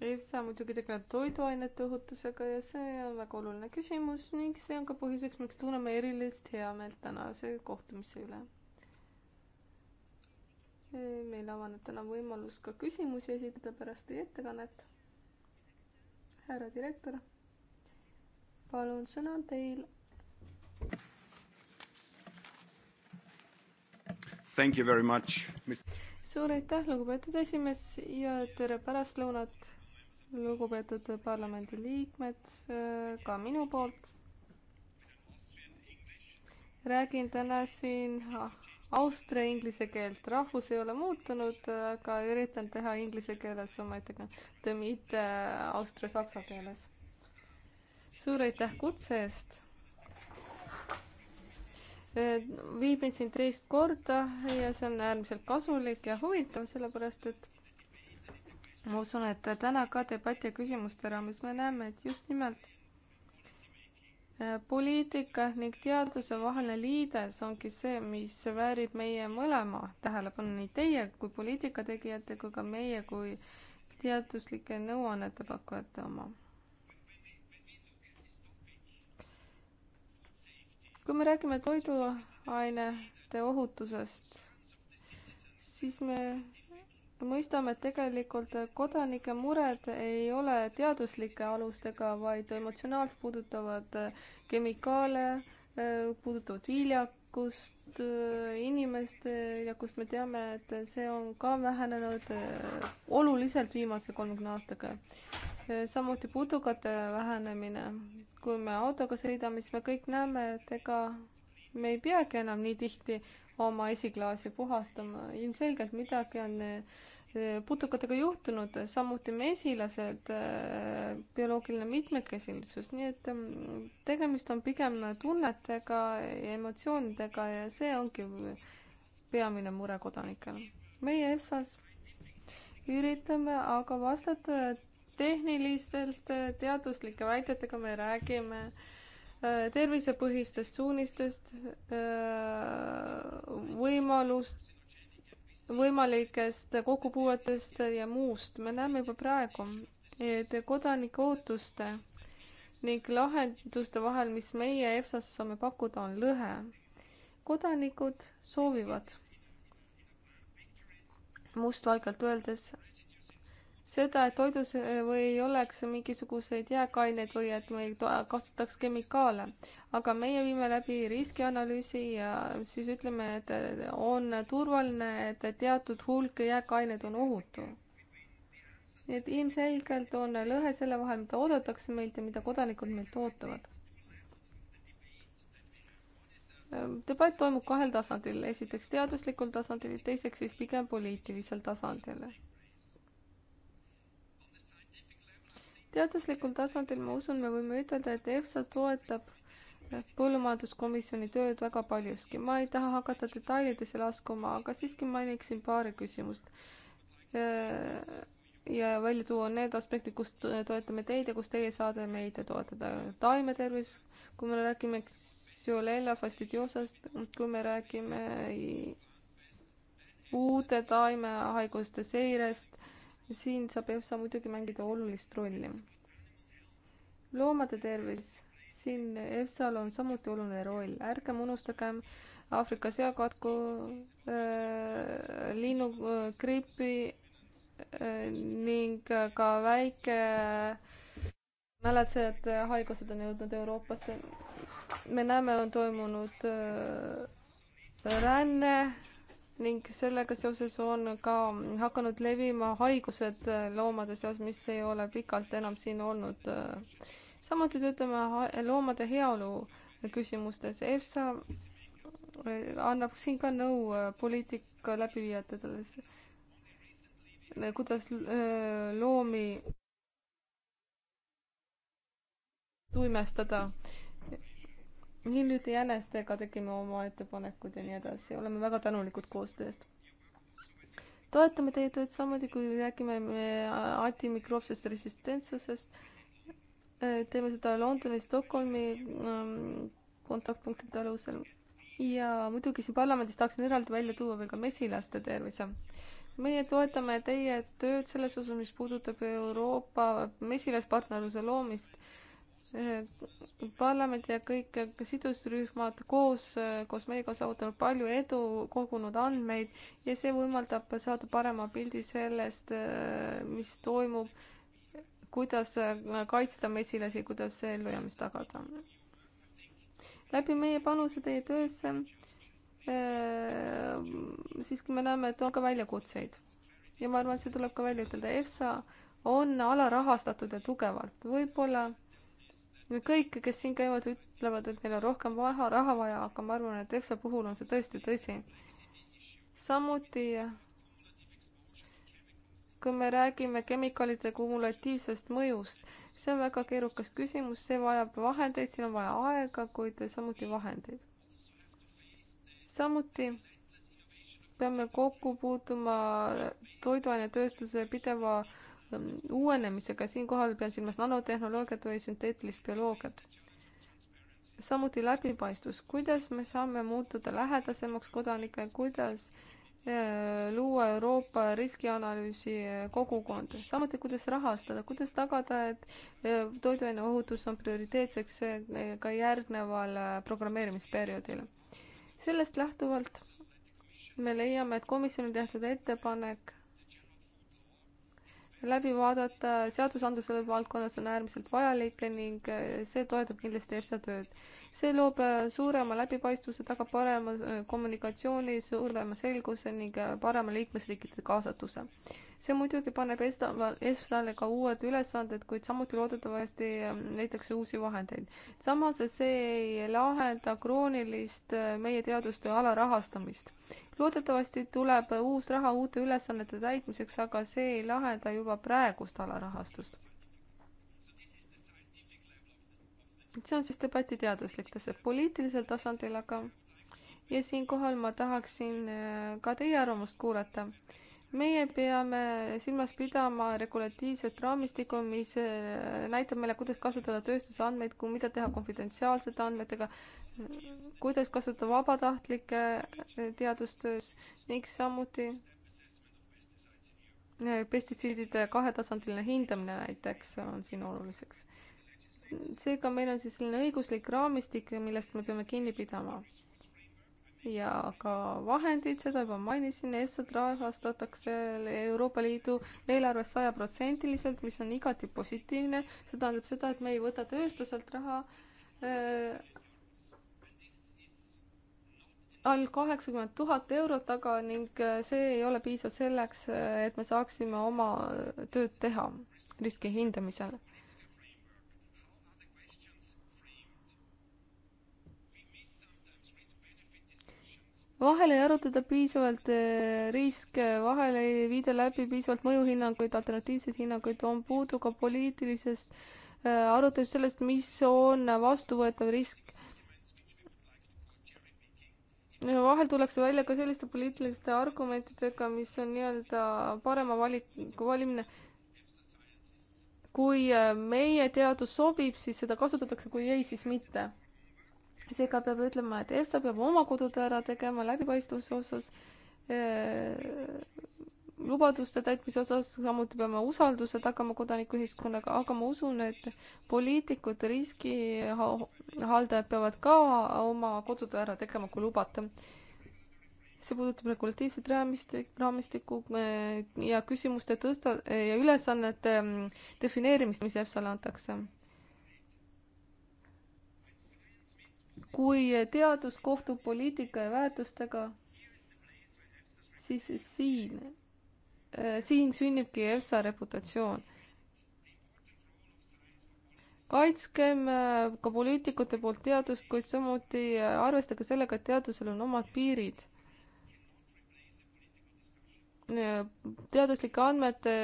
EFSA muidugi tegeleb toiduainete ohutusega ja see on väga oluline küsimus ning see on ka põhjuseks, miks tunneme erilist heameelt tänase kohtumise üle meil avaneb täna võimalus ka küsimusi esitada pärast teie ettekannet. härra direktor, palun, sõna on teil. Thank you very much. suur aitäh, lugupeetud esimees ja tere pärastlõunat, lugupeetud parlamendiliikmed, ka minu poolt. räägin täna siin ah, austria inglise keelt, rahvus ei ole muutunud, aga üritan teha inglise keeles oma ettekande, mitte austria-saksa keeles. suur aitäh kutse eest. Äh, viibin siin teist korda ja see on äärmiselt kasulik ja huvitav, sellepärast et ma usun, et täna ka debati ja küsimuste raames me näeme, et just nimelt Äh, poliitika ning teaduse vaheline liides ongi see, mis väärib meie mõlema tähelepanu, nii teie kui poliitikategijate kui ka meie kui teaduslike nõuannete pakkujate oma. kui me räägime toiduainete ohutusest, siis me mõistame, et tegelikult kodanike mured ei ole teaduslike alustega, vaid emotsionaalselt puudutavad äh, kemikaale, äh, puudutavad viljakust, äh, inimeste viljakust, me teame, et see on ka vähenenud oluliselt viimase kolmekümne aastaga. samuti putukate vähenemine. kui me autoga sõidame, siis me kõik näeme, et ega me ei peagi enam nii tihti oma esiklaasi puhastama, ilmselgelt midagi on putukatega juhtunud, samuti mesilased, bioloogiline mitmekesilisus, nii et mm, tegemist on pigem tunnetega ja emotsioonidega ja see ongi peamine mure kodanikel. meie EFSA-s üritame aga vastata tehniliselt teaduslike väidetega, me räägime tervisepõhistest suunistest, võimalust võimalikest kokkupuuetest ja muust. me näeme juba praegu, et kodanike ootuste ning lahenduste vahel, mis meie EFSA-s saame pakkuda, on lõhe. kodanikud soovivad mustvalgelt öeldes seda, et toidus äh, või ei oleks mingisuguseid jääkaineid või et me ei kasutaks kemikaale. aga meie viime läbi riskianalüüsi ja siis ütleme, et on turvaline, et teatud hulk jääkaineid on ohutu. nii et ilmselgelt on lõhe selle vahel, mida oodatakse meilt ja mida kodanikud meilt ootavad. debatt toimub kahel tasandil, esiteks teaduslikul tasandil, teiseks siis pigem poliitilisel tasandil teaduslikul tasandil ma usun, me võime ütelda, et EFSA toetab põllumajanduskomisjoni tööd väga paljuski. ma ei taha hakata detailidesse laskuma, aga siiski mainiksin paari küsimust. Äh, ja välja tuua need aspektid, kus toetame teid ja kus teie saate meid toetada. taimetervis, kui me räägime Xylella fastidiosast, kui me räägime uute taimehaiguste seirest siin saab EFSA muidugi mängida olulist rolli. loomade tervis, siin EFSA-l on samuti oluline roll, ärgem unustagem Aafrika seakatku äh,, linnugripi äh, äh, ning äh, ka väike mäletsejad äh, haigused on jõudnud Euroopasse. me näeme, on toimunud äh, ränne ning sellega seoses on ka hakanud levima haigused äh, loomade seas, mis ei ole pikalt enam siin olnud. Äh. samuti töötame loomade heaolu küsimustes. EFSA äh, annab siin ka nõu poliitika läbiviijatele, kuidas loomi tuimestada hiljuti Jänestega tegime oma ettepanekud ja nii edasi, oleme väga tänulikud koostöö eest. toetame teie tööd samuti, kui räägime me antimikroopsest resistentsusest. Äh, teeme seda Londoni, Stockholmi ähm, kontaktpunktide alusel ja muidugi siin parlamendis tahaksin eraldi välja tuua veel ka mesilaste tervise. meie toetame teie tööd selles osas, mis puudutab Euroopa mesilaspartnerluse loomist parlament ja kõik sidusrühmad koos, koos meiega saavutanud palju edu, kogunud andmeid ja see võimaldab saada parema pildi sellest, mis toimub, kuidas kaitsta mesilasi, kuidas ellujäämist tagada. läbi meie panuse teie töösse äh, siiski me näeme, et on ka väljakutseid. ja ma arvan, see tuleb ka välja ütelda, EFSA on alarahastatud ja tugevalt, võib-olla kõik, kes siin käivad, ütlevad, et neil on rohkem vaha, raha vaja, aga ma arvan, et EFSA puhul on see tõesti tõsi. samuti kui me räägime kemikaalide kumulatiivsest mõjust, see on väga keerukas küsimus, see vajab vahendeid, siin on vaja aega, kuid samuti vahendeid. samuti peame kokku puutuma toiduainetööstuse pideva äh, Ähm, uuenemisega, siinkohal pean silmas nanotehnoloogiat või sünteetilist bioloogiat. samuti läbipaistvus, kuidas me saame muutuda lähedasemaks kodanikele, kuidas äh, luua Euroopa riskianalüüsi äh, kogukond, samuti kuidas rahastada, kuidas tagada, et äh, toiduaineohutus on prioriteetseks ka järgneval programmeerimisperioodil. sellest lähtuvalt me leiame, et komisjoni tehtud ettepanek läbi vaadata, seadusandlus selles valdkonnas on äärmiselt vajalik ning eh, see toetab kindlasti ERSA tööd see loob äh, suurema läbipaistvuse, tagab parema äh, kommunikatsiooni, suurema selguse ning äh, parema liikmesriikide kaasatuse. see muidugi paneb ESTA-le ka uued ülesanded, kuid samuti loodetavasti leitakse uusi vahendeid. samas see ei lahenda kroonilist meie teadustöö alarahastamist. loodetavasti tuleb uus raha uute ülesannete täitmiseks, aga see ei lahenda juba praegust alarahastust see on siis debati teaduslik tase, poliitilisel tasandil aga. ja siinkohal ma tahaksin äh, ka teie arvamust kuulata. meie peame silmas pidama regulatiivset raamistikku, mis äh, näitab meile, kuidas kasutada tööstusandmeid, kui mida teha konfidentsiaalsete andmetega, kuidas kasutada vabatahtlikke äh, teadustöös ning samuti pestitsiidide kahetasandiline hindamine näiteks on siin oluliseks seega meil on siis selline õiguslik raamistik, millest me peame kinni pidama. ja ka vahendid, seda juba mainisin, ESA-d rahastatakse Euroopa Liidu eelarvest sajaprotsendiliselt, mis on igati positiivne. see tähendab seda, et me ei võta tööstuselt raha äh, all kaheksakümmend tuhat eurot taga ning äh, see ei ole piisav selleks, äh, et me saaksime oma tööd teha riski hindamisel. vahel ei arutada piisavalt äh, riske, äh, vahel ei viida läbi piisavalt mõjuhinnanguid, alternatiivseid hinnanguid, on puudu ka poliitilisest äh, arutelust sellest, mis on vastuvõetav risk. vahel tullakse välja ka selliste poliitiliste argumentidega, mis on nii-öelda parema valiku valimine. kui meie teadus sobib, siis seda kasutatakse, kui ei, siis mitte seega peab ütlema, et EFSA peab oma kodutöö ära tegema läbipaistvuse osas eh, lubaduste täitmise osas, samuti peame usalduse tagama kodanikuühiskonnaga, aga ma usun, et poliitikud, riskihaldajad peavad ka oma kodutöö ära tegema, kui lubate. see puudutab regulatiivset raamistik, raamistikku eh, ja küsimuste tõsta- ja ülesannete mm, defineerimist, mis EFSA-le antakse. kui teadus kohtub poliitika ja väärtustega, siis siin, äh, siin sünnibki EFSA reputatsioon. kaitskem äh, ka poliitikute poolt teadust, kuid samuti äh, arvestage sellega, et teadusel on omad piirid. teaduslike andmete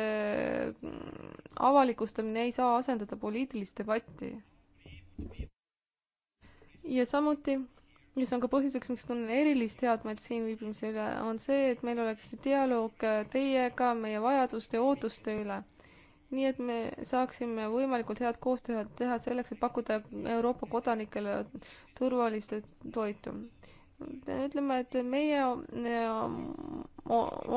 avalikustamine ei saa asendada poliitilist debatti ja samuti, mis on ka põhjuseks, miks tunnen erilist headmeelt siin viibimise üle, on see, et meil oleks dialoog teiega meie vajaduste ja ootuste üle. nii et me saaksime võimalikult head koostööd teha selleks, et pakkuda Euroopa kodanikele turvalist toitu ütleme, et meie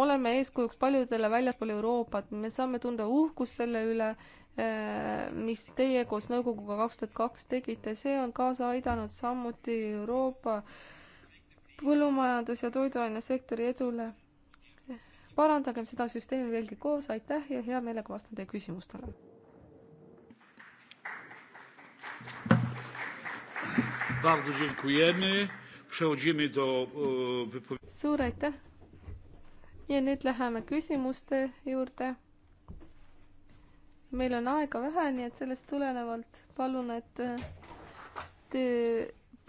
oleme eeskujuks paljudele väljaspool Euroopat, me saame tunda uhkust selle üle, Äh, mis teie koos nõukoguga kaks tuhat kaks tegite, see on kaasa aidanud samuti Euroopa põllumajandus- ja toiduainesektori edule. parandagem seda süsteemi veelgi koos, aitäh ja hea meelega vastan teie küsimustele. E, suur aitäh! ja nüüd läheme küsimuste juurde meil on aega vähe, nii et sellest tulenevalt palun, et äh, te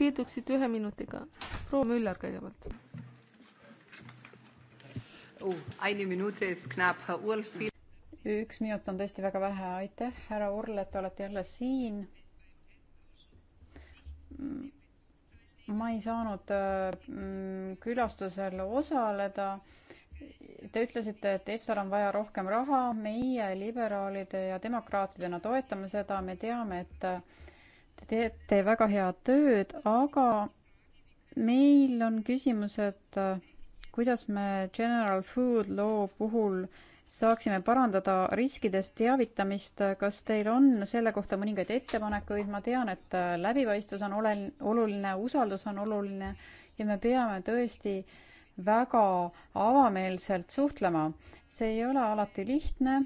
piirduksite ühe minutiga. proua Müller kõigepealt. Oh, üks minut on tõesti väga vähe, aitäh, härra Url, et te olete jälle siin mm, ma ei saanud äh, mm, külastusel osaleda, Te ütlesite, et EFSA-l on vaja rohkem raha, meie liberaalide ja demokraatidena toetame seda, me teame, et te teete väga head tööd, aga meil on küsimus, et kuidas me General Food loo puhul saaksime parandada riskidest teavitamist, kas teil on selle kohta mõningaid ettepanekuid, ma tean, et läbipaistvus on olen-, oluline, usaldus on oluline ja me peame tõesti äh, väga avameelselt suhtlema. see ei ole alati lihtne.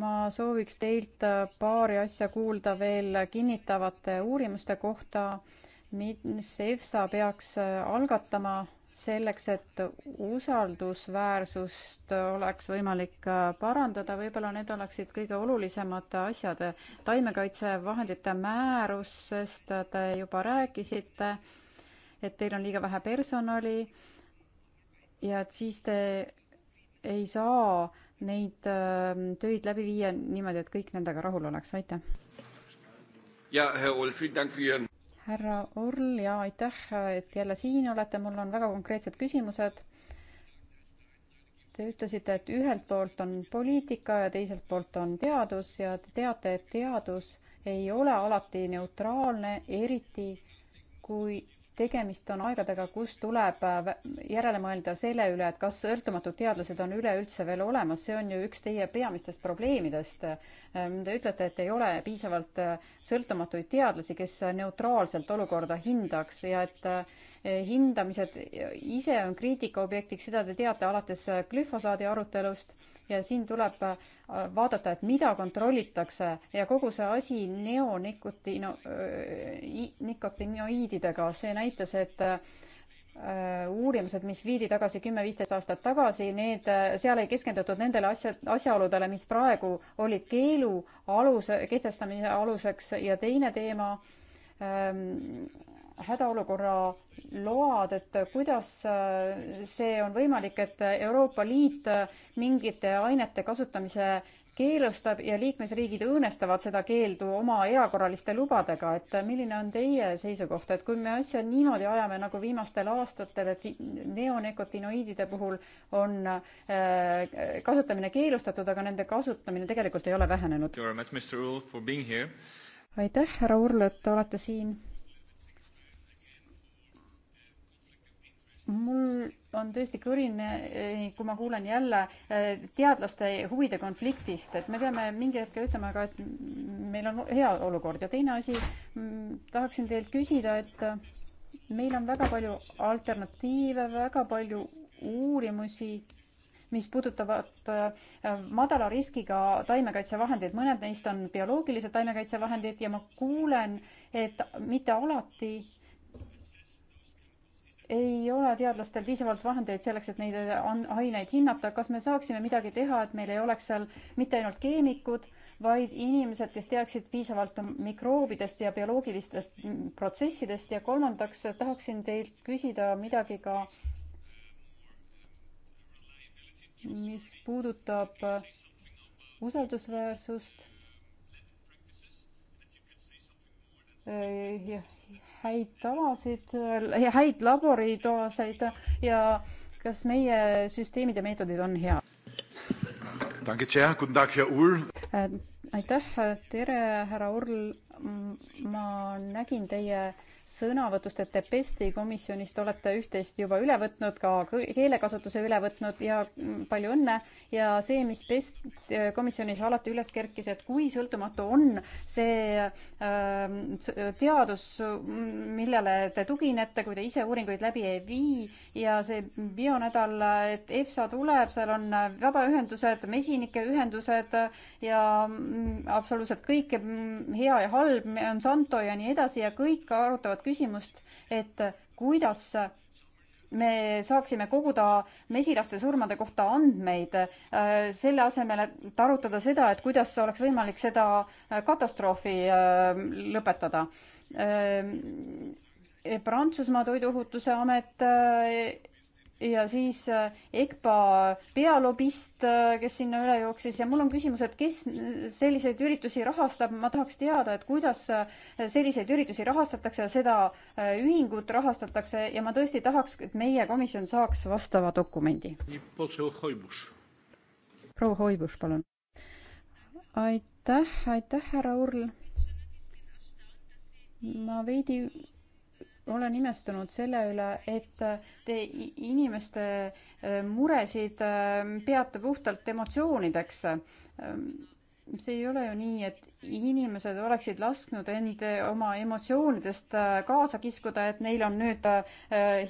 ma sooviks teilt paari asja kuulda veel kinnitavate uurimuste kohta, mis EFSA peaks algatama selleks, et usaldusväärsust oleks võimalik parandada, võib-olla need oleksid kõige olulisemad asjad. taimekaitsevahendite määrusest te juba rääkisite et teil on liiga vähe personali ja et siis te ei saa neid ähm, töid läbi viia niimoodi, et kõik nendega rahul oleks, aitäh. härra Orl ja aitäh, et jälle siin olete, mul on väga konkreetsed küsimused. Te ütlesite, et ühelt poolt on poliitika ja teiselt poolt on teadus ja te teate, et teadus ei ole alati neutraalne, eriti kui tegemist on aegadega, kus tuleb äh, järele mõelda selle üle, et kas sõltumatud teadlased on üleüldse veel olemas, see on ju üks teie peamistest probleemidest. Äh, te ütlete, et ei ole piisavalt äh, sõltumatuid teadlasi, kes neutraalselt olukorda hindaks ja et hindamised ise on kriitika objektiks, seda te teate alates glüfosaadi arutelust ja siin tuleb äh, vaadata, et mida kontrollitakse ja kogu see asi neonikotino äh,, nikotinoiididega, see näitas, et äh, uurimused, mis viidi tagasi kümme-viisteist aastat tagasi, need, äh, seal ei keskendutud nendele asja, asjaoludele, mis praegu olid keelu aluse, kehtestamise aluseks ja teine teema ähm,, hädaolukorra load, et kuidas äh, see on võimalik, et Euroopa Liit äh, mingite ainete kasutamise keelustab ja liikmesriigid õõnestavad seda keeldu oma erakorraliste lubadega, et äh, milline on teie seisukoht, et kui me asja niimoodi ajame nagu viimastel aastatel, et neonekotinoidide puhul on äh, kasutamine keelustatud, aga nende kasutamine tegelikult ei ole vähenenud. aitäh, härra Url, et olete siin mul on tõesti kõrine, eh, kui ma kuulen jälle eh, teadlaste huvide konfliktist, et me peame mingi hetk ütlema ka, et meil on hea olukord ja teine asi, mm, tahaksin teilt küsida, et eh, meil on väga palju alternatiive, väga palju uurimusi, mis puudutavad madala riskiga taimekaitsevahendeid, mõned neist on bioloogilised taimekaitsevahendid ja ma kuulen, et mitte alati ei ole teadlastel piisavalt vahendeid selleks, et neid aineid hinnata, kas me saaksime midagi teha, et meil ei oleks seal mitte ainult keemikud, vaid inimesed, kes teaksid piisavalt mikroobidest ja bioloogilistest protsessidest ja kolmandaks tahaksin teilt küsida midagi ka, mis puudutab usaldusväärsust ja häid tavasid, häid laboritoaseid ja kas meie süsteemid ja meetodid on head? Äh, aitäh, äh, tere, härra Url. ma nägin teie sõnavõtust, et te PESTi komisjonist olete üht-teist juba üle võtnud, ka keelekasutuse üle võtnud ja mm, palju õnne. ja see, mis PEST komisjonis alati üles kerkis, et kui sõltumatu on see äh, teadus, mm, millele te tuginete, kui te ise uuringuid läbi ei vii ja see bionädal, et EFSA tuleb, seal on vabaühendused, mesinike ühendused ja mm, absoluutselt kõik hea ja halb, Monsanto ja nii edasi ja kõik arutavad tekitavat küsimust, et kuidas me saaksime koguda mesilaste surmade kohta andmeid, äh, selle asemel, et arutada seda, et kuidas oleks võimalik seda äh, katastroofi äh, lõpetada. Prantsusmaa Toiduohutuse Amet ja siis äh, EKPA pealobist, äh, kes sinna üle jooksis ja mul on küsimus, et kes selliseid üritusi rahastab, ma tahaks teada, et kuidas äh, selliseid üritusi rahastatakse, seda ühingut rahastatakse ja ma tõesti tahaks, et meie komisjon saaks vastava dokumendi. proua Hoibus, palun. aitäh, aitäh, härra Url. ma veidi olen imestunud selle üle, et te inimeste äh, muresid äh, peate puhtalt emotsioonideks. Ähm, see ei ole ju nii, et inimesed oleksid lasknud end äh, oma emotsioonidest kaasa kiskuda, et neil on nüüd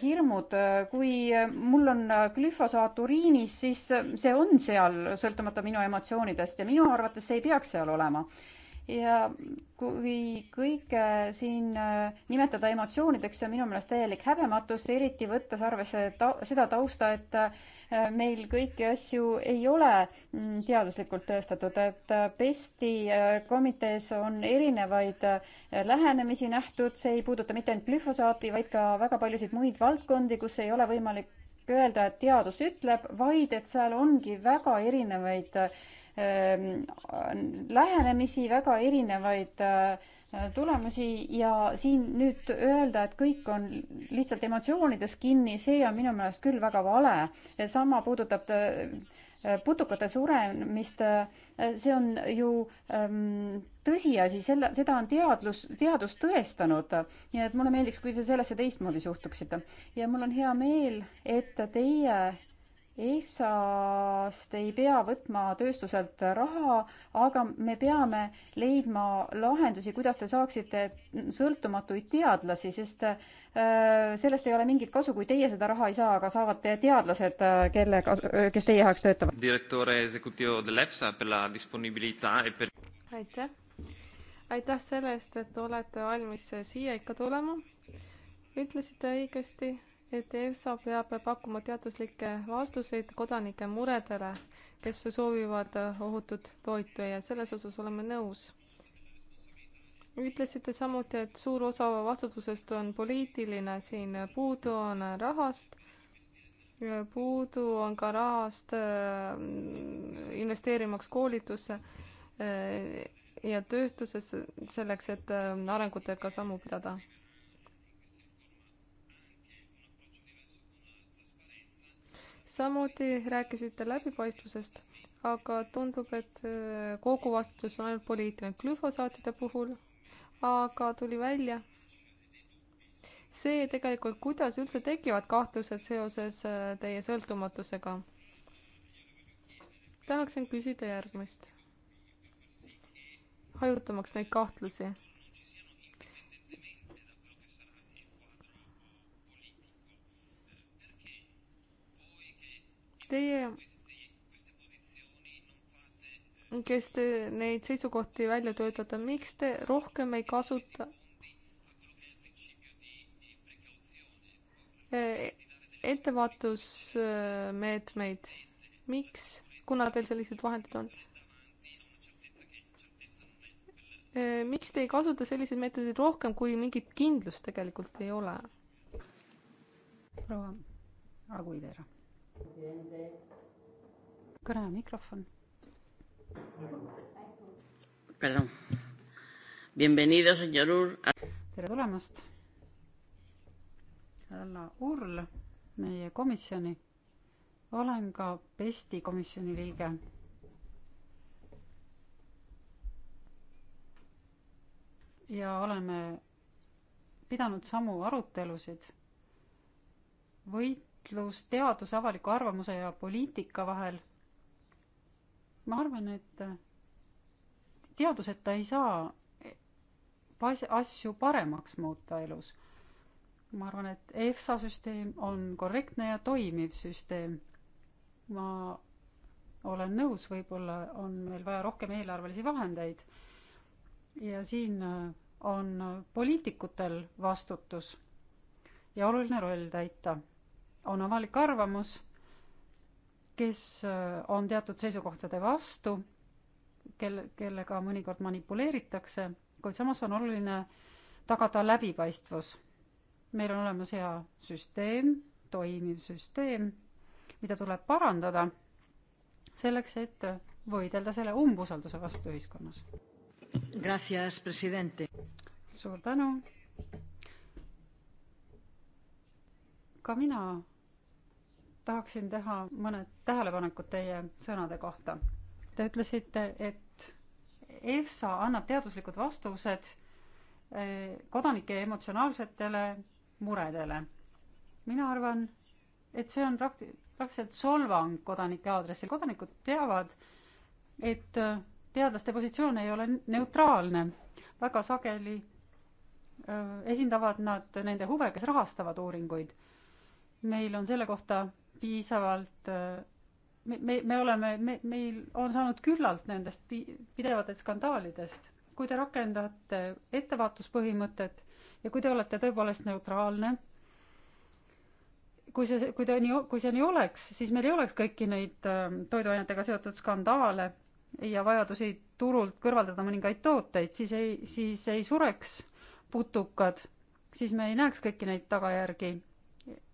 hirmud. kui mul on glüfosaat uriinis, siis see on seal, sõltumata minu emotsioonidest ja minu arvates see ei peaks seal olema ja kui kõike siin äh, nimetada emotsioonideks, see on minu meelest täielik häbematus, eriti võttes arvesse ta-, seda tausta, et äh, meil kõiki asju ei ole mm, teaduslikult tõestatud, et äh, PESTi komitees on erinevaid lähenemisi nähtud, see ei puuduta mitte ainult glüfosaati, vaid ka väga paljusid muid valdkondi, kus ei ole võimalik öelda, et teadus ütleb, vaid et seal ongi väga erinevaid Ähm, lähenemisi, väga erinevaid äh, tulemusi ja siin nüüd öelda, et kõik on lihtsalt emotsioonides kinni, see on minu meelest küll väga vale. sama puudutab äh, putukate suremist, see on ju ähm, tõsiasi, selle, seda on teadlus, teadus tõestanud. nii et mulle meeldiks, kui te sellesse teistmoodi suhtuksite. ja mul on hea meel, et teie EFSA-st ei pea võtma tööstuselt raha, aga me peame leidma lahendusi, kuidas te saaksite sõltumatuid teadlasi, sest äh, sellest ei ole mingit kasu, kui teie seda raha ei saa, aga saavad teie teadlased, äh, kelle, äh, kes teie heaks töötavad. E aitäh, aitäh selle eest, et olete valmis siia ikka tulema. ütlesite õigesti et EFSA peab pakkuma teaduslikke vastuseid kodanike muredele, kes soovivad ohutut toitu ja selles osas oleme nõus ütlesite samuti, et suur osa vastutusest on poliitiline, siin puudu on rahast, puudu on ka rahast mm, investeerimaks koolitusse eh, ja tööstusesse, selleks et mm, arengutega sammu pidada. samuti rääkisite läbipaistvusest, aga tundub, et äh, kogu vastutus on ainult poliitiline glüfosaatide puhul, aga tuli välja see tegelikult, kuidas üldse tekivad kahtlused seoses äh, teie sõltumatusega. tahaksin küsida järgmist. hajutamaks neid kahtlusi Teie, kes te neid seisukohti välja töötate, miks te rohkem ei kasuta eh, ettevaatusmeetmeid, miks, kuna teil sellised vahendid on? Eh, miks te ei kasuta selliseid meetodeid rohkem, kui mingit kindlust tegelikult ei ole? proua Aguilera kõne mikrofon. Perdón. Bienvenido, señor Ur. tere tulemast, härra Url, meie komisjoni. olen ka PESTi komisjoni liige. ja oleme pidanud samu arutelusid võit võitlus teaduse, avaliku arvamuse ja poliitika vahel. ma arvan, et teaduseta ei saa asju paremaks muuta elus. ma arvan, et EFSA süsteem on korrektne ja toimiv süsteem. ma olen nõus, võib-olla on meil vaja rohkem eelarvelisi vahendeid. ja siin on poliitikutel vastutus ja oluline roll täita on avalik arvamus, kes äh, on teatud seisukohtade vastu, kelle, kellega mõnikord manipuleeritakse, kuid samas on oluline tagada läbipaistvus. meil on olemas hea süsteem, toimiv süsteem, mida tuleb parandada selleks, et võidelda selle umbusalduse vastu ühiskonnas. suur tänu. ka mina tahaksin teha mõned tähelepanekud teie sõnade kohta. Te ütlesite, et EFSA annab teaduslikud vastused eh, kodanike emotsionaalsetele muredele. mina arvan, et see on prakti-, praktiliselt solvang kodanike aadressil, kodanikud teavad, et eh, teadlaste positsioon ei ole neutraalne, väga sageli öö, eh, esindavad nad nende huve, kes rahastavad uuringuid. meil on selle kohta piisavalt me, me, me oleme, me, meil on saanud küllalt nendest pi-, pidevatest skandaalidest. kui te rakendate ettevaatuspõhimõtet ja kui te olete tõepoolest neutraalne, kui see, kui ta nii, kui see nii oleks, siis meil ei oleks kõiki neid ähm, toiduainetega seotud skandaale ja vajadusi turult kõrvaldada mõningaid tooteid, siis ei, siis ei sureks putukad, siis me ei näeks kõiki neid tagajärgi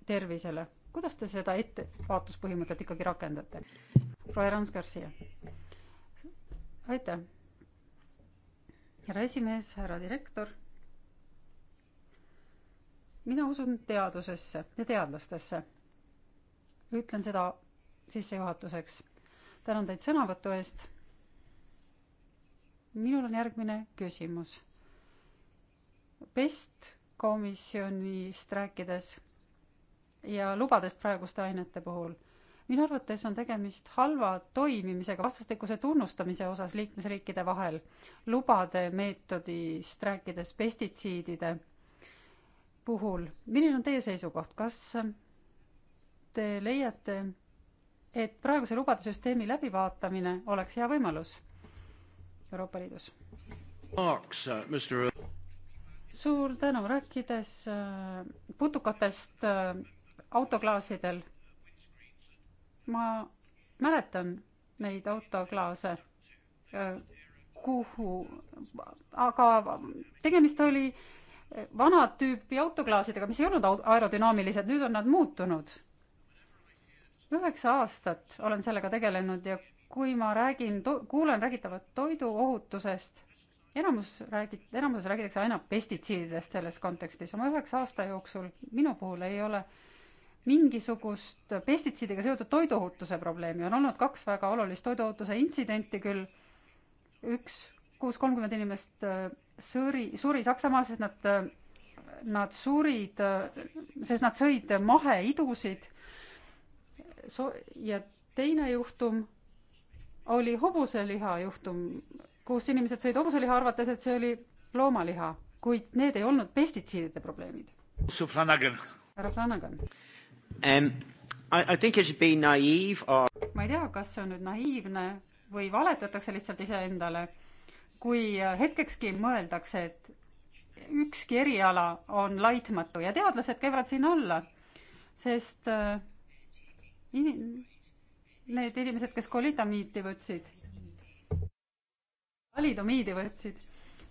tervisele kuidas te seda ettevaatuspõhimõtet ikkagi rakendate? proua Erans Garcia. aitäh. härra esimees, härra direktor. mina usun teadusesse ja teadlastesse. ütlen seda sissejuhatuseks. tänan teid sõnavõtu eest. minul on järgmine küsimus. Pest komisjonist rääkides ja lubadest praeguste ainete puhul. minu arvates on tegemist halva toimimisega vastastikuse tunnustamise osas liikmesriikide vahel, lubade meetodist rääkides pestitsiidide puhul. milline on teie seisukoht, kas te leiate, et praeguse lubade süsteemi läbivaatamine oleks hea võimalus Euroopa Liidus? Äh, suur tänu, rääkides äh, putukatest äh, autoklaasidel. ma mäletan neid autoklaase, äh, kuhu, aga tegemist oli äh, vanad tüüpi autoklaasidega, mis ei olnud aerodünaamilised, nüüd on nad muutunud. üheksa aastat olen sellega tegelenud ja kui ma räägin, kuulen räägitavat toiduohutusest, enamus räägib, enamuses räägitakse aina pestitsiididest selles kontekstis. oma üheksa aasta jooksul minu puhul ei ole äh, mingisugust pestitsiididega seotud toiduohutuse probleemi, on olnud kaks väga olulist toiduohutuse intsidenti küll, üks, kuus kolmkümmend inimest äh, sõri, suri Saksamaal, sest nad, äh, nad surid, äh, sest nad sõid maheidusid. So-, ja teine juhtum oli hobuseliha juhtum, kus inimesed sõid hobuseliha, arvates, et see oli loomaliha, kuid need ei olnud pestitsiidide probleemid. härra Flanagan Um, I, I think it should be naive or ma ei tea, kas see on nüüd naiivne või valetatakse lihtsalt iseendale, kui hetkekski mõeldakse, et ükski eriala on laitmatu ja teadlased käivad siin alla, sest äh, in-, need inimesed, kes kolitamiiti võtsid, alidomiidi võtsid,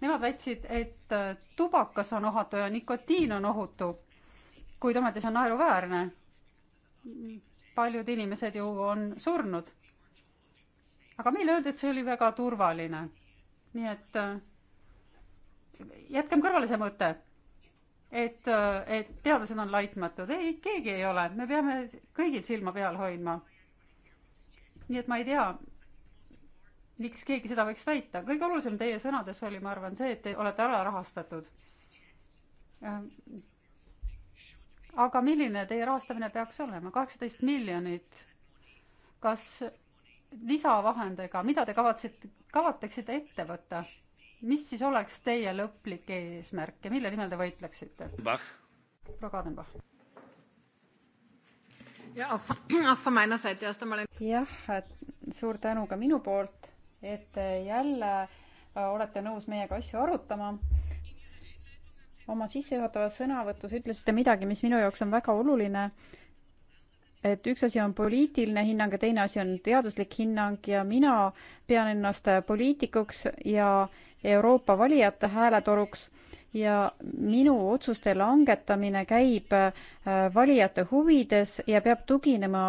nemad väitsid, et äh, tubakas on ohutu ja nikotiin on ohutu, kuid ometi see on naeruväärne paljud inimesed ju on surnud. aga meile öeldi, et see oli väga turvaline. nii et äh, jätkem kõrvale see mõte, et, äh, et teadlased on laitmatud. ei, keegi ei ole, me peame kõigil silma peal hoidma. nii et ma ei tea, miks keegi seda võiks väita. kõige olulisem teie sõnades oli, ma arvan, see, et te olete alarahastatud aga milline teie rahastamine peaks olema? kaheksateist miljonit. kas lisavahendega, mida te kavatsete, kavatseksite ette võtta? mis siis oleks teie lõplik eesmärk ja mille nimel te võitleksite? proua Kadenbach. jah, suur tänu ka minu poolt, et jälle äh, olete nõus meiega asju arutama oma sissejuhatavas sõnavõtus ütlesite midagi, mis minu jaoks on väga oluline, et üks asi on poliitiline hinnang ja teine asi on teaduslik hinnang ja mina pean ennast poliitikuks ja Euroopa valijate hääletoruks ja minu otsuste langetamine käib äh, valijate huvides ja peab tuginema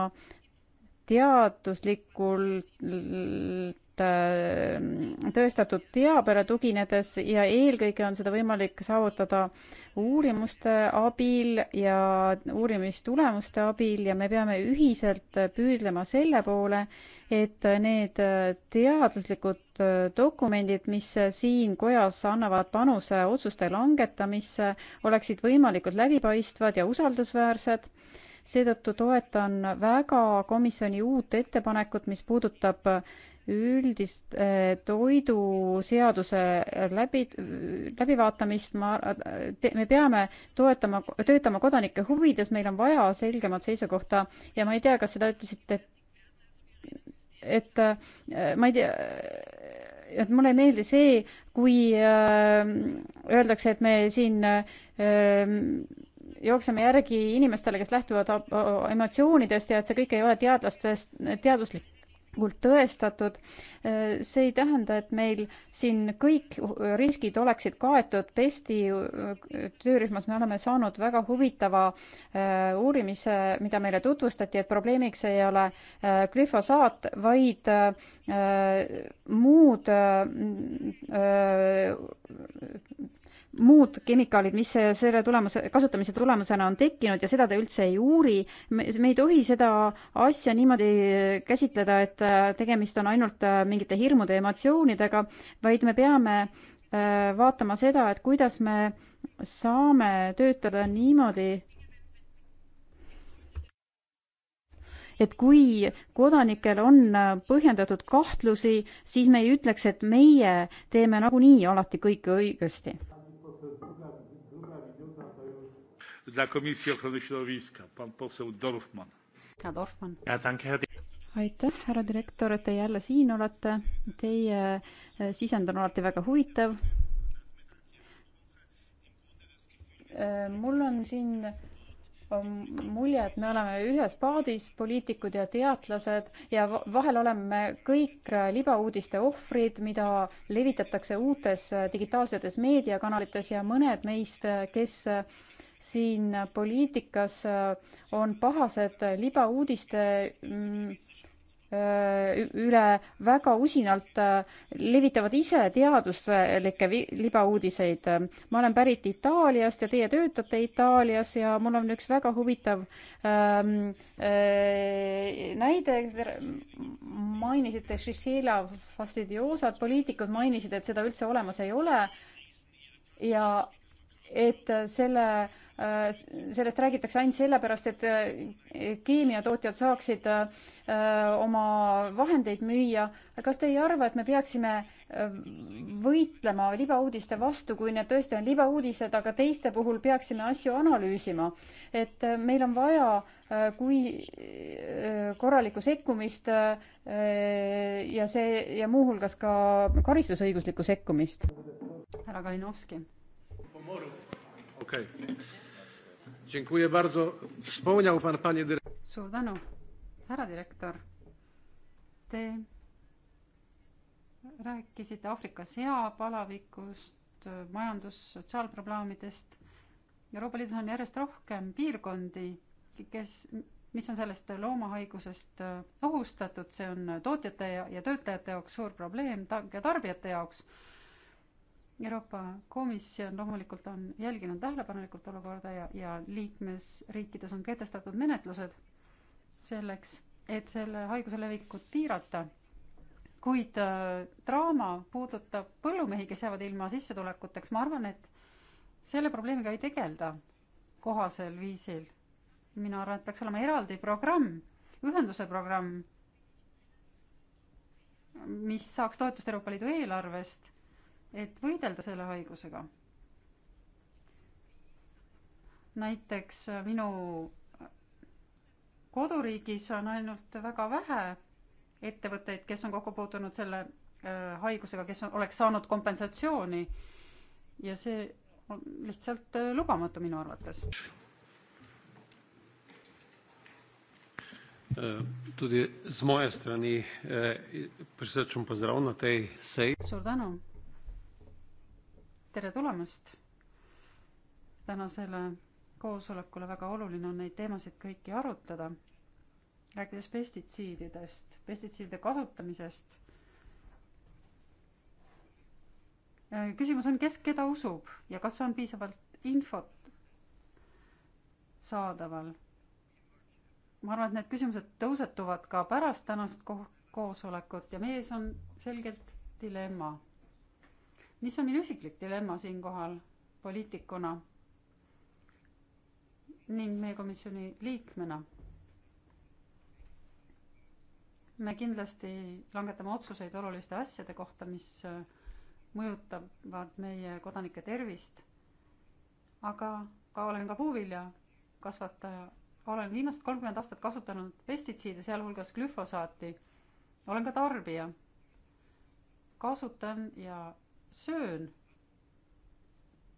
teaduslikul poolt äh, tõestatud teabele tuginedes ja eelkõige on seda võimalik saavutada uurimuste abil ja uurimistulemuste abil ja me peame ühiselt püüdlema selle poole, et need teaduslikud dokumendid, mis siin kojas annavad panuse otsuste langetamisse, oleksid võimalikult läbipaistvad ja usaldusväärsed seetõttu toetan väga komisjoni uut ettepanekut, mis puudutab üldist äh, toiduseaduse läbi, läbivaatamist ma, me peame toetama, töötama kodanike huvides, meil on vaja selgemat seisukohta ja ma ei tea, kas seda ütlesite, et äh, ma ei tea, et mulle ei meeldi see, kui äh, öeldakse, et me siin öö, jookseme järgi inimestele, kes lähtuvad emotsioonidest ja et see kõik ei ole teadlastest, teaduslik tõestatud. see ei tähenda, et meil siin kõik riskid oleksid kaetud. Pesti töörühmas me oleme saanud väga huvitava äh, uurimise, mida meile tutvustati, et probleemiks ei ole äh, glüfosaat, vaid äh, muud muud kemikaalid, mis selle tulemuse, kasutamise tulemusena on tekkinud ja seda te üldse ei uuri. me ei tohi seda asja niimoodi käsitleda, et äh, tegemist on ainult äh, mingite hirmude ja emotsioonidega, vaid me peame äh, vaatama seda, et kuidas me saame töötada niimoodi, et kui kodanikel on põhjendatud kahtlusi, siis me ei ütleks, et meie teeme nagunii alati kõike õigesti Dla Komisji Ochrony Środowiska, pan poseł Dorfman. härra Dorfman. aitäh, härra direktor, et te jälle siin olete. Teie eh, sisend on alati väga huvitav. Eh, mul on siin mulje, et me oleme ühes paadis, poliitikud ja teadlased, ja vahel oleme kõik äh, libauudiste ohvrid, mida levitatakse uutes äh, digitaalsetes meediakanalites ja mõned meist, äh, kes siin poliitikas on pahased libauudiste mm, üle väga usinalt levitavad ise teaduslikke libauudiseid. ma olen pärit Itaaliast ja teie töötate Itaalias ja mul on üks väga huvitav ähm, äh, näide. mainisite Shishila fastidioosat, poliitikud mainisid, et seda üldse olemas ei ole ja et selle äh, Äh, sellest räägitakse ainult sellepärast, et äh, keemiatootjad saaksid äh, oma vahendeid müüa. kas te ei arva, et me peaksime võitlema libauudiste vastu, kui need tõesti on libauudised, aga teiste puhul peaksime asju analüüsima? et meil on vaja kui korralikku sekkumist ja see ja muuhulgas ka karistusõiguslikku sekkumist. härra Kalinovski. okei okay suur tänu, härra direktor. Te rääkisite Aafrika seapalavikust, majandus, sotsiaalprogrammidest. Euroopa Liidus on järjest rohkem piirkondi, kes, mis on sellest loomahaigusest äh, ohustatud, see on tootjate ja, ja töötajate jaoks suur probleem, ta- ja tarbijate jaoks Euroopa Komisjon loomulikult on jälginud tähelepanelikult olukorda ja, ja liikmesriikides on kehtestatud menetlused selleks, et selle haiguse levikut piirata. kuid äh, draama puudutab põllumehi, kes jäävad ilma sissetulekuteks, ma arvan, et selle probleemiga ei tegelda kohasel viisil. mina arvan, et peaks olema eraldi programm, ühenduse programm, mis saaks toetust Euroopa Liidu eelarvest et võidelda selle haigusega. näiteks minu koduriigis on ainult väga vähe ettevõtteid, kes on kokku puutunud selle äh, haigusega, kes on, oleks saanud kompensatsiooni. ja see on lihtsalt äh, lubamatu minu arvates. Äh, tudi z moje strani prisrčen pozdrav na tej seji. suur tänu tere tulemast tänasele koosolekule, väga oluline on neid teemasid kõiki arutada. rääkides pestitsiididest, pestitsiidide kasutamisest. Äh, küsimus on, kes keda usub ja kas on piisavalt infot saadaval? ma arvan, et need küsimused tõusetuvad ka pärast tänast ko koosolekut ja meie ees on selgelt dilemma mis on minu isiklik dilemma siinkohal poliitikuna ning meie komisjoni liikmena? me kindlasti langetame otsuseid oluliste asjade kohta, mis äh, mõjutavad meie kodanike tervist. aga ka olen ka puuviljakasvataja, olen viimased kolmkümmend aastat kasutanud pestitsiide, sealhulgas glüfosaati. olen ka tarbija. kasutan ja söön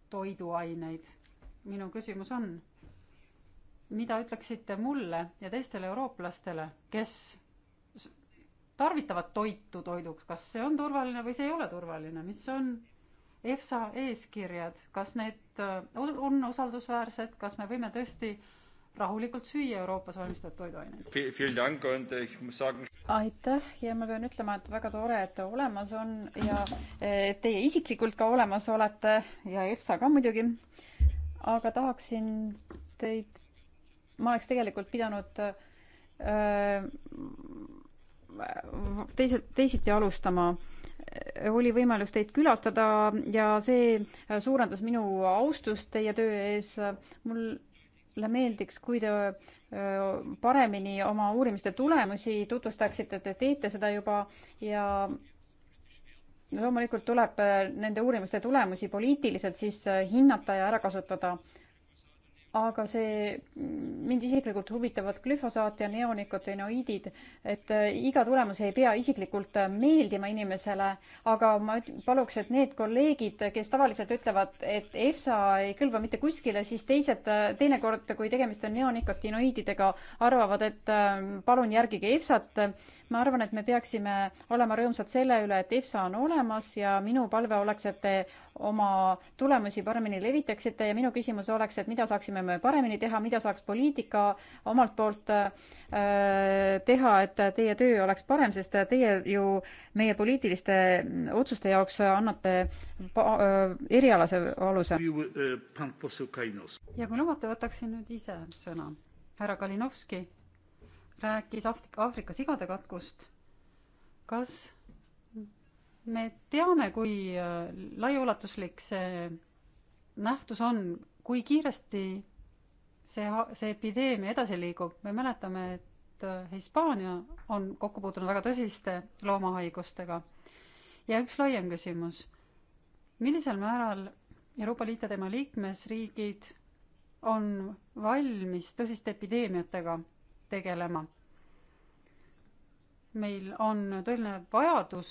toiduaineid. minu küsimus on, mida ütleksite mulle ja teistele eurooplastele, kes tarvitavad toitu toiduks, kas see on turvaline või see ei ole turvaline, mis on EFSA eeskirjad, kas need äh, on usaldusväärsed, kas me võime tõesti rahulikult süüa Euroopas valmistatud toiduaineid? aitäh ja ma pean ütlema, et väga tore, et te olemas on ja teie isiklikult ka olemas olete ja EFSA ka muidugi. aga tahaksin teid, ma oleks tegelikult pidanud öö, äh, teiselt, teisiti alustama oli võimalus teid külastada ja see suurendas minu austust teie töö ees. mul mulle meeldiks, kui te paremini oma uurimiste tulemusi tutvustaksite, te teete seda juba ja loomulikult tuleb äh, nende uurimuste tulemusi poliitiliselt siis äh, hinnata ja ära kasutada aga see, mm, mind isiklikult huvitavad glüfosaat ja neonikotinoidid, et äh, iga tulemus ei pea isiklikult äh, meeldima inimesele, aga ma paluks, et need kolleegid, kes tavaliselt ütlevad, et EFSA ei kõlba mitte kuskile, siis teised äh, teinekord, kui tegemist on neonikotinoididega, arvavad, et palun järgige EFSA-t ma arvan, et me peaksime olema rõõmsad selle üle, et EFSA on olemas ja minu palve oleks, et te oma tulemusi paremini levitaksite ja minu küsimus oleks, et mida saaksime me paremini teha, mida saaks poliitika omalt poolt äh, teha, et teie töö oleks parem, sest teie ju meie poliitiliste otsuste jaoks annate äh, erialase aluse. Äh, ja kui lubate, võtaksin nüüd ise sõna. härra Kalinovski rääkis Aafrika sigade katkust. kas me teame, kui äh, laiaulatuslik see nähtus on, kui kiiresti see, see epideemia edasi liigub, me mäletame, et äh, Hispaania on kokku puutunud väga tõsiste loomahaigustega. ja üks laiem küsimus. millisel määral Euroopa Liit ja tema liikmesriigid on valmis tõsiste epideemiatega tegelema. meil on tõeline vajadus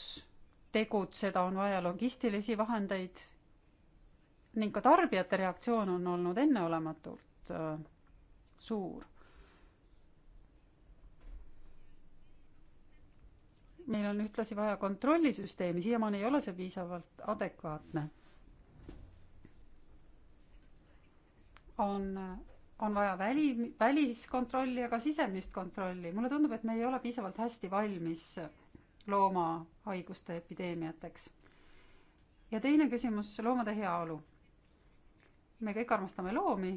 tegutseda, on vaja logistilisi vahendeid ning ka tarbijate reaktsioon on olnud enneolematult äh, suur. meil on ühtlasi vaja kontrollisüsteemi, siiamaani ei ole see piisavalt adekvaatne. on äh, on vaja väli, väliskontrolli ja ka sisemist kontrolli. mulle tundub, et me ei ole piisavalt hästi valmis loomahaiguste epideemiateks. ja teine küsimus, loomade heaolu. me kõik armastame loomi,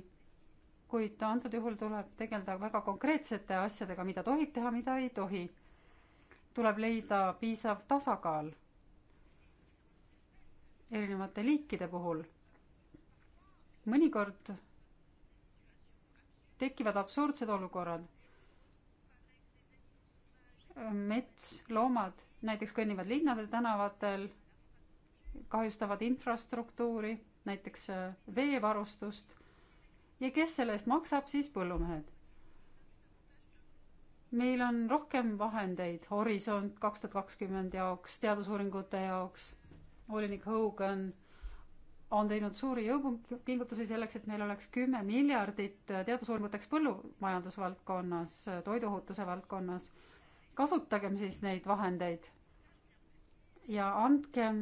kuid antud juhul tuleb tegeleda väga konkreetsete asjadega, mida tohib teha, mida ei tohi. tuleb leida piisav tasakaal erinevate liikide puhul. mõnikord tekivad absurdsed olukorrad. metsloomad näiteks kõnnivad linnade tänavatel, kahjustavad infrastruktuuri, näiteks äh, veevarustust ja kes selle eest maksab, siis põllumehed. meil on rohkem vahendeid Horisont kaks tuhat kakskümmend jaoks, teadusuuringute jaoks, volinik Hogan on teinud suuri jõupingutusi selleks, et meil oleks kümme miljardit teadusuuringuteks põllumajandusvaldkonnas, toiduohutuse valdkonnas. kasutagem siis neid vahendeid ja andkem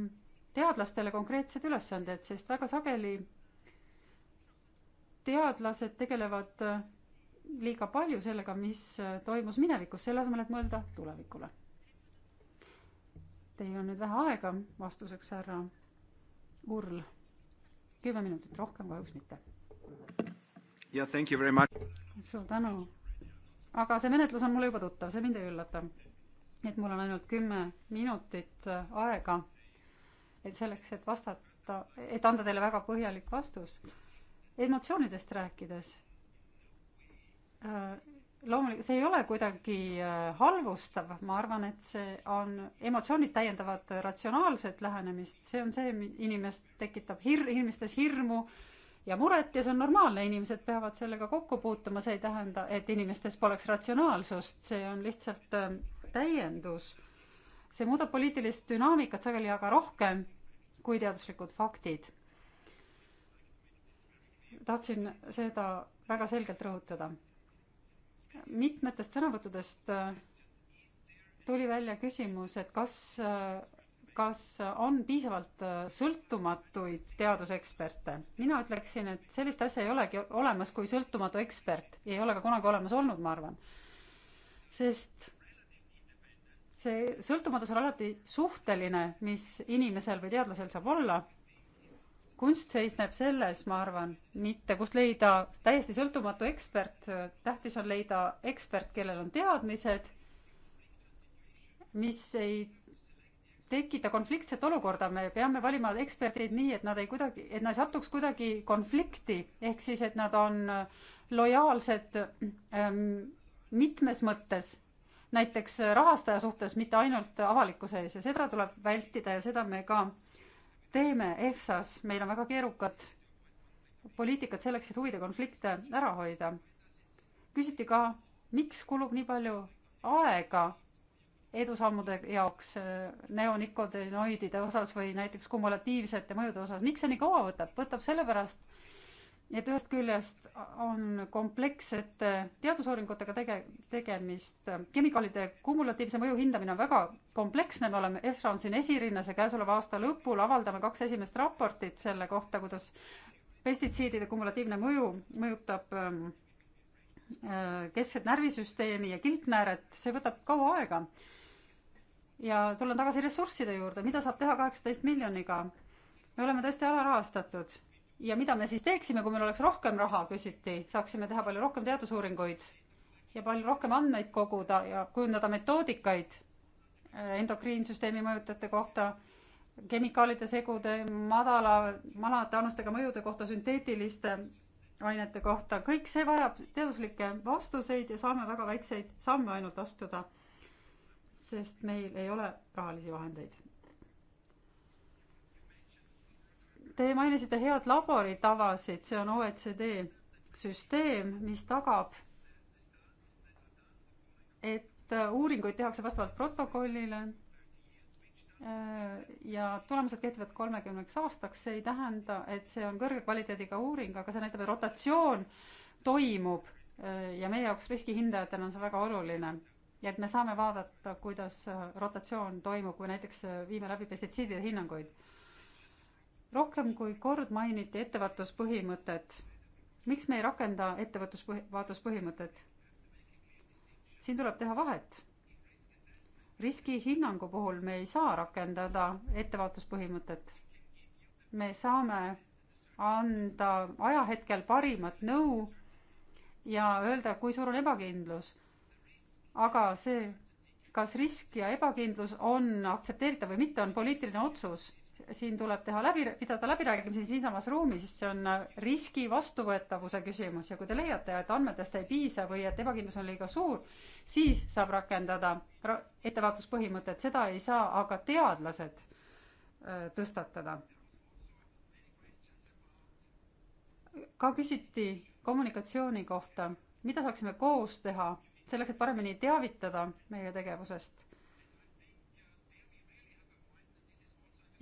teadlastele konkreetsed ülesanded, sest väga sageli teadlased tegelevad liiga palju sellega, mis toimus minevikus, selle asemel, et mõelda tulevikule. Teil on nüüd vähe aega vastuseks, härra Url kümme minutit rohkem kahjuks mitte. jah, thank you very much. suur tänu. aga see menetlus on mulle juba tuttav, see mind ei üllata. et mul on ainult kümme minutit aega, et selleks, et vastata, et anda teile väga põhjalik vastus. emotsioonidest rääkides äh, loomulikult see ei ole kuidagi äh, halvustav, ma arvan, et see on, emotsioonid täiendavad ratsionaalset lähenemist, see on see, inimest tekitab hir-, inimestes hirmu ja muret ja see on normaalne, inimesed peavad sellega kokku puutuma, see ei tähenda, et inimestes poleks ratsionaalsust, see on lihtsalt ähm, täiendus. see muudab poliitilist dünaamikat sageli aga rohkem kui teaduslikud faktid. tahtsin seda väga selgelt rõhutada mitmetest sõnavõttudest äh, tuli välja küsimus, et kas, äh, kas on piisavalt äh, sõltumatuid teaduseksperte. mina ütleksin, et sellist asja ei olegi olemas kui sõltumatu ekspert ja ei ole ka kunagi olemas olnud, ma arvan. sest see sõltumatus on alati suhteline, mis inimesel või teadlasel saab olla kunst seisneb selles, ma arvan, mitte kust leida täiesti sõltumatu ekspert, tähtis on leida ekspert, kellel on teadmised, mis ei tekita konfliktset olukorda, me peame valima eksperdid nii, et nad ei kuidagi, et nad ei satuks kuidagi konflikti, ehk siis, et nad on lojaalsed ähm, mitmes mõttes, näiteks rahastaja suhtes, mitte ainult avalikkuse ees ja seda tuleb vältida ja seda me ka teeme EFSA-s, meil on väga keerukad poliitikad selleks, et huvide konflikte ära hoida. küsiti ka, miks kulub nii palju aega edusammude jaoks äh, neonikotinoidide osas või näiteks kumulatiivsete mõjude osas, miks see nii kaua võtab? võtab sellepärast, et ühest küljest on komplekssete teadusuuringutega tege-, tegemist, kemikaalide kumulatiivse mõju hindamine on väga kompleksne, me oleme, EFRA on siin esirinnas ja käesoleva aasta lõpul avaldame kaks esimest raportit selle kohta, kuidas pestitsiidide kumulatiivne mõju mõjutab ähm, äh, keskset närvisüsteemi ja kilpnääret, see võtab kaua aega. ja tulen tagasi ressursside juurde, mida saab teha kaheksateist miljoniga? me oleme tõesti alarahastatud ja mida me siis teeksime, kui meil oleks rohkem raha, küsiti, saaksime teha palju rohkem teadusuuringuid ja palju rohkem andmeid koguda ja kujundada metoodikaid eh, endokriinsüsteemi mõjutajate kohta, kemikaalide segude, madala, madalate annustega mõjude kohta, sünteetiliste ainete kohta, kõik see vajab teaduslikke vastuseid ja saame väga väikseid samme ainult astuda, sest meil ei ole rahalisi vahendeid Te mainisite head laboritavasid, see on OECD süsteem, mis tagab, et äh, uuringuid tehakse vastavalt protokollile äh, ja tulemused kehtivad kolmekümneks aastaks, see ei tähenda, et see on kõrge kvaliteediga uuring, aga see näitab, et rotatsioon toimub äh, ja meie jaoks riskihindajatena on see väga oluline. ja et me saame vaadata, kuidas rotatsioon toimub, kui näiteks viime läbi pestitsiidide hinnanguid rohkem kui kord mainiti ettevõtluspõhimõtet. miks me ei rakenda ettevõtlusvaatuspõhimõtet? siin tuleb teha vahet. riskihinnangu puhul me ei saa rakendada ettevaatuspõhimõtet. me saame anda ajahetkel parimat nõu ja öelda, kui suur on ebakindlus. aga see, kas risk ja ebakindlus on aktsepteeritav või mitte, on poliitiline otsus siin tuleb teha läbi, pidada läbirääkimisi siinsamas ruumis, see on riski vastuvõetavuse küsimus ja kui te leiate, et andmetest ei piisa või et ebakindlus on liiga suur, siis saab rakendada ettevaatuspõhimõtet, seda ei saa aga teadlased äh, tõstatada. ka küsiti kommunikatsiooni kohta, mida saaksime koos teha selleks, et paremini teavitada meie tegevusest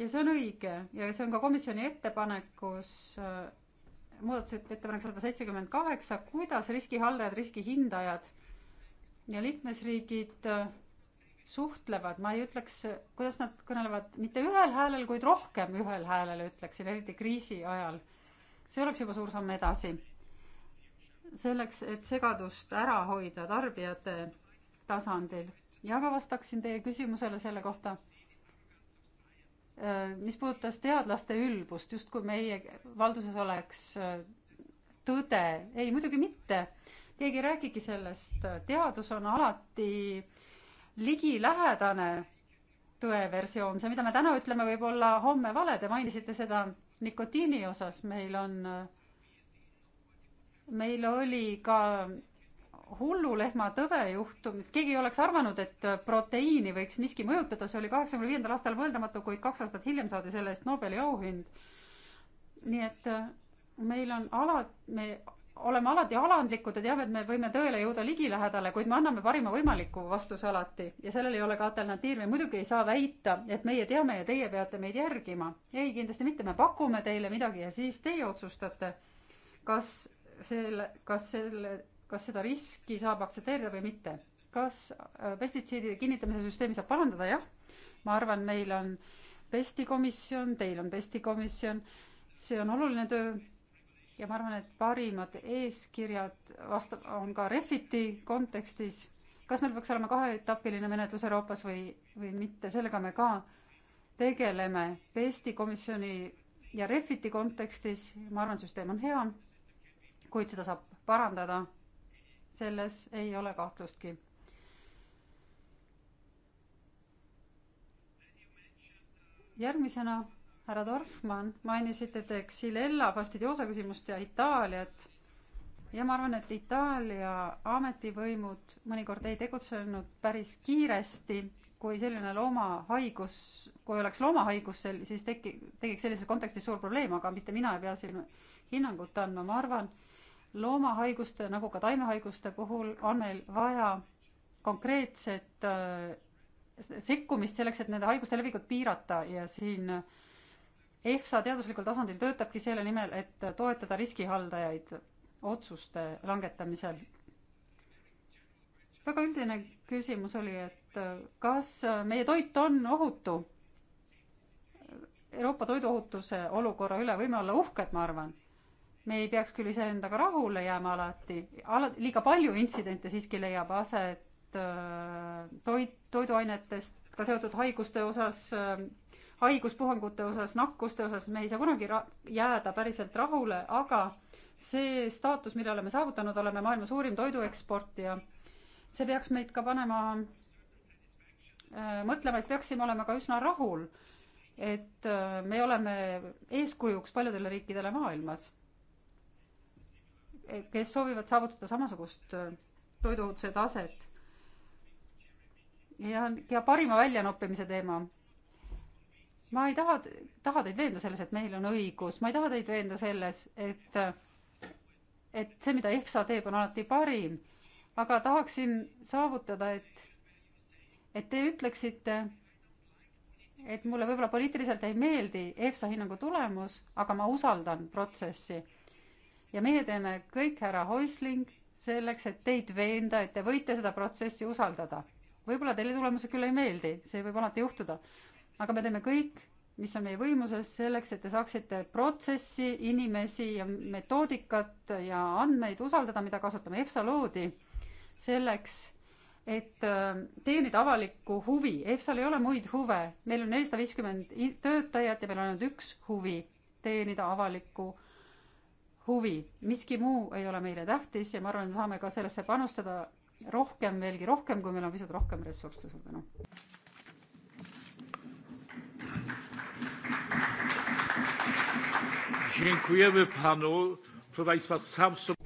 ja see on õige ja see on ka komisjoni ettepanekus äh, muudatusettepanek sada seitsekümmend kaheksa, kuidas riskihaldajad, riskihindajad ja liikmesriigid äh, suhtlevad, ma ei ütleks, kuidas nad kõnelevad mitte ühel häälel, kuid rohkem ühel häälel, ütleksin, eriti kriisi ajal. see oleks juba suur samm edasi. selleks, et segadust ära hoida tarbijate tasandil ja ka vastaksin teie küsimusele selle kohta Äh, mis puudutas teadlaste ülbust, justkui meie valduses oleks äh, tõde. ei, muidugi mitte. keegi ei räägigi sellest. teadus on alati ligilähedane tõeversioon. see, mida me täna ütleme, võib olla homme vale. Te mainisite seda nikotiini osas. meil on, äh, meil oli ka hullulehma tõve juhtumist, keegi ei oleks arvanud, et proteiini võiks miski mõjutada, see oli kaheksakümne viiendal aastal mõeldamatu, kuid kaks aastat hiljem saadi selle eest Nobeli auhind. nii et äh, meil on ala, me oleme alati alandlikud ja teame, et me võime tõele jõuda ligilähedale, kuid me anname parima võimaliku vastuse alati ja sellel ei ole ka alternatiivi. muidugi ei saa väita, et meie teame ja teie peate meid järgima. ei, kindlasti mitte, me pakume teile midagi ja siis teie otsustate, kas selle, kas selle kas seda riski saab aktsepteerida või mitte. kas äh, pestitsiidide kinnitamise süsteemi saab parandada, jah. ma arvan, meil on pestikomisjon, teil on pestikomisjon, see on oluline töö ja ma arvan, et parimad eeskirjad vasta-, on ka Refiti kontekstis. kas meil peaks olema kaheetapiline menetlus Euroopas või, või mitte, sellega me ka tegeleme pestikomisjoni ja Refiti kontekstis, ma arvan, süsteem on hea, kuid seda saab parandada selles ei ole kahtlustki. järgmisena härra Dorfmann, mainisite te Xylella fastidiosa küsimust ja Itaaliat. ja ma arvan, et Itaalia ametivõimud mõnikord ei tegutsenud päris kiiresti, kui selline loomahaigus, kui oleks loomahaigus sel-, siis teki-, tekiks sellises kontekstis suur probleem, aga mitte mina ei pea siin hinnangut andma, ma arvan, loomahaiguste nagu ka taimehaiguste puhul on meil vaja konkreetset äh, sekkumist selleks, et nende haiguste levikut piirata ja siin EFSA teaduslikul tasandil töötabki selle nimel, et toetada riskihaldajaid otsuste langetamisel. väga üldine küsimus oli, et äh, kas äh, meie toit on ohutu? Euroopa toiduohutuse olukorra üle võime olla uhked, ma arvan me ei peaks küll iseendaga rahule jääma alati, ala-, liiga palju intsidente siiski leiab aset äh, toit, toiduainetest ka seotud haiguste osas, äh, haiguspuhangute osas, nakkuste osas, me ei saa kunagi ra-, jääda päriselt rahule, aga see staatus, mille oleme saavutanud, oleme maailma suurim toidueksportija, see peaks meid ka panema äh, mõtlema, et peaksime olema ka üsna rahul, et me oleme eeskujuks paljudele riikidele maailmas kes soovivad saavutada samasugust äh, toiduohutuse taset. ja, ja parima väljanoppimise teema. ma ei taha, taha teid veenda selles, et meil on õigus, ma ei taha teid veenda selles, et, et see, mida EFSA teeb, on alati parim. aga tahaksin saavutada, et, et te ütleksite, et mulle võib-olla poliitiliselt ei meeldi EFSA hinnangu tulemus, aga ma usaldan protsessi ja meie teeme kõik, härra Häusling, selleks, et teid veenda, et te võite seda protsessi usaldada. võib-olla teile tulemused küll ei meeldi, see võib alati juhtuda, aga me teeme kõik, mis on meie võimuses, selleks, et te saaksite protsessi, inimesi ja metoodikat ja andmeid usaldada, mida kasutame. EFSA loodi selleks, et äh, teenida avalikku huvi. EFSA-l ei ole muid huve, meil on nelisada viiskümmend töötajat ja meil on ainult üks huvi, teenida avalikku huvi huvi, miski muu ei ole meile tähtis ja ma arvan, et me saame ka sellesse panustada rohkem, veelgi rohkem, kui meil on pisut rohkem ressursse, suur tänu.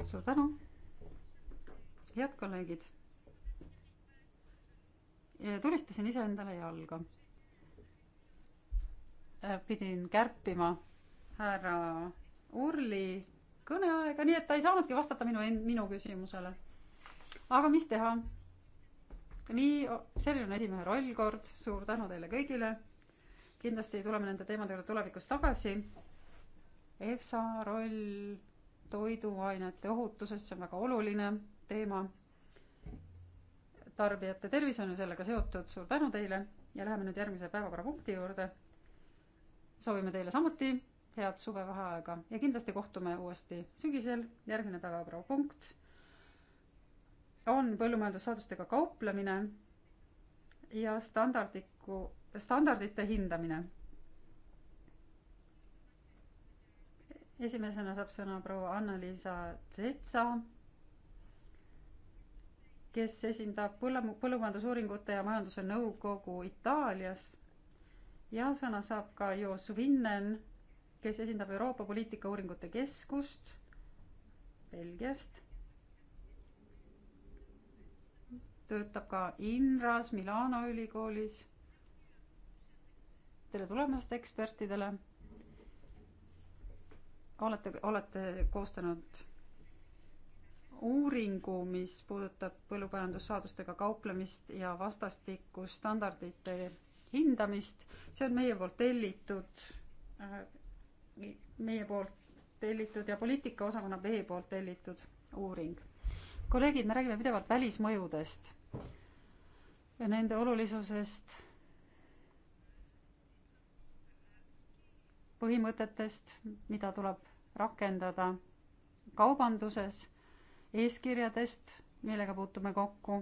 suur tänu. head kolleegid. tulistasin iseendale jalga. pidin kärpima härra Urli kõneaega, nii et ta ei saanudki vastata minu, minu küsimusele. aga mis teha? nii, selline on esimehe roll kord, suur tänu teile kõigile. kindlasti tuleme nende teemade juurde tulevikus tagasi. EFSA roll toiduainete ohutuses, see on väga oluline teema. tarbijate tervis on ju sellega seotud, suur tänu teile ja läheme nüüd järgmise päevakorrapunkti juurde. soovime teile samuti head suvevaheaega ja kindlasti kohtume uuesti sügisel, järgmine päevapäevapunkt on põllumajandussaadustega kauplemine ja standardiku, standardite hindamine. esimesena saab sõna proua Anna-Liisa Zetsa, kes esindab põllum-, Põllumajandusuuringute ja Majanduse Nõukogu Itaalias ja sõna saab ka Jo Svinnen kes esindab Euroopa Poliitikauuringute Keskust Belgiast. töötab ka INRAS Milano ülikoolis. tere tulemast ekspertidele. olete, olete koostanud uuringu, mis puudutab põllumajandussaadustega kauplemist ja vastastikku standardite hindamist. see on meie poolt tellitud äh, meie poolt tellitud ja poliitikaosakonna B poolt tellitud uuring. kolleegid, me räägime pidevalt välismõjudest ja nende olulisusest, põhimõtetest, mida tuleb rakendada kaubanduses, eeskirjadest, millega puutume kokku,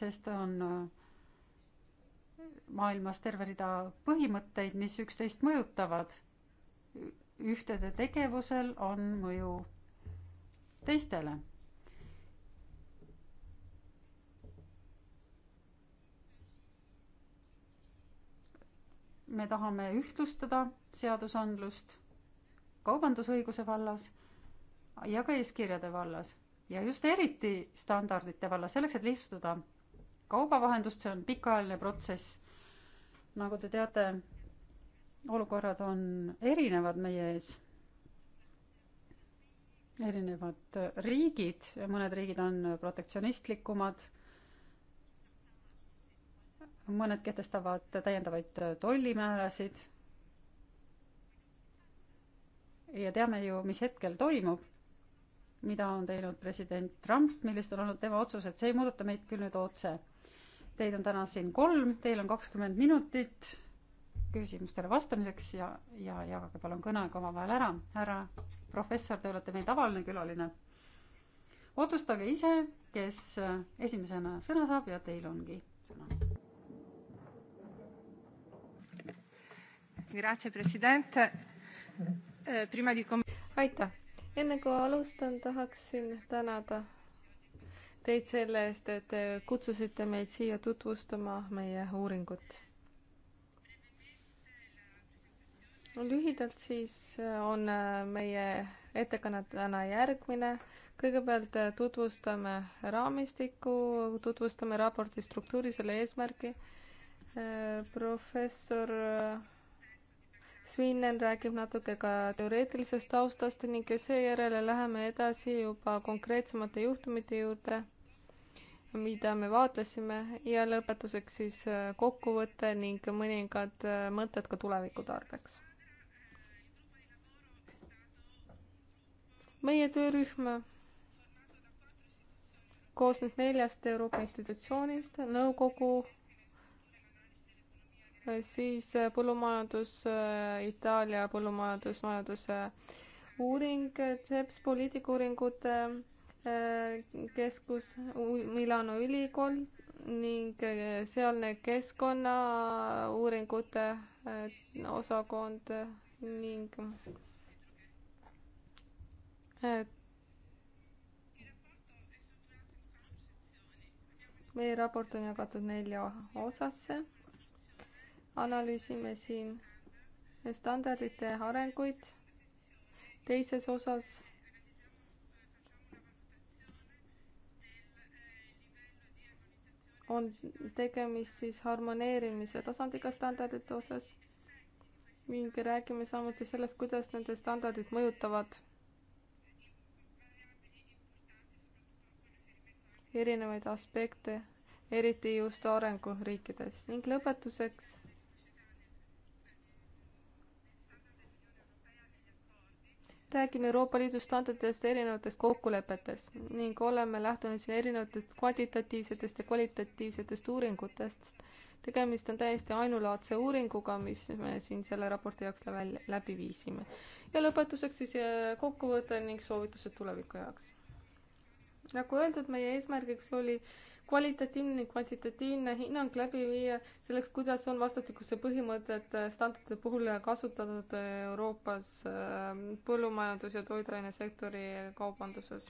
sest on äh, maailmas terve rida põhimõtteid, mis üksteist mõjutavad ühtede tegevusel on mõju teistele. me tahame ühtlustada seadusandlust kaubandusõiguse vallas ja ka eeskirjade vallas ja just eriti standardite vallas, selleks, et lihtsustada kaubavahendust, see on pikaajaline protsess. nagu te teate olukorrad on erinevad meie ees, erinevad riigid, mõned riigid on protektsionistlikumad, mõned kehtestavad täiendavaid tollimäärasid ja teame ju, mis hetkel toimub, mida on teinud president Trump, millised on olnud tema otsused, see ei puuduta meid küll nüüd otse. Teid on täna siin kolm, teil on kakskümmend minutit küsimustele vastamiseks ja, ja jagage palun kõneaeg omavahel ära. härra professor, te olete meil tavaline külaline. otsustage ise, kes esimesena sõna saab ja teil ongi sõna. Eh, aitäh, enne kui alustan, tahaksin tänada teid selle eest, et kutsusite meid siia tutvustama meie uuringut lühidalt siis äh, on äh, meie ettekanne täna järgmine. kõigepealt äh, tutvustame raamistikku, tutvustame raporti struktuuri, selle eesmärgi. professor Svinen räägib natuke ka teoreetilisest taustast ning seejärel läheme edasi juba konkreetsemate juhtumite juurde, mida me vaatlesime ja lõpetuseks siis kokkuvõte ning mõningad mõtted ka tuleviku tarbeks. meie töörühm koosnes neljast Euroopa institutsioonist, nõukogu, eh, siis eh, põllumajandus, eh, Itaalia põllumajandusmajanduse uuring, CEPS poliitikauuringute keskus, Milano ülikool ning sealne keskkonnauuringute osakond ning meie raport on jagatud nelja osasse. analüüsime siin standardite arenguid. teises osas on tegemist siis harmoneerimise tasandiga standardite osas ning räägime samuti sellest, kuidas nende standardid mõjutavad erinevaid aspekte, eriti just arenguriikides ning lõpetuseks räägime Euroopa Liidu standarditest ja erinevatest kokkulepetest ning oleme lähtunud siin erinevatest kvantitatiivsetest ja kvalitatiivsetest uuringutest. tegemist on täiesti ainulaadse uuringuga, mis me siin selle raporti jaoks läbi viisime. ja lõpetuseks siis äh, kokkuvõte ning soovitused tuleviku jaoks nagu öeldud, meie eesmärgiks oli kvalitatiivne ja kvantitatiivne hinnang läbi viia selleks, kuidas on vastastikuse põhimõtet äh, standardite puhul äh, kasutatud äh, Euroopas põllumajandus- ja toiduainesektori kaubanduses.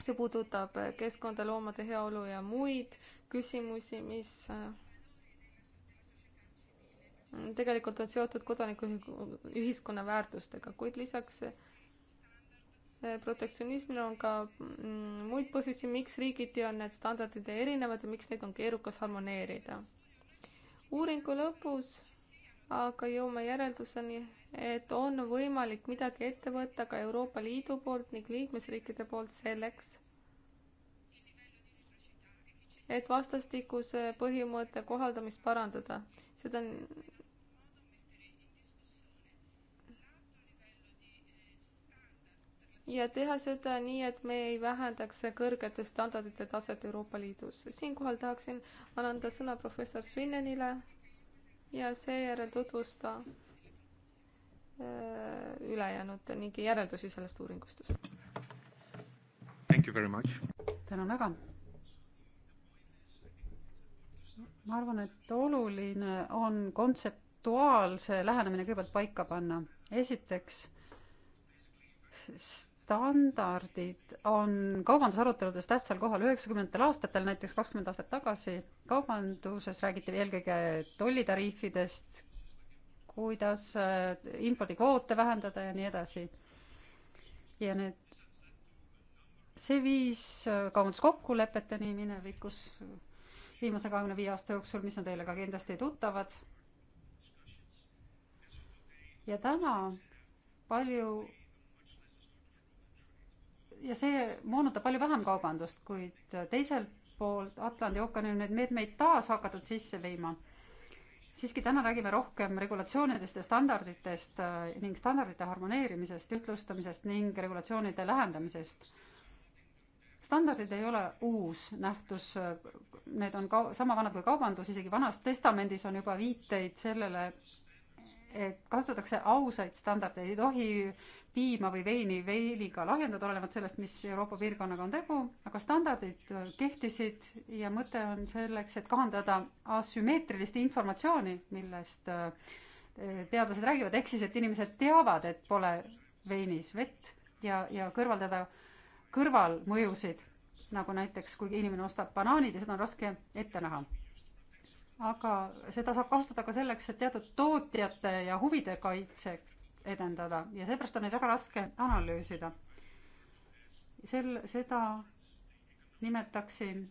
see puudutab keskkonda, loomade heaolu ja muid küsimusi, mis tegelikult on seotud kodanikuühiskonna väärtustega, kuid lisaks Äh, protektsionismil on ka mm, muid põhjusi, miks riigiti on need standardid erinevad ja miks neid on keerukas harmoneerida. uuringu lõpus aga jõuame järelduseni, et on võimalik midagi ette võtta ka Euroopa Liidu poolt ning liikmesriikide poolt selleks, et vastastikuse põhimõtte kohaldamist parandada. seda ja teha seda nii, et me ei vähendaks kõrgete standardite taset Euroopa Liidus. siinkohal tahaksin anda sõna professor Svinnenile ja seejärel tutvusta äh, ülejäänud ning järeldusi sellest uuringust. tänan väga. ma arvan, et oluline on kontseptuaalse lähenemine kõigepealt paika panna. esiteks standardid on kaubandusaruteludes tähtsal kohal üheksakümnendatel aastatel, näiteks kakskümmend aastat tagasi. kaubanduses räägiti eelkõige tollitariifidest, kuidas äh, impordikvoote vähendada ja nii edasi. ja need, see viis äh, kaubanduskokkulepeteni minevikus viimase kahekümne viie aasta jooksul, mis on teile ka kindlasti tuttavad. ja täna palju ja see moonutab palju vähem kaubandust, kuid teiselt poolt Atlandi ookeanil on neid meetmeid taas hakatud sisse viima. siiski täna räägime rohkem regulatsioonidest ja standarditest äh, ning standardite harmoneerimisest, ühtlustamisest ning regulatsioonide lähendamisest. standardid ei ole uus nähtus, need on ka sama vanad kui kaubandus, isegi Vanas Testamendis on juba viiteid sellele, et kasutatakse ausaid standardeid, ei tohi piima või veini veiliga lahjendada, olenevalt sellest, mis Euroopa piirkonnaga on tegu, aga standardid äh, kehtisid ja mõte on selleks, et kahandada asümmeetrilist informatsiooni, millest äh, teadlased räägivad, ehk siis, et inimesed teavad, et pole veinis vett ja, ja kõrvaldada kõrvalmõjusid, nagu näiteks, kui inimene ostab banaanid ja seda on raske ette näha aga seda saab kasutada ka selleks, et teatud tootjate ja huvide kaitseks edendada ja seepärast on neid väga raske analüüsida. sel, seda nimetaksin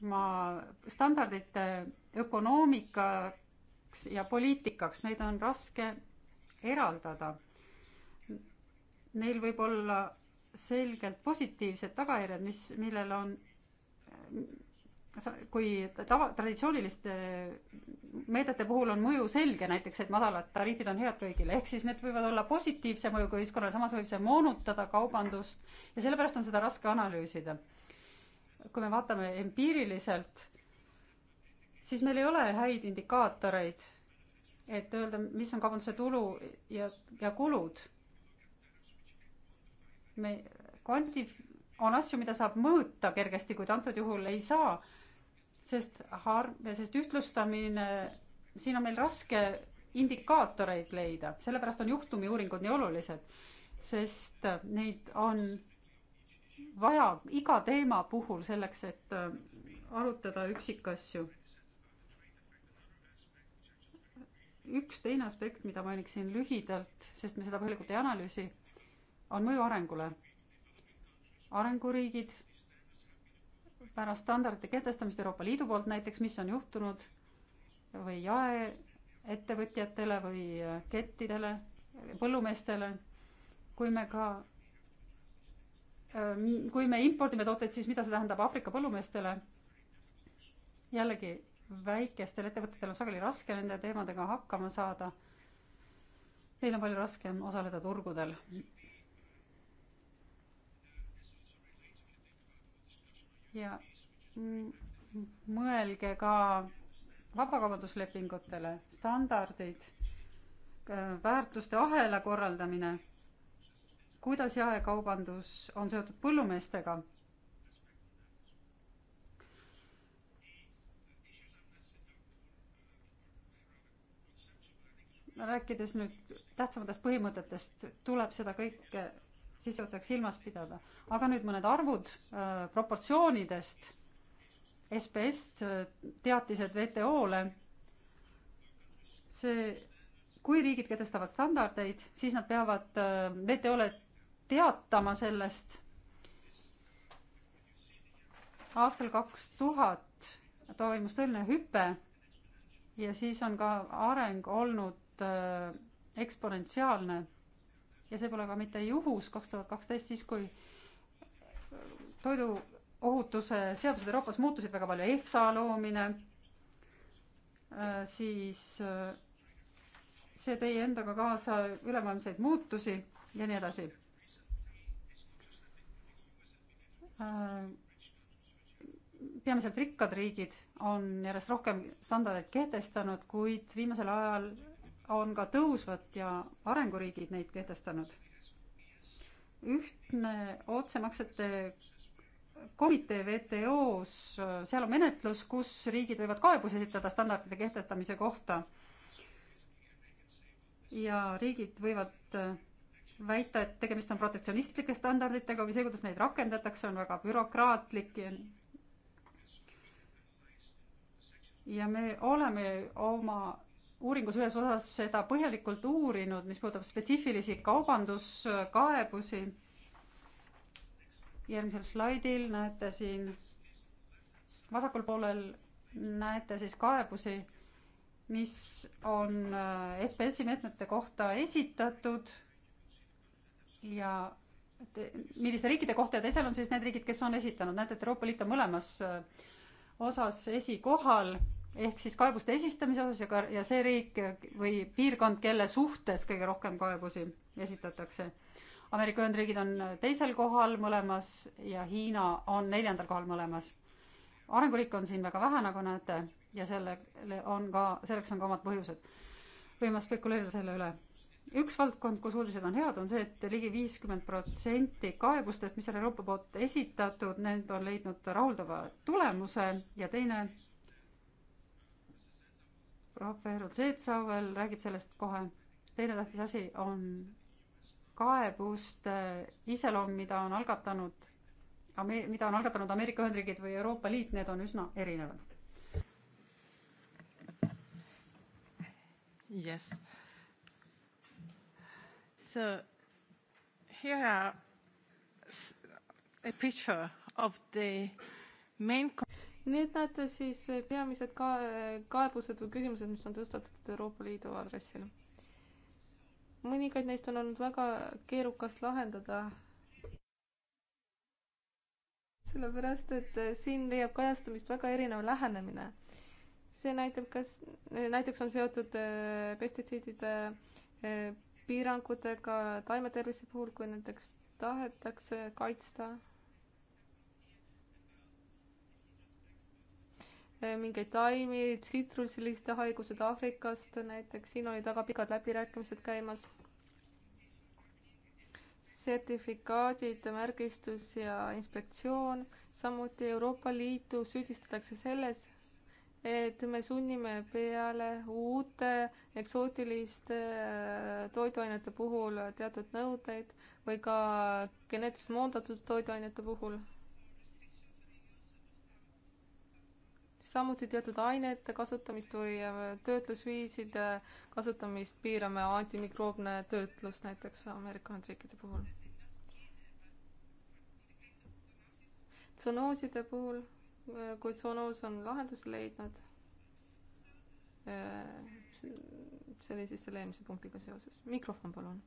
ma standardite ökonoomikaks ja poliitikaks, neid on raske eraldada. Neil võib olla selgelt positiivsed tagajärjed, mis, millel on, kui tava, traditsiooniliste meetmete puhul on mõju selge, näiteks et madalad tariifid on head kõigile, ehk siis need võivad olla positiivse mõjuga ühiskonnale, samas võib see moonutada kaubandust ja sellepärast on seda raske analüüsida. kui me vaatame empiiriliselt, siis meil ei ole häid indikaatoreid, et öelda, mis on kaubanduse tulu ja, ja kulud. me kvantif-, on asju, mida saab mõõta kergesti, kuid antud juhul ei saa sest har-, sest ühtlustamine, siin on meil raske indikaatoreid leida, sellepärast on juhtumiuuringud nii olulised, sest neid on vaja iga teema puhul selleks, et äh, arutada üksikasju. üks teine aspekt, mida mainiksin lühidalt, sest me seda põhjalikult ei analüüsi, on mõju arengule. arenguriigid pärast standardite kehtestamist Euroopa Liidu poolt näiteks, mis on juhtunud või jaeettevõtjatele või äh, kettidele, põllumeestele, kui me ka, äh, kui me impordime tooteid, siis mida see tähendab Aafrika põllumeestele? jällegi, väikestel ettevõtetel on sageli raske nende teemadega hakkama saada. Neil on palju raskem osaleda turgudel ja mõelge ka vabakaubanduslepingutele, standardid, väärtuste ahela korraldamine, kuidas jaekaubandus on seotud põllumeestega. rääkides nüüd tähtsamatest põhimõtetest, tuleb seda kõike sissejuhatuseks silmas pidada. aga nüüd mõned arvud äh, proportsioonidest. SBS äh, teatised WTO-le. see, kui riigid kehtestavad standardeid, siis nad peavad äh, WTO-le teatama sellest. aastal kaks tuhat toimus tõeline hüpe ja siis on ka areng olnud äh, eksponentsiaalne ja see pole ka mitte juhus kaks tuhat kaksteist, siis kui toiduohutuse seadused Euroopas muutusid väga palju, EFSA loomine, äh, siis äh, see tõi endaga kaasa ülemaailmseid muutusi ja nii edasi. Äh, peamiselt rikkad riigid on järjest rohkem standardeid kehtestanud, kuid viimasel ajal on ka tõusvad ja arenguriigid neid kehtestanud. ühtne otsemaksete komitee WTO-s, seal on menetlus, kus riigid võivad kaebusi esitada standardite kehtestamise kohta. ja riigid võivad väita, et tegemist on protektsionistlike standarditega või see, kuidas neid rakendatakse, on väga bürokraatlik ja ja me oleme oma uuringus ühes osas seda põhjalikult uurinud, mis puudutab spetsiifilisi kaubanduskaebusi. järgmisel slaidil näete siin, vasakul poolel näete siis kaebusi, mis on äh, SBS-i meetmete kohta esitatud ja te, milliste riikide kohta ja teisel on siis need riigid, kes on esitanud, näete, et Euroopa Liit on mõlemas äh, osas esikohal ehk siis kaebuste esistamise osas ja ka, ja see riik või piirkond, kelle suhtes kõige rohkem kaebusi esitatakse. Ameerika Ühendriigid on teisel kohal mõlemas ja Hiina on neljandal kohal mõlemas. arenguriike on siin väga vähe, nagu näete, ja sellele on ka, selleks on ka omad põhjused. võime spekuleerida selle üle. üks valdkond, kus uudised on head, on see, et ligi viiskümmend protsenti kaebustest, mis on Euroopa poolt esitatud, need on leidnud rahuldava tulemuse ja teine Rafa Rotsetsavel räägib sellest kohe. teine tähtis asi on kaebuste iseloom, mida on algatanud, mida on algatanud Ameerika Ühendriigid või Euroopa Liit, need on üsna erinevad. Yes. So here are a picture of the main Need näete siis peamised ka kaebused või küsimused, mis on tõstatatud Euroopa Liidu aadressil. mõningaid neist on olnud väga keerukas lahendada. sellepärast, et eh, siin leiab kajastamist väga erinev lähenemine. see näitab, kas, näiteks on seotud eh, pestitsiidide eh, piirangutega taimede tervise puhul, kui näiteks tahetakse kaitsta Äh, mingeid taimi, tsitrusiliste haigused Aafrikast näiteks, siin olid väga pikad läbirääkimised käimas. sertifikaadid, märgistus ja inspektsioon, samuti Euroopa Liitu süüdistatakse selles, et me sunnime peale uute eksootiliste äh, toiduainete puhul teatud nõudeid või ka geneetiliselt moondatud toiduainete puhul samuti teatud ainete kasutamist või äh, töötlusviiside kasutamist piirame antimikroobne töötlus näiteks Ameerika Ühendriikide puhul. tsonooside puhul, äh, kui tsonoos on lahenduse leidnud, äh, see oli siis selle eelmise punktiga seoses. mikrofon, palun.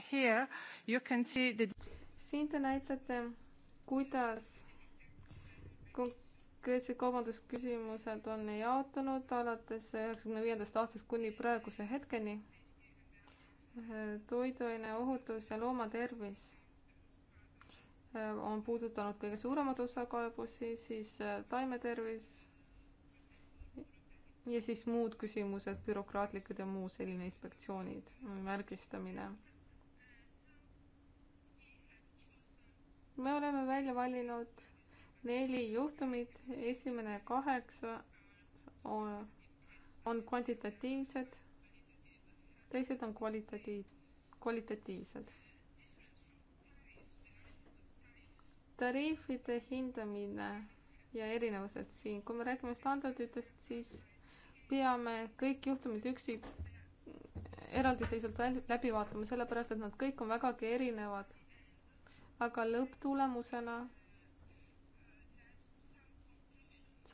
The... siin te näitate, kuidas konkreetsed kaubandusküsimused on jaotunud alates üheksakümne viiendast aastast kuni praeguse hetkeni. toiduaine ohutus ja loomatervis äh, on puudutanud kõige suuremat osa kaebusi, siis äh, taimetervis ja siis muud küsimused, bürokraatlikud ja muu selline inspektsioonid, märgistamine me oleme välja valinud neli juhtumit, esimene kaheksa on, on kvantitatiivsed, teised on kvalitatiiv, kvalitatiivsed. tariifide hindamine ja erinevused siin, kui me räägime standarditest, siis peame kõik juhtumid üksi eraldiseisvalt läbi vaatama, sellepärast et nad kõik on vägagi erinevad. aga lõpptulemusena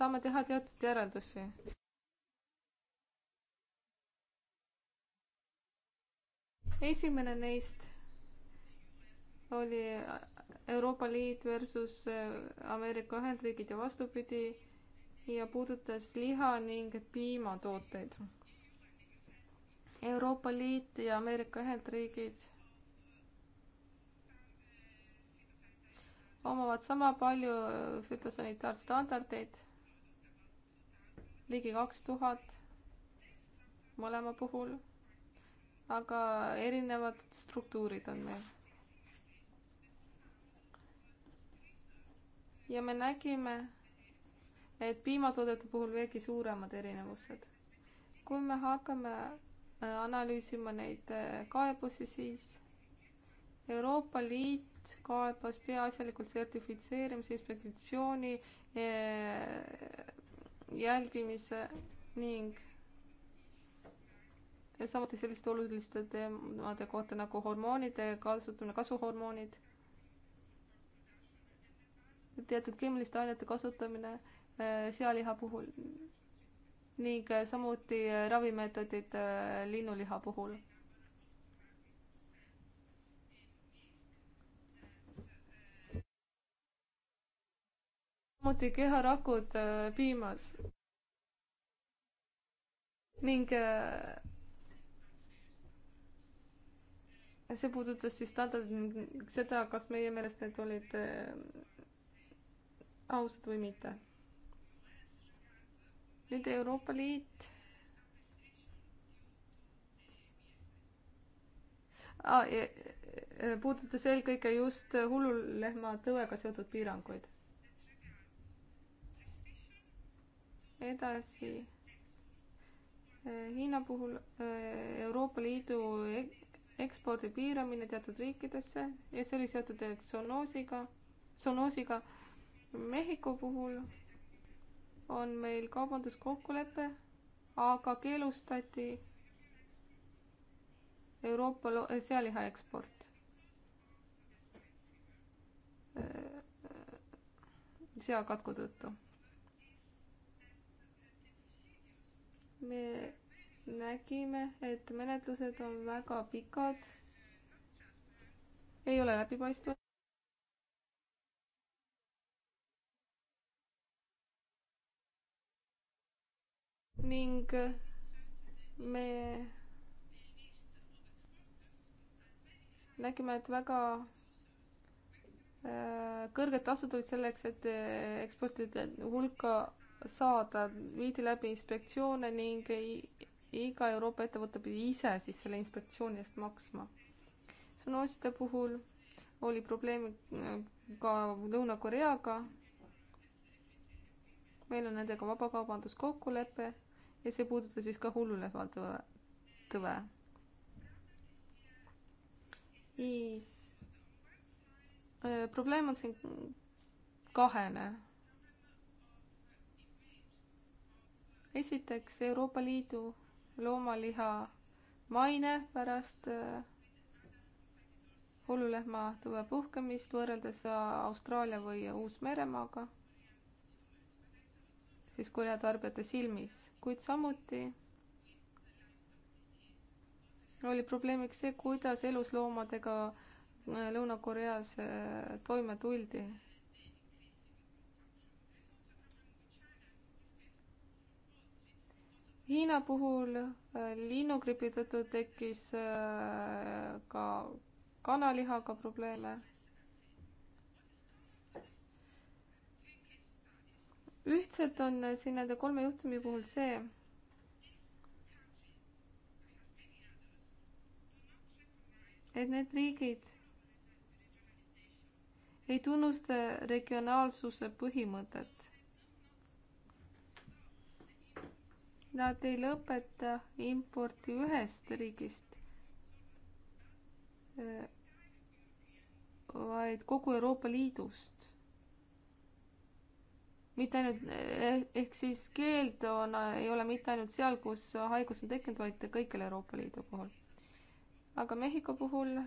saame teha teatud järeldusi. esimene neist oli Euroopa Liit versus äh, Ameerika Ühendriigid ja vastupidi ja puudutas liha ning piimatooteid. Euroopa Liit ja Ameerika Ühendriigid omavad sama palju fütosanitaarstandardeid ligi kaks tuhat mõlema puhul. aga erinevad struktuurid on meil. ja me nägime, et piimatoodete puhul veelgi suuremad erinevused. kui me hakkame äh, analüüsima neid äh, kaebusi, siis Euroopa Liit kaebas peaasjalikult sertifitseerimise inspektsiooni äh, jälgimise ning ja samuti selliste oluliste teemade kohta nagu hormoonide kasutamine, kasvuhormoonid, teatud keemiliste ainete kasutamine äh, sealiha puhul ning äh, samuti äh, ravimeetodid linnuliha puhul samuti keharakud äh, piimas. ning äh, see puudutas siis standardit, seda, kas meie meelest need olid äh, ausad või mitte. nüüd Euroopa Liit ah,. puudutas eelkõige just hullulehma tõvega seotud piiranguid. edasi eh, Hiina puhul eh, Euroopa Liidu e-, ekspordi piiramine teatud riikidesse ja see oli seotud tsonoosiga, eh, tsonoosiga. Mehhiko puhul on meil kaubanduskokkulepe, aga keelustati Euroopa sealiha eksport. seakatku tõttu me nägime, et menetlused on väga pikad, ei ole läbipaistvad. ning me nägime, et väga äh, kõrged tasud olid selleks, et äh, eksportide hulka saada, viidi läbi inspektsioone ning iga Euroopa ettevõte pidi ise siis selle inspektsiooni eest maksma. sõnaoside puhul oli probleem äh, ka Lõuna-Koreaga. meil on nendega vabakaubanduskokkulepe ja see puudutas siis ka hullulehva tõve. siis äh, probleem on siin kahene esiteks Euroopa Liidu loomaliha maine pärast hullulehma äh, tõve puhkemist võrreldes äh, Austraalia või Uus-Meremaaga, siis Korea tarbijate silmis, kuid samuti oli probleemiks see, kuidas elusloomadega äh, Lõuna-Koreas toime tuldi Hiina puhul äh, linnugripi tõttu tekkis äh, ka kanalihaga probleeme. ühtset on äh, siin nende kolme juhtumi puhul see, et need riigid ei tunnusta regionaalsuse põhimõtet Nad ei lõpeta importi ühest riigist, eh, vaid kogu Euroopa Liidust. mitte ainult, eh, ehk siis keeld on, ei ole mitte ainult seal, kus haigus on tekkinud, vaid kõikjal Euroopa Liidu puhul. aga Mehhiko puhul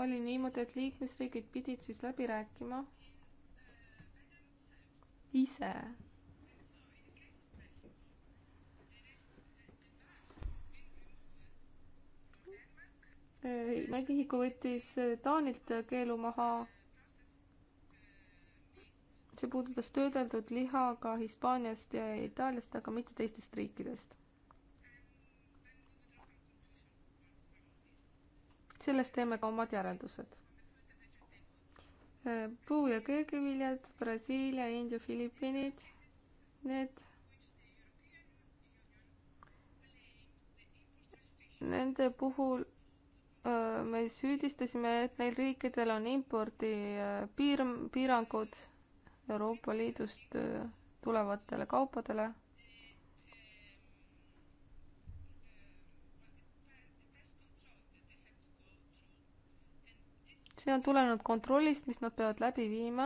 oli niimoodi, et liikmesriigid pidid siis läbi rääkima ise Mehhiko äh, võttis äh, Taanilt äh, keelu maha. see puudutas töödeldud liha ka Hispaaniast ja Itaaliast, aga mitte teistest riikidest. sellest teeme ka omad järeldused. puu- ja köögiviljad, Brasiilia, India, Filipiinid, need nende puhul Äh, me süüdistasime, et neil riikidel on impordi äh, piir, piirangud Euroopa Liidust äh, tulevatele kaupadele. see on tulenenud kontrollist, mis nad peavad läbi viima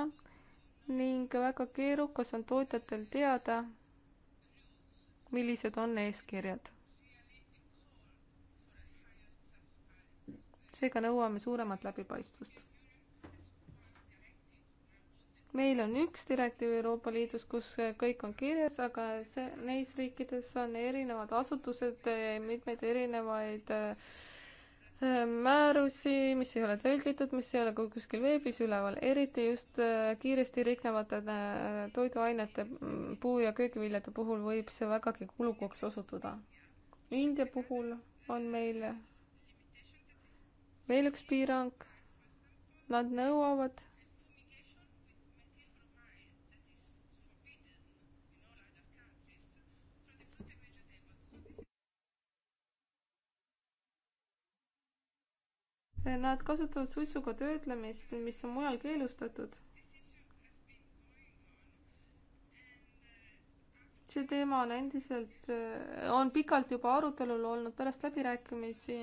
ning väga keerukas on tootjatel teada, millised on eeskirjad seega nõuame suuremat läbipaistvust. meil on üks direktiiv Euroopa Liidus, kus kõik on kirjas, aga see, neis riikides on erinevad asutused, mitmeid erinevaid äh, määrusi, mis ei ole tõlgitud, mis ei ole ka kuskil veebis üleval, eriti just äh, kiiresti riknevate äh, toiduainete, mm, puu- ja köögiviljade puhul võib see vägagi kulukaks osutuda. India puhul on meil veel üks piirang. Nad nõuavad Nad kasutavad suitsuga töötlemist, mis on mujal keelustatud. see teema on endiselt, on pikalt juba arutelul olnud pärast läbirääkimisi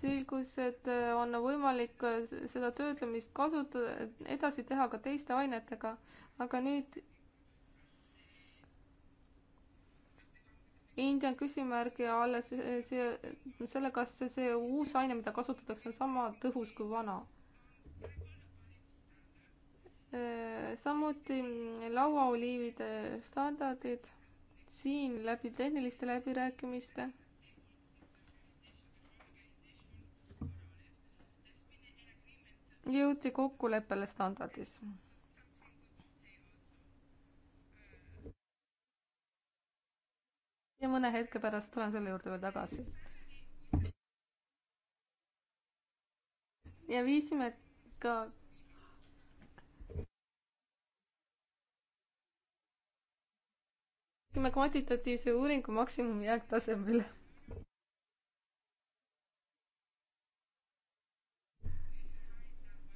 selgus, et äh, on võimalik äh, seda töötlemist kasutada, edasi teha ka teiste ainetega, aga nüüd India on küsimärgi alles see, see, selle, kas see, see uus aine, mida kasutatakse, on sama tõhus kui vana. Äh, samuti lauaoliivide standardid siin läbi tehniliste läbirääkimiste jõuti kokkuleppele standardis. ja mõne hetke pärast tulen selle juurde veel tagasi. ja viisime ka me kvantitatiivse uuringu maksimumjääk tasemele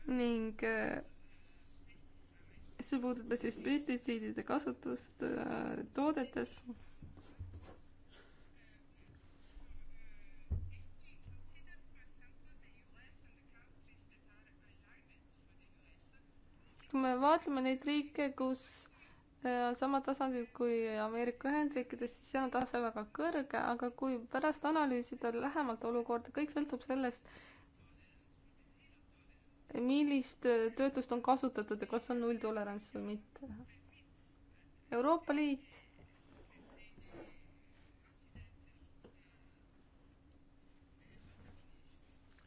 ning äh, see puudutas siis pestitsiidide kasutust äh, toodetes. kui me vaatame neid riike, kus äh, sama tasandil kui Ameerika Ühendriikides, siis seal on tase väga kõrge, aga kui pärast analüüsida lähemalt olukorda, kõik sõltub sellest, millist äh, töötlust on kasutatud ja kas on nulltolerants või mitte. Euroopa Liit.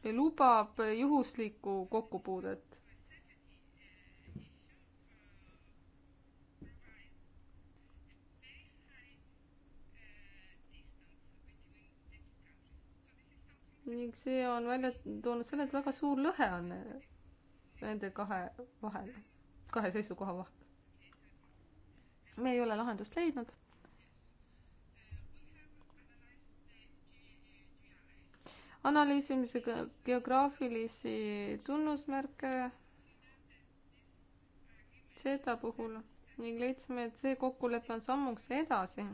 lubab juhuslikku kokkupuudet. ning see on välja toonud selle, et väga suur lõhe on nende kahe vahel, kahe seisukoha vahel. me ei ole lahendust leidnud. analüüsimisega geograafilisi tunnusmärke seda puhul ning leidsime, et see kokkulepe on sammuks edasi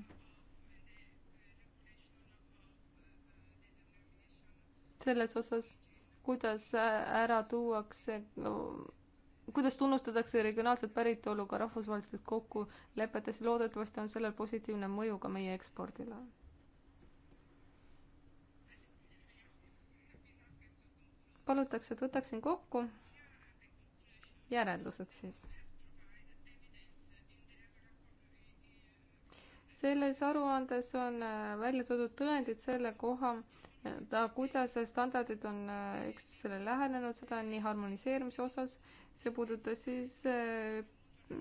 selles osas kuidas ära tuuakse no, kuidas tunnustatakse regionaalset päritolu ka rahvusvahelistes kokkulepetes, loodetavasti on sellel positiivne mõju ka meie ekspordile. palutakse, et võtaksin kokku järeldused siis. selles aruandes on välja toodud tõendid selle koha, ta, kuidas standardid on äh, üksteisele lähenenud, seda nii harmoniseerimise osas, see puudutas siis äh,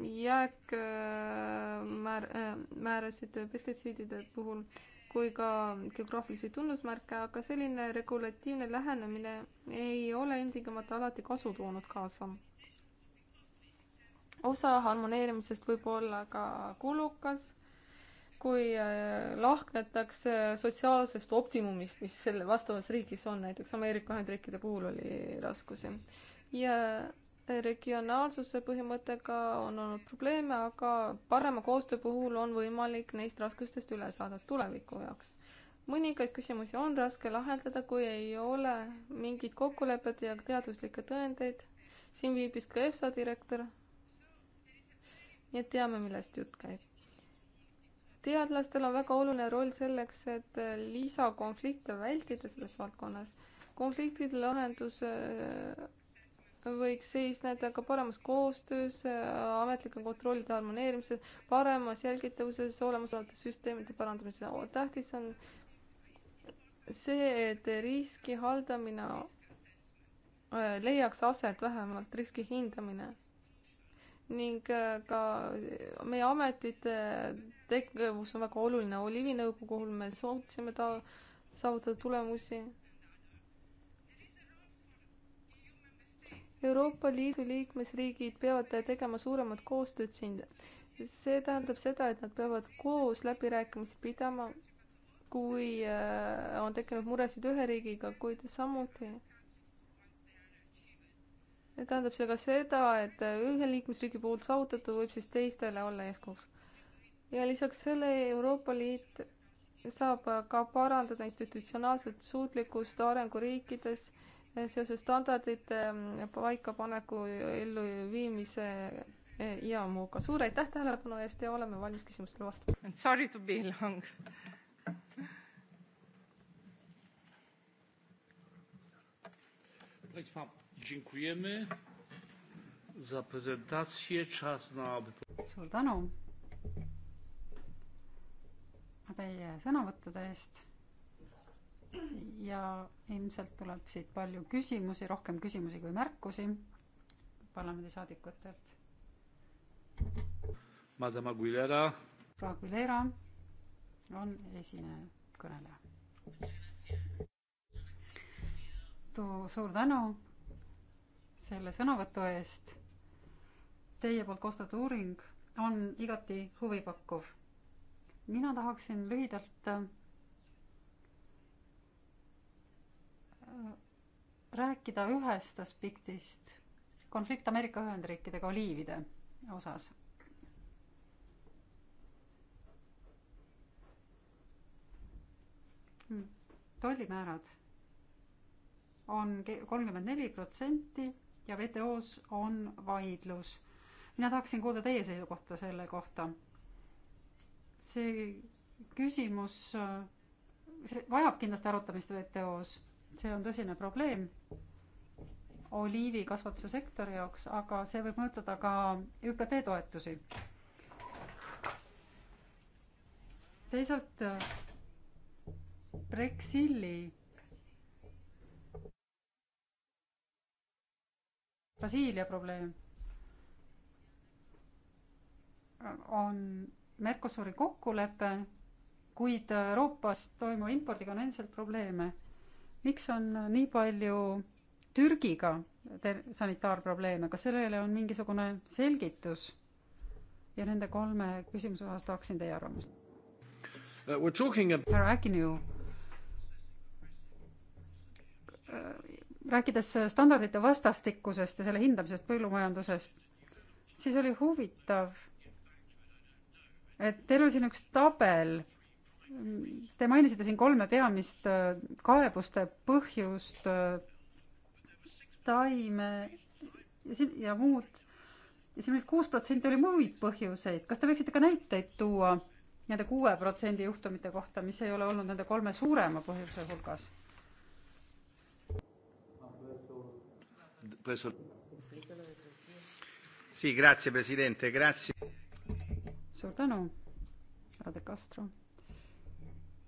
jääkmäär, äh, määrasid pestitsiidide puhul kui ka geograafilisi tunnusmärke, aga selline regulatiivne lähenemine ei ole ilmtingimata alati kasu toonud kaasa. osa harmoneerimisest võib olla ka kulukas kui äh, lahknetakse sotsiaalsest optimumist, mis selle vastavas riigis on, näiteks Ameerika Ühendriikide puhul oli raskusi. ja regionaalsuse põhimõttega on olnud probleeme, aga parema koostöö puhul on võimalik neist raskustest üle saada tuleviku jaoks. mõningaid küsimusi on raske lahendada, kui ei ole mingit kokkulepet ja teaduslikke tõendeid. siin viibis ka EFSA direktor. nii et teame, millest jutt käib teadlastel on väga oluline roll selleks, et äh, lisakonflikte vältida selles valdkonnas. konfliktide lahendus äh, võiks seisneda ka paremas koostöös, äh, ametlike kontrollide harmoneerimisel, paremas jälgitavuses, olemasolevate süsteemide parandamisel. tähtis on see, et riski haldamine leiaks aset, vähemalt riski hindamine ning äh, ka meie ametite tegevus on väga oluline. Olivi nõukogu puhul me suutsime ta saavutada tulemusi. Euroopa Liidu liikmesriigid peavad tegema suuremat koostööd siin. see tähendab seda, et nad peavad koos läbirääkimisi pidama, kui äh, on tekkinud muresid ühe riigiga, kuid samuti tähendab see ka seda, et ühe liikmesriigi puhul saavutatu võib siis teistele olla eeskujuks. ja lisaks selle Euroopa Liit saab ka parandada institutsionaalset suutlikkust arenguriikides seoses standardite paikapaneku elluviimise ja muuga. suur aitäh tähelepanu eest ja oleme valmis küsimustele vastama. Sorry to be long. Please, ma'am. Dziękujemy za prezentację. Czas na... Suur tänu teie sõnavõttude eest. ja ilmselt tuleb siit palju küsimusi, rohkem küsimusi kui märkusi parlamendisaadikutelt. Madame Aguilera. proua Aguilera on esimene kõneleja. suur tänu selle sõnavõtu eest. Teie poolt koostatud uuring on igati huvipakkuv. mina tahaksin lühidalt äh, rääkida ühest aspektist, konflikt Ameerika Ühendriikidega oliivide osas. Hmm. tollimäärad on kolmkümmend neli protsenti ja WTO-s on vaidlus. mina tahaksin kuulda teie seisukohta selle kohta. see küsimus see vajab kindlasti arutamist WTO-s, see on tõsine probleem oliivikasvatuse sektori jaoks, aga see võib mõjutada ka ÜPP toetusi. teisalt Brexili Brasiilia probleem on Mercosuri kokkulepe, kuid Euroopast toimuva impordiga on endiselt probleeme. miks on nii palju Türgiga sanitaarprobleeme, kas sellele on mingisugune selgitus? ja nende kolme küsimuse osas tahaksin teie arvamust uh,. härra Agnew äh, rääkides standardite vastastikusest ja selle hindamisest põllumajandusest, siis oli huvitav, et teil oli siin üks tabel, te mainisite siin kolme peamist äh, kaebuste põhjust, äh, taime ja siin ja muud, ja siin oli kuus protsenti oli muid põhjuseid, kas te võiksite ka näiteid tuua nende kuue protsendi juhtumite kohta, mis ei ole olnud nende kolme suurema põhjuse hulgas? preso. Sì, grazie Presidente, grazie. suur tänu, härra De Castro.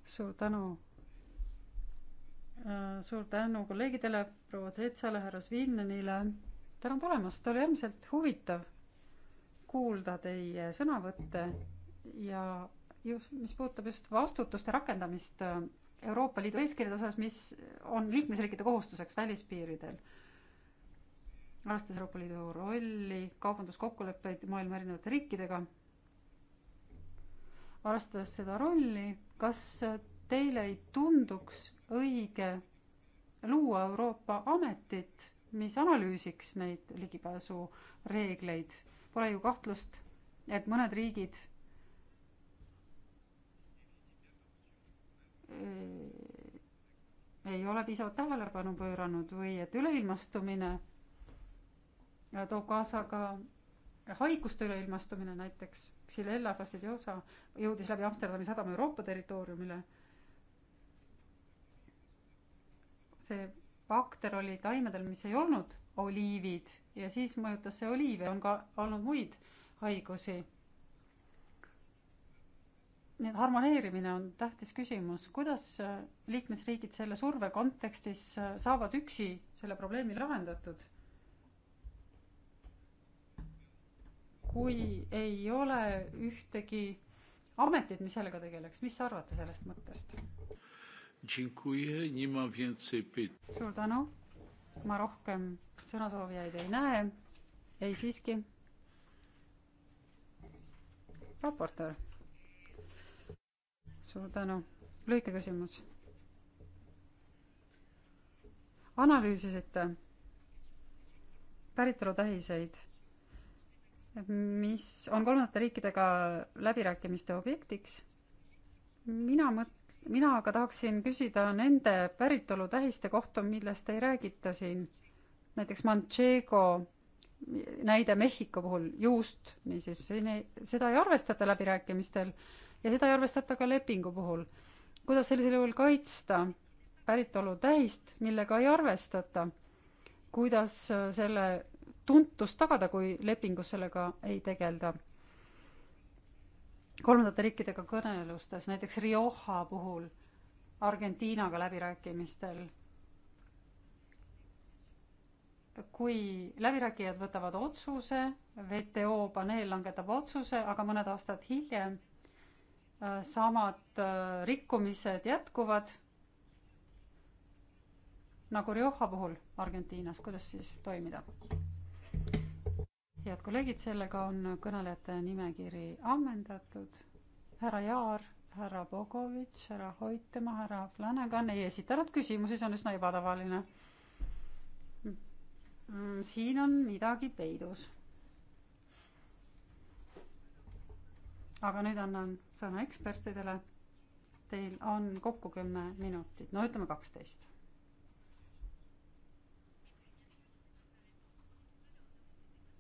suur tänu. Äh, suur tänu kolleegidele, proua Zetsale, härra Svilnenile. tänan tulemast, oli äärmiselt huvitav kuulda teie sõnavõtte ja just, mis puudutab just vastutuste rakendamist äh, Euroopa Liidu eeskirjade osas, mis on liikmesriikide kohustuseks välispiiridel arvestades Euroopa Liidu rolli, kaubanduskokkuleppeid maailma erinevate riikidega, arvestades seda rolli, kas teile ei tunduks õige luua Euroopa ametit, mis analüüsiks neid ligipääsureegleid? Pole ju kahtlust, et mõned riigid äh, ei ole piisavalt tähelepanu pööranud või et üleilmastumine toob kaasa ka haiguste üleilmastumine näiteks, Xylella fastidiosa jõudis läbi Amsterdami sadama Euroopa territooriumile. see bakter oli taimedel, mis ei olnud oliivid ja siis mõjutas see oliive, on ka olnud muid haigusi. nii et harmoneerimine on tähtis küsimus, kuidas liikmesriigid selle surve kontekstis saavad üksi selle probleemi lahendatud kui ei ole ühtegi ametit, mis sellega tegeleks, mis sa arvate sellest mõttest? suur tänu, ma rohkem sõnasoovijaid ei näe. ei siiski. raportöör. suur tänu, lühike küsimus. analüüsisite päritolutähiseid mis on kolmandate riikidega läbirääkimiste objektiks. mina mõt-, mina aga tahaksin küsida nende päritolu tähiste kohta, millest ei räägita siin. näiteks Manchego näide Mehhiko puhul juust, niisiis seda ei arvestata läbirääkimistel ja seda ei arvestata ka lepingu puhul. kuidas sellisel juhul kaitsta päritolu tähist, millega ei arvestata? kuidas selle tuntust tagada, kui lepingus sellega ei tegelda. kolmandate riikidega kõnelustes, näiteks Rioja puhul, Argentiinaga läbirääkimistel, kui läbirääkijad võtavad otsuse, WTO paneel langetab otsuse, aga mõned aastad hiljem äh, samad äh, rikkumised jätkuvad, nagu Rioja puhul Argentiinas, kuidas siis toimida? head kolleegid, sellega on kõnelejate nimekiri ammendatud. härra Jaar, härra Bogovitš, härra Hoitema, härra Flanagan ei esitanud küsimusi, see on üsna ebatavaline. Mm, siin on midagi peidus. aga nüüd annan sõna ekspertidele. Teil on kokku kümme minutit, no ütleme kaksteist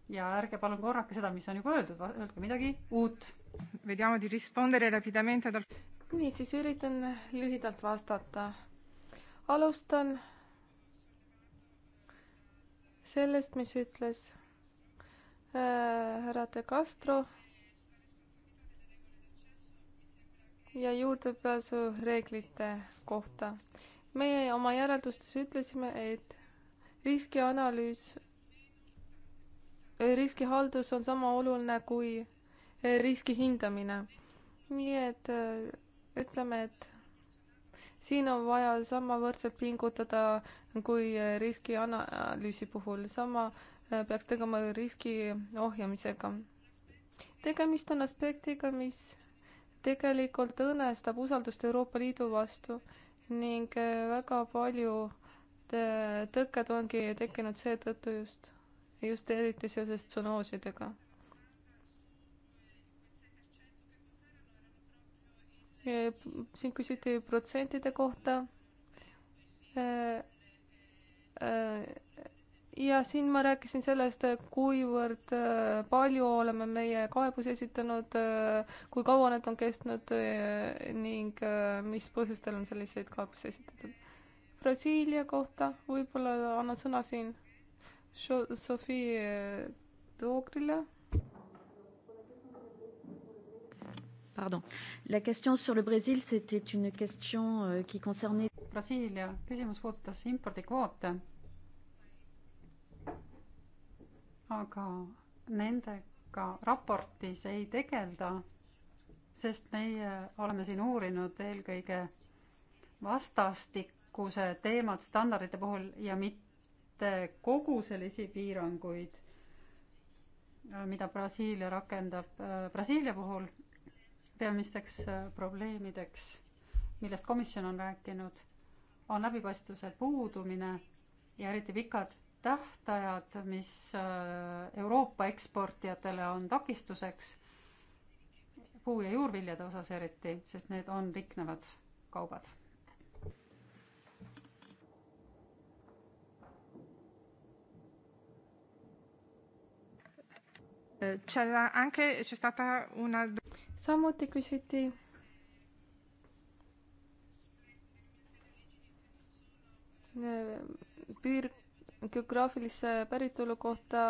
ja ärge palun korrake seda, mis on juba öeldud, öelge midagi uut. nii, siis üritan lühidalt vastata. alustan sellest, mis ütles äh, härra De Castro ja juurdepääsureeglite kohta. meie oma järeldustes ütlesime, et riskianalüüs riskihaldus on sama oluline kui riski hindamine. nii et äh, ütleme, et siin on vaja samavõrdselt pingutada kui äh, riskianalüüsi puhul, sama äh, peaks tegema riski ohjamisega. tegemist on aspektiga, mis tegelikult õõnestab usaldust Euroopa Liidu vastu ning väga palju tõkked ongi tekkinud seetõttu just just eriti seoses tsunoosidega. siin küsiti protsentide kohta. Äh, äh, ja siin ma rääkisin sellest, kuivõrd äh, palju oleme meie kaebusi esitanud, kui kaua need on kestnud ning mis põhjustel on selliseid kaebusi esitatud. Brasiilia kohta võib-olla annan sõna siin Σοφή Τόκριλα. Pardon. La question sur le Brésil, c'était une question euh, qui concernait... Brasiilia küsimus puudutas impordikvoote. aga nendega raportis ei tegelda, sest meie oleme siin uurinud eelkõige vastastikuse teemat standardite puhul ja mitte ette koguselisi piiranguid, mida Brasiilia rakendab Brasiilia puhul peamisteks äh, probleemideks, millest komisjon on rääkinud, on läbipaistvuse puudumine ja eriti pikad tähtajad, mis äh, Euroopa eksportijatele on takistuseks, puu- ja juurviljade osas eriti, sest need on riknevad kaubad Eh, c'era anche, c'è stata una... samuti küsiti eh, piir, geograafilise päritolu kohta,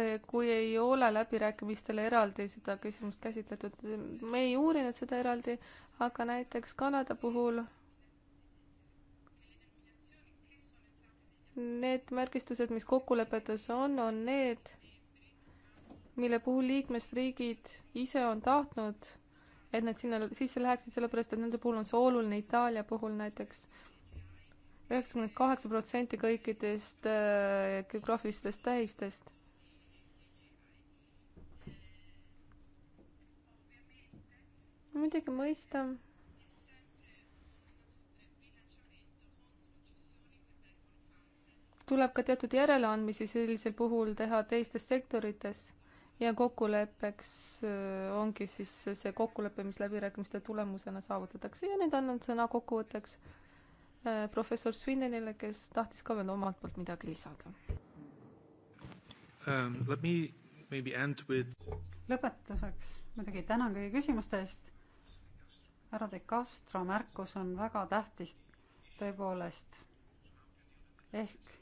eh, kui ei ole läbirääkimistel eraldi seda küsimust käsitletud. me ei uurinud seda eraldi, aga näiteks Kanada puhul need märgistused, mis kokkulepetes on, on need, mille puhul liikmesriigid ise on tahtnud, et need sinna sisse läheksid, sellepärast et nende puhul on see oluline, Itaalia puhul näiteks üheksakümmend kaheksa protsenti kõikidest äh, geograafilistest tähistest. muidugi mõista tuleb ka teatud järeleandmisi sellisel puhul teha teistes sektorites ja kokkuleppeks äh, ongi siis see kokkulepe, mis läbirääkimiste tulemusena saavutatakse ja nüüd annan sõna kokkuvõtteks äh, professor Svinenile, kes tahtis ka veel omalt poolt midagi lisada um,. Let me maybe end with lõpetuseks muidugi tänan kõigi küsimuste eest. härra De Castro märkus on väga tähtis tõepoolest. ehk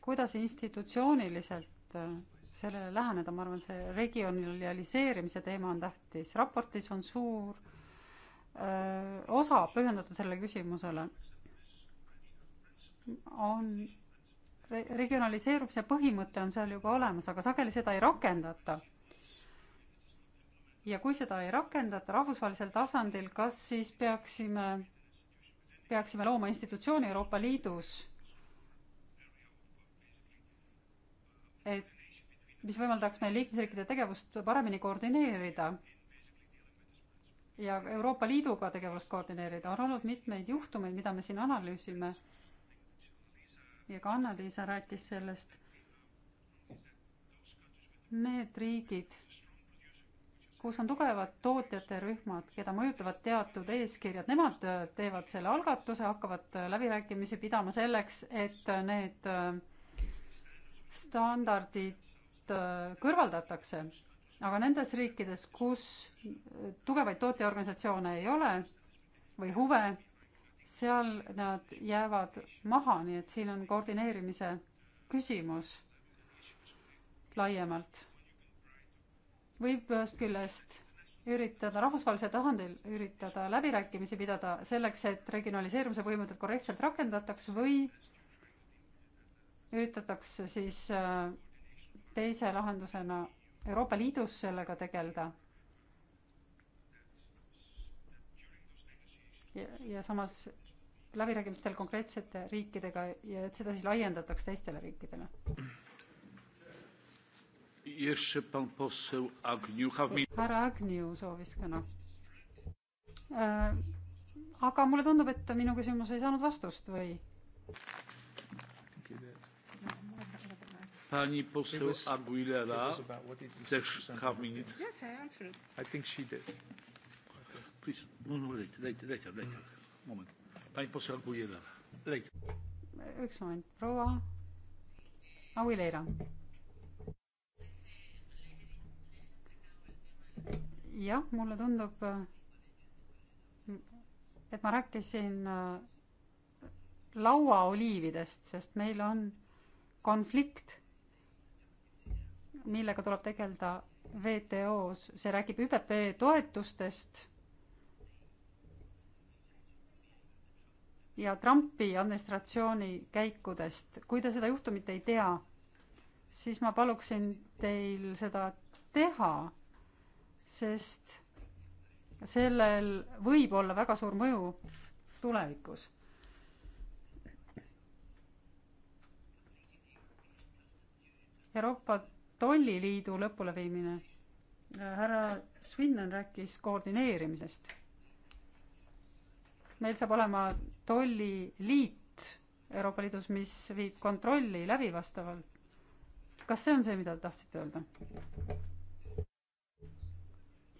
kuidas institutsiooniliselt äh, sellele läheneda, ma arvan, see regionaliseerimise teema on tähtis, raportis on suur öö, osa pühendatud sellele küsimusele. on re,, regionaliseerumise põhimõte on seal juba olemas, aga sageli seda ei rakendata. ja kui seda ei rakendata rahvusvahelisel tasandil, kas siis peaksime, peaksime looma institutsiooni Euroopa Liidus, et mis võimaldaks meil liikmesriikide tegevust paremini koordineerida ja Euroopa Liiduga tegevust koordineerida. on olnud mitmeid juhtumeid, mida me siin analüüsime. ja ka Anna-Liisa rääkis sellest. Need riigid, kus on tugevad tootjate rühmad, keda mõjutavad teatud eeskirjad, nemad teevad selle algatuse, hakkavad läbirääkimisi pidama selleks, et need standardid sealt äh, kõrvaldatakse. aga nendes riikides, kus tugevaid tootjaorganisatsioone ei ole või huve, seal nad jäävad maha, nii et siin on koordineerimise küsimus laiemalt. võib ühest küljest üritada rahvusvahelisel tasandil üritada läbirääkimisi pidada selleks, et regionaliseerumise põhimõtted korrektselt rakendataks või üritatakse siis äh, teise lahendusena Euroopa Liidus sellega tegeleda. ja, ja samas läbirääkimistel konkreetsete riikidega ja et seda siis laiendataks teistele riikidele. härra Agnew soovis sõna äh,. aga mulle tundub, et minu küsimus ei saanud vastust või? Pani poseł was, Aguilera, też half minute. Yes, I answered it. I think she did. Please, no, no, later, later, later, later. Moment. Pani poseł Aguilera. Later. Üks moment, proua Aguilera. jah, mulle tundub, et ma rääkisin äh, lauaoliividest, sest meil on konflikt millega tuleb tegeleda WTO-s, see räägib ÜPP toetustest. ja Trumpi administratsiooni käikudest, kui te seda juhtumit ei tea, siis ma paluksin teil seda teha, sest sellel võib olla väga suur mõju tulevikus. Euroopa tolliliidu lõpuleviimine. härra Svinnen rääkis koordineerimisest. meil saab olema tolliliit Euroopa Liidus, mis viib kontrolli läbi vastavalt. kas see on see, mida te tahtsite öelda?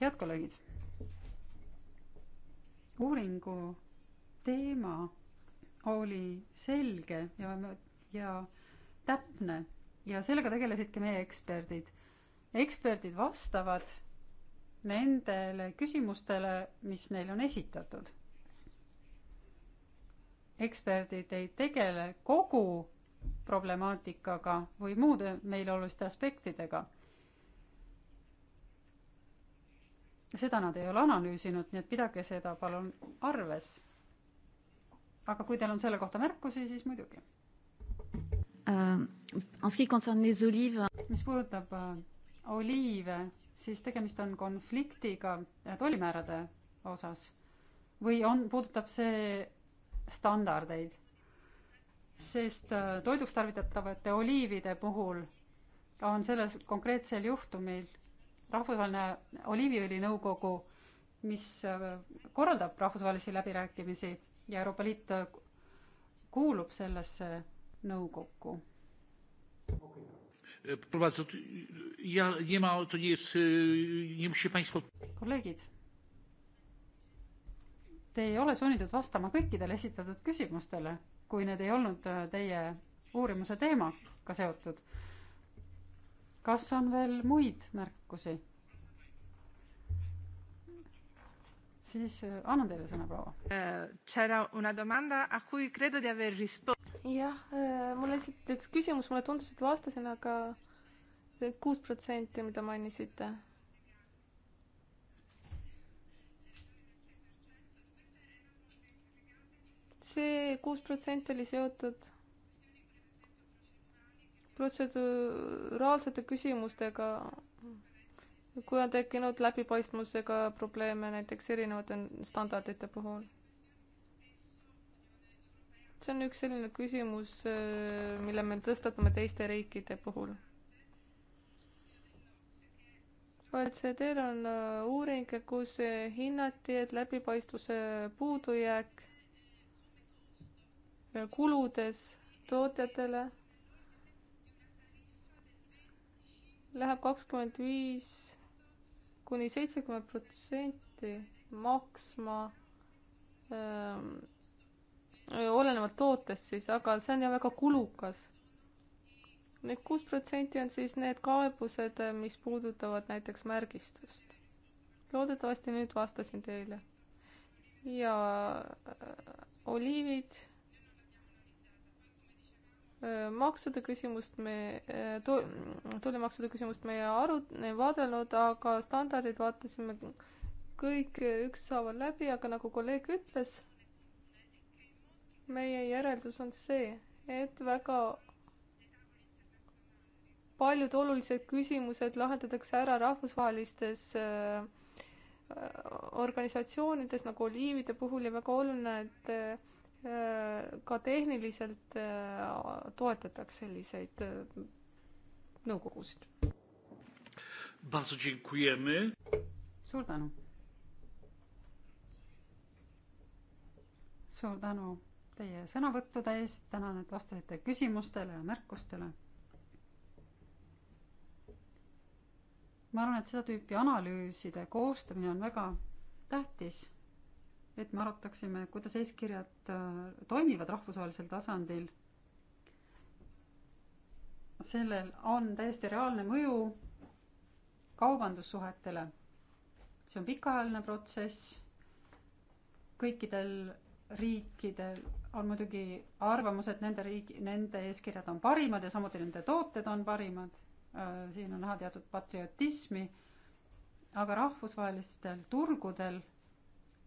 head kolleegid, uuringu teema oli selge ja, ja täpne ja sellega tegelesidki meie eksperdid. eksperdid vastavad nendele küsimustele, mis neile on esitatud. eksperdid ei tegele kogu problemaatikaga või muude meile oluliste aspektidega. seda nad ei ole analüüsinud, nii et pidage seda palun arves. aga kui teil on selle kohta märkusi, siis muidugi Euh, mis puudutab äh, oliive, siis tegemist on konfliktiga äh, tollimäärade osas või on, puudutab see standardeid? sest äh, toiduks tarvitatavate oliivide puhul on selles konkreetsel juhtumil rahvusvaheline oliiviõli nõukogu, mis korraldab rahvusvahelisi läbirääkimisi ja Euroopa Liit kuulub sellesse nõukokku. E, e, kolleegid, te ei ole sunnitud vastama kõikidele esitatud küsimustele, kui need ei olnud e, teie uurimuse teemaga seotud. kas on veel muid märkusi? siis annan teile sõna, proua jah, äh, mulle esitati üks küsimus, mulle tundus, et vastasin, aga kuus protsenti, mida mainisite. see kuus protsenti oli seotud protseduraalsete küsimustega, kui on tekkinud läbipaistvusega probleeme näiteks erinevate standardite puhul see on üks selline küsimus, äh, mille me tõstatame teiste riikide puhul. OECD-l on äh, uuring, kus hinnati, et läbipaistvuse puudujääk kuludes tootjatele läheb kakskümmend viis kuni seitsekümmend protsenti maksma ähm, olenevalt tootest siis, aga see on ju väga kulukas. Need kuus protsenti on siis need kaebused, mis puudutavad näiteks märgistust. loodetavasti nüüd vastasin teile. ja äh, oliivid. Äh, maksude küsimust me, äh, tollimaksude küsimust me ei aru-, ei vaadelnud, aga standardid vaatasime kõik ükshaaval läbi, aga nagu kolleeg ütles meie järeldus on see, et väga paljud olulised küsimused lahendatakse ära rahvusvahelistes äh, organisatsioonides nagu oliivide puhul ja väga oluline, et äh, ka tehniliselt äh, toetatakse selliseid nõukogusid. suur tänu. suur tänu teie sõnavõttude eest, tänan, et vastasite küsimustele ja märkustele. ma arvan, et seda tüüpi analüüside koostamine on väga tähtis, et me arutaksime, kuidas eeskirjad äh, toimivad rahvusvahelisel tasandil. sellel on täiesti reaalne mõju kaubandussuhetele. see on pikaajaline protsess kõikidel riikidel on muidugi arvamus, et nende riigi, nende eeskirjad on parimad ja samuti nende tooted on parimad. Äh, siin on näha teatud patriotismi. aga rahvusvahelistel turgudel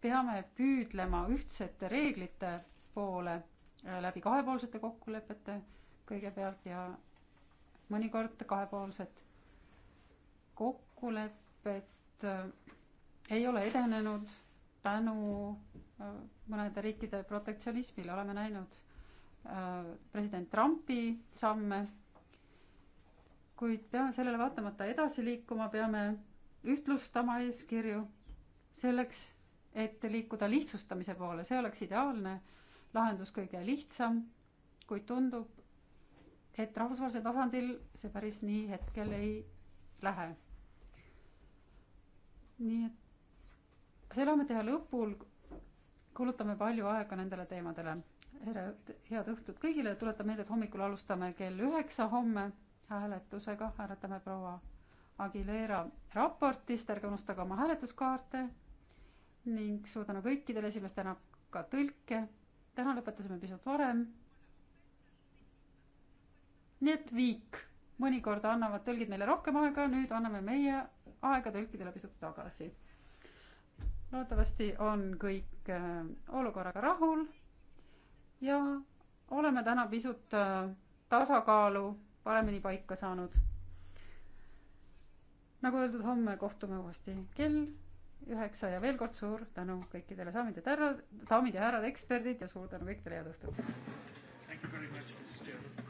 peame püüdlema ühtsete reeglite poole äh, läbi kahepoolsete kokkulepete kõigepealt ja mõnikord kahepoolsed kokkulepped äh, ei ole edenenud tänu mõnede riikide protektsionismile, oleme näinud äh, president Trumpi samme, kuid peame sellele vaatamata edasi liikuma, peame ühtlustama eeskirju selleks, et liikuda lihtsustamise poole, see oleks ideaalne lahendus, kõige lihtsam, kuid tundub, et rahvusvahelisel tasandil see päris nii hetkel ei lähe. nii et selle ametiaja lõpul kulutame palju aega nendele teemadele. head õhtut kõigile, tuletan meelde, et hommikul alustame kell üheksa homme hääletusega, hääletame proua Aguilera raportist, ärge unustage oma hääletuskaarte ning suur tänu kõikidele, esimest tänab ka tõlke. täna lõpetasime pisut varem. nii et viik, mõnikord annavad tõlgid meile rohkem aega, nüüd anname meie aega tõlkidele pisut tagasi loodetavasti on kõik äh, olukorraga rahul ja oleme täna pisut äh, tasakaalu paremini paika saanud. nagu öeldud, homme kohtume uuesti kell üheksa ja veel kord suur tänu kõikidele saamid ja härrad, daamid ja härrad, eksperdid ja suur tänu kõikidele head õhtut!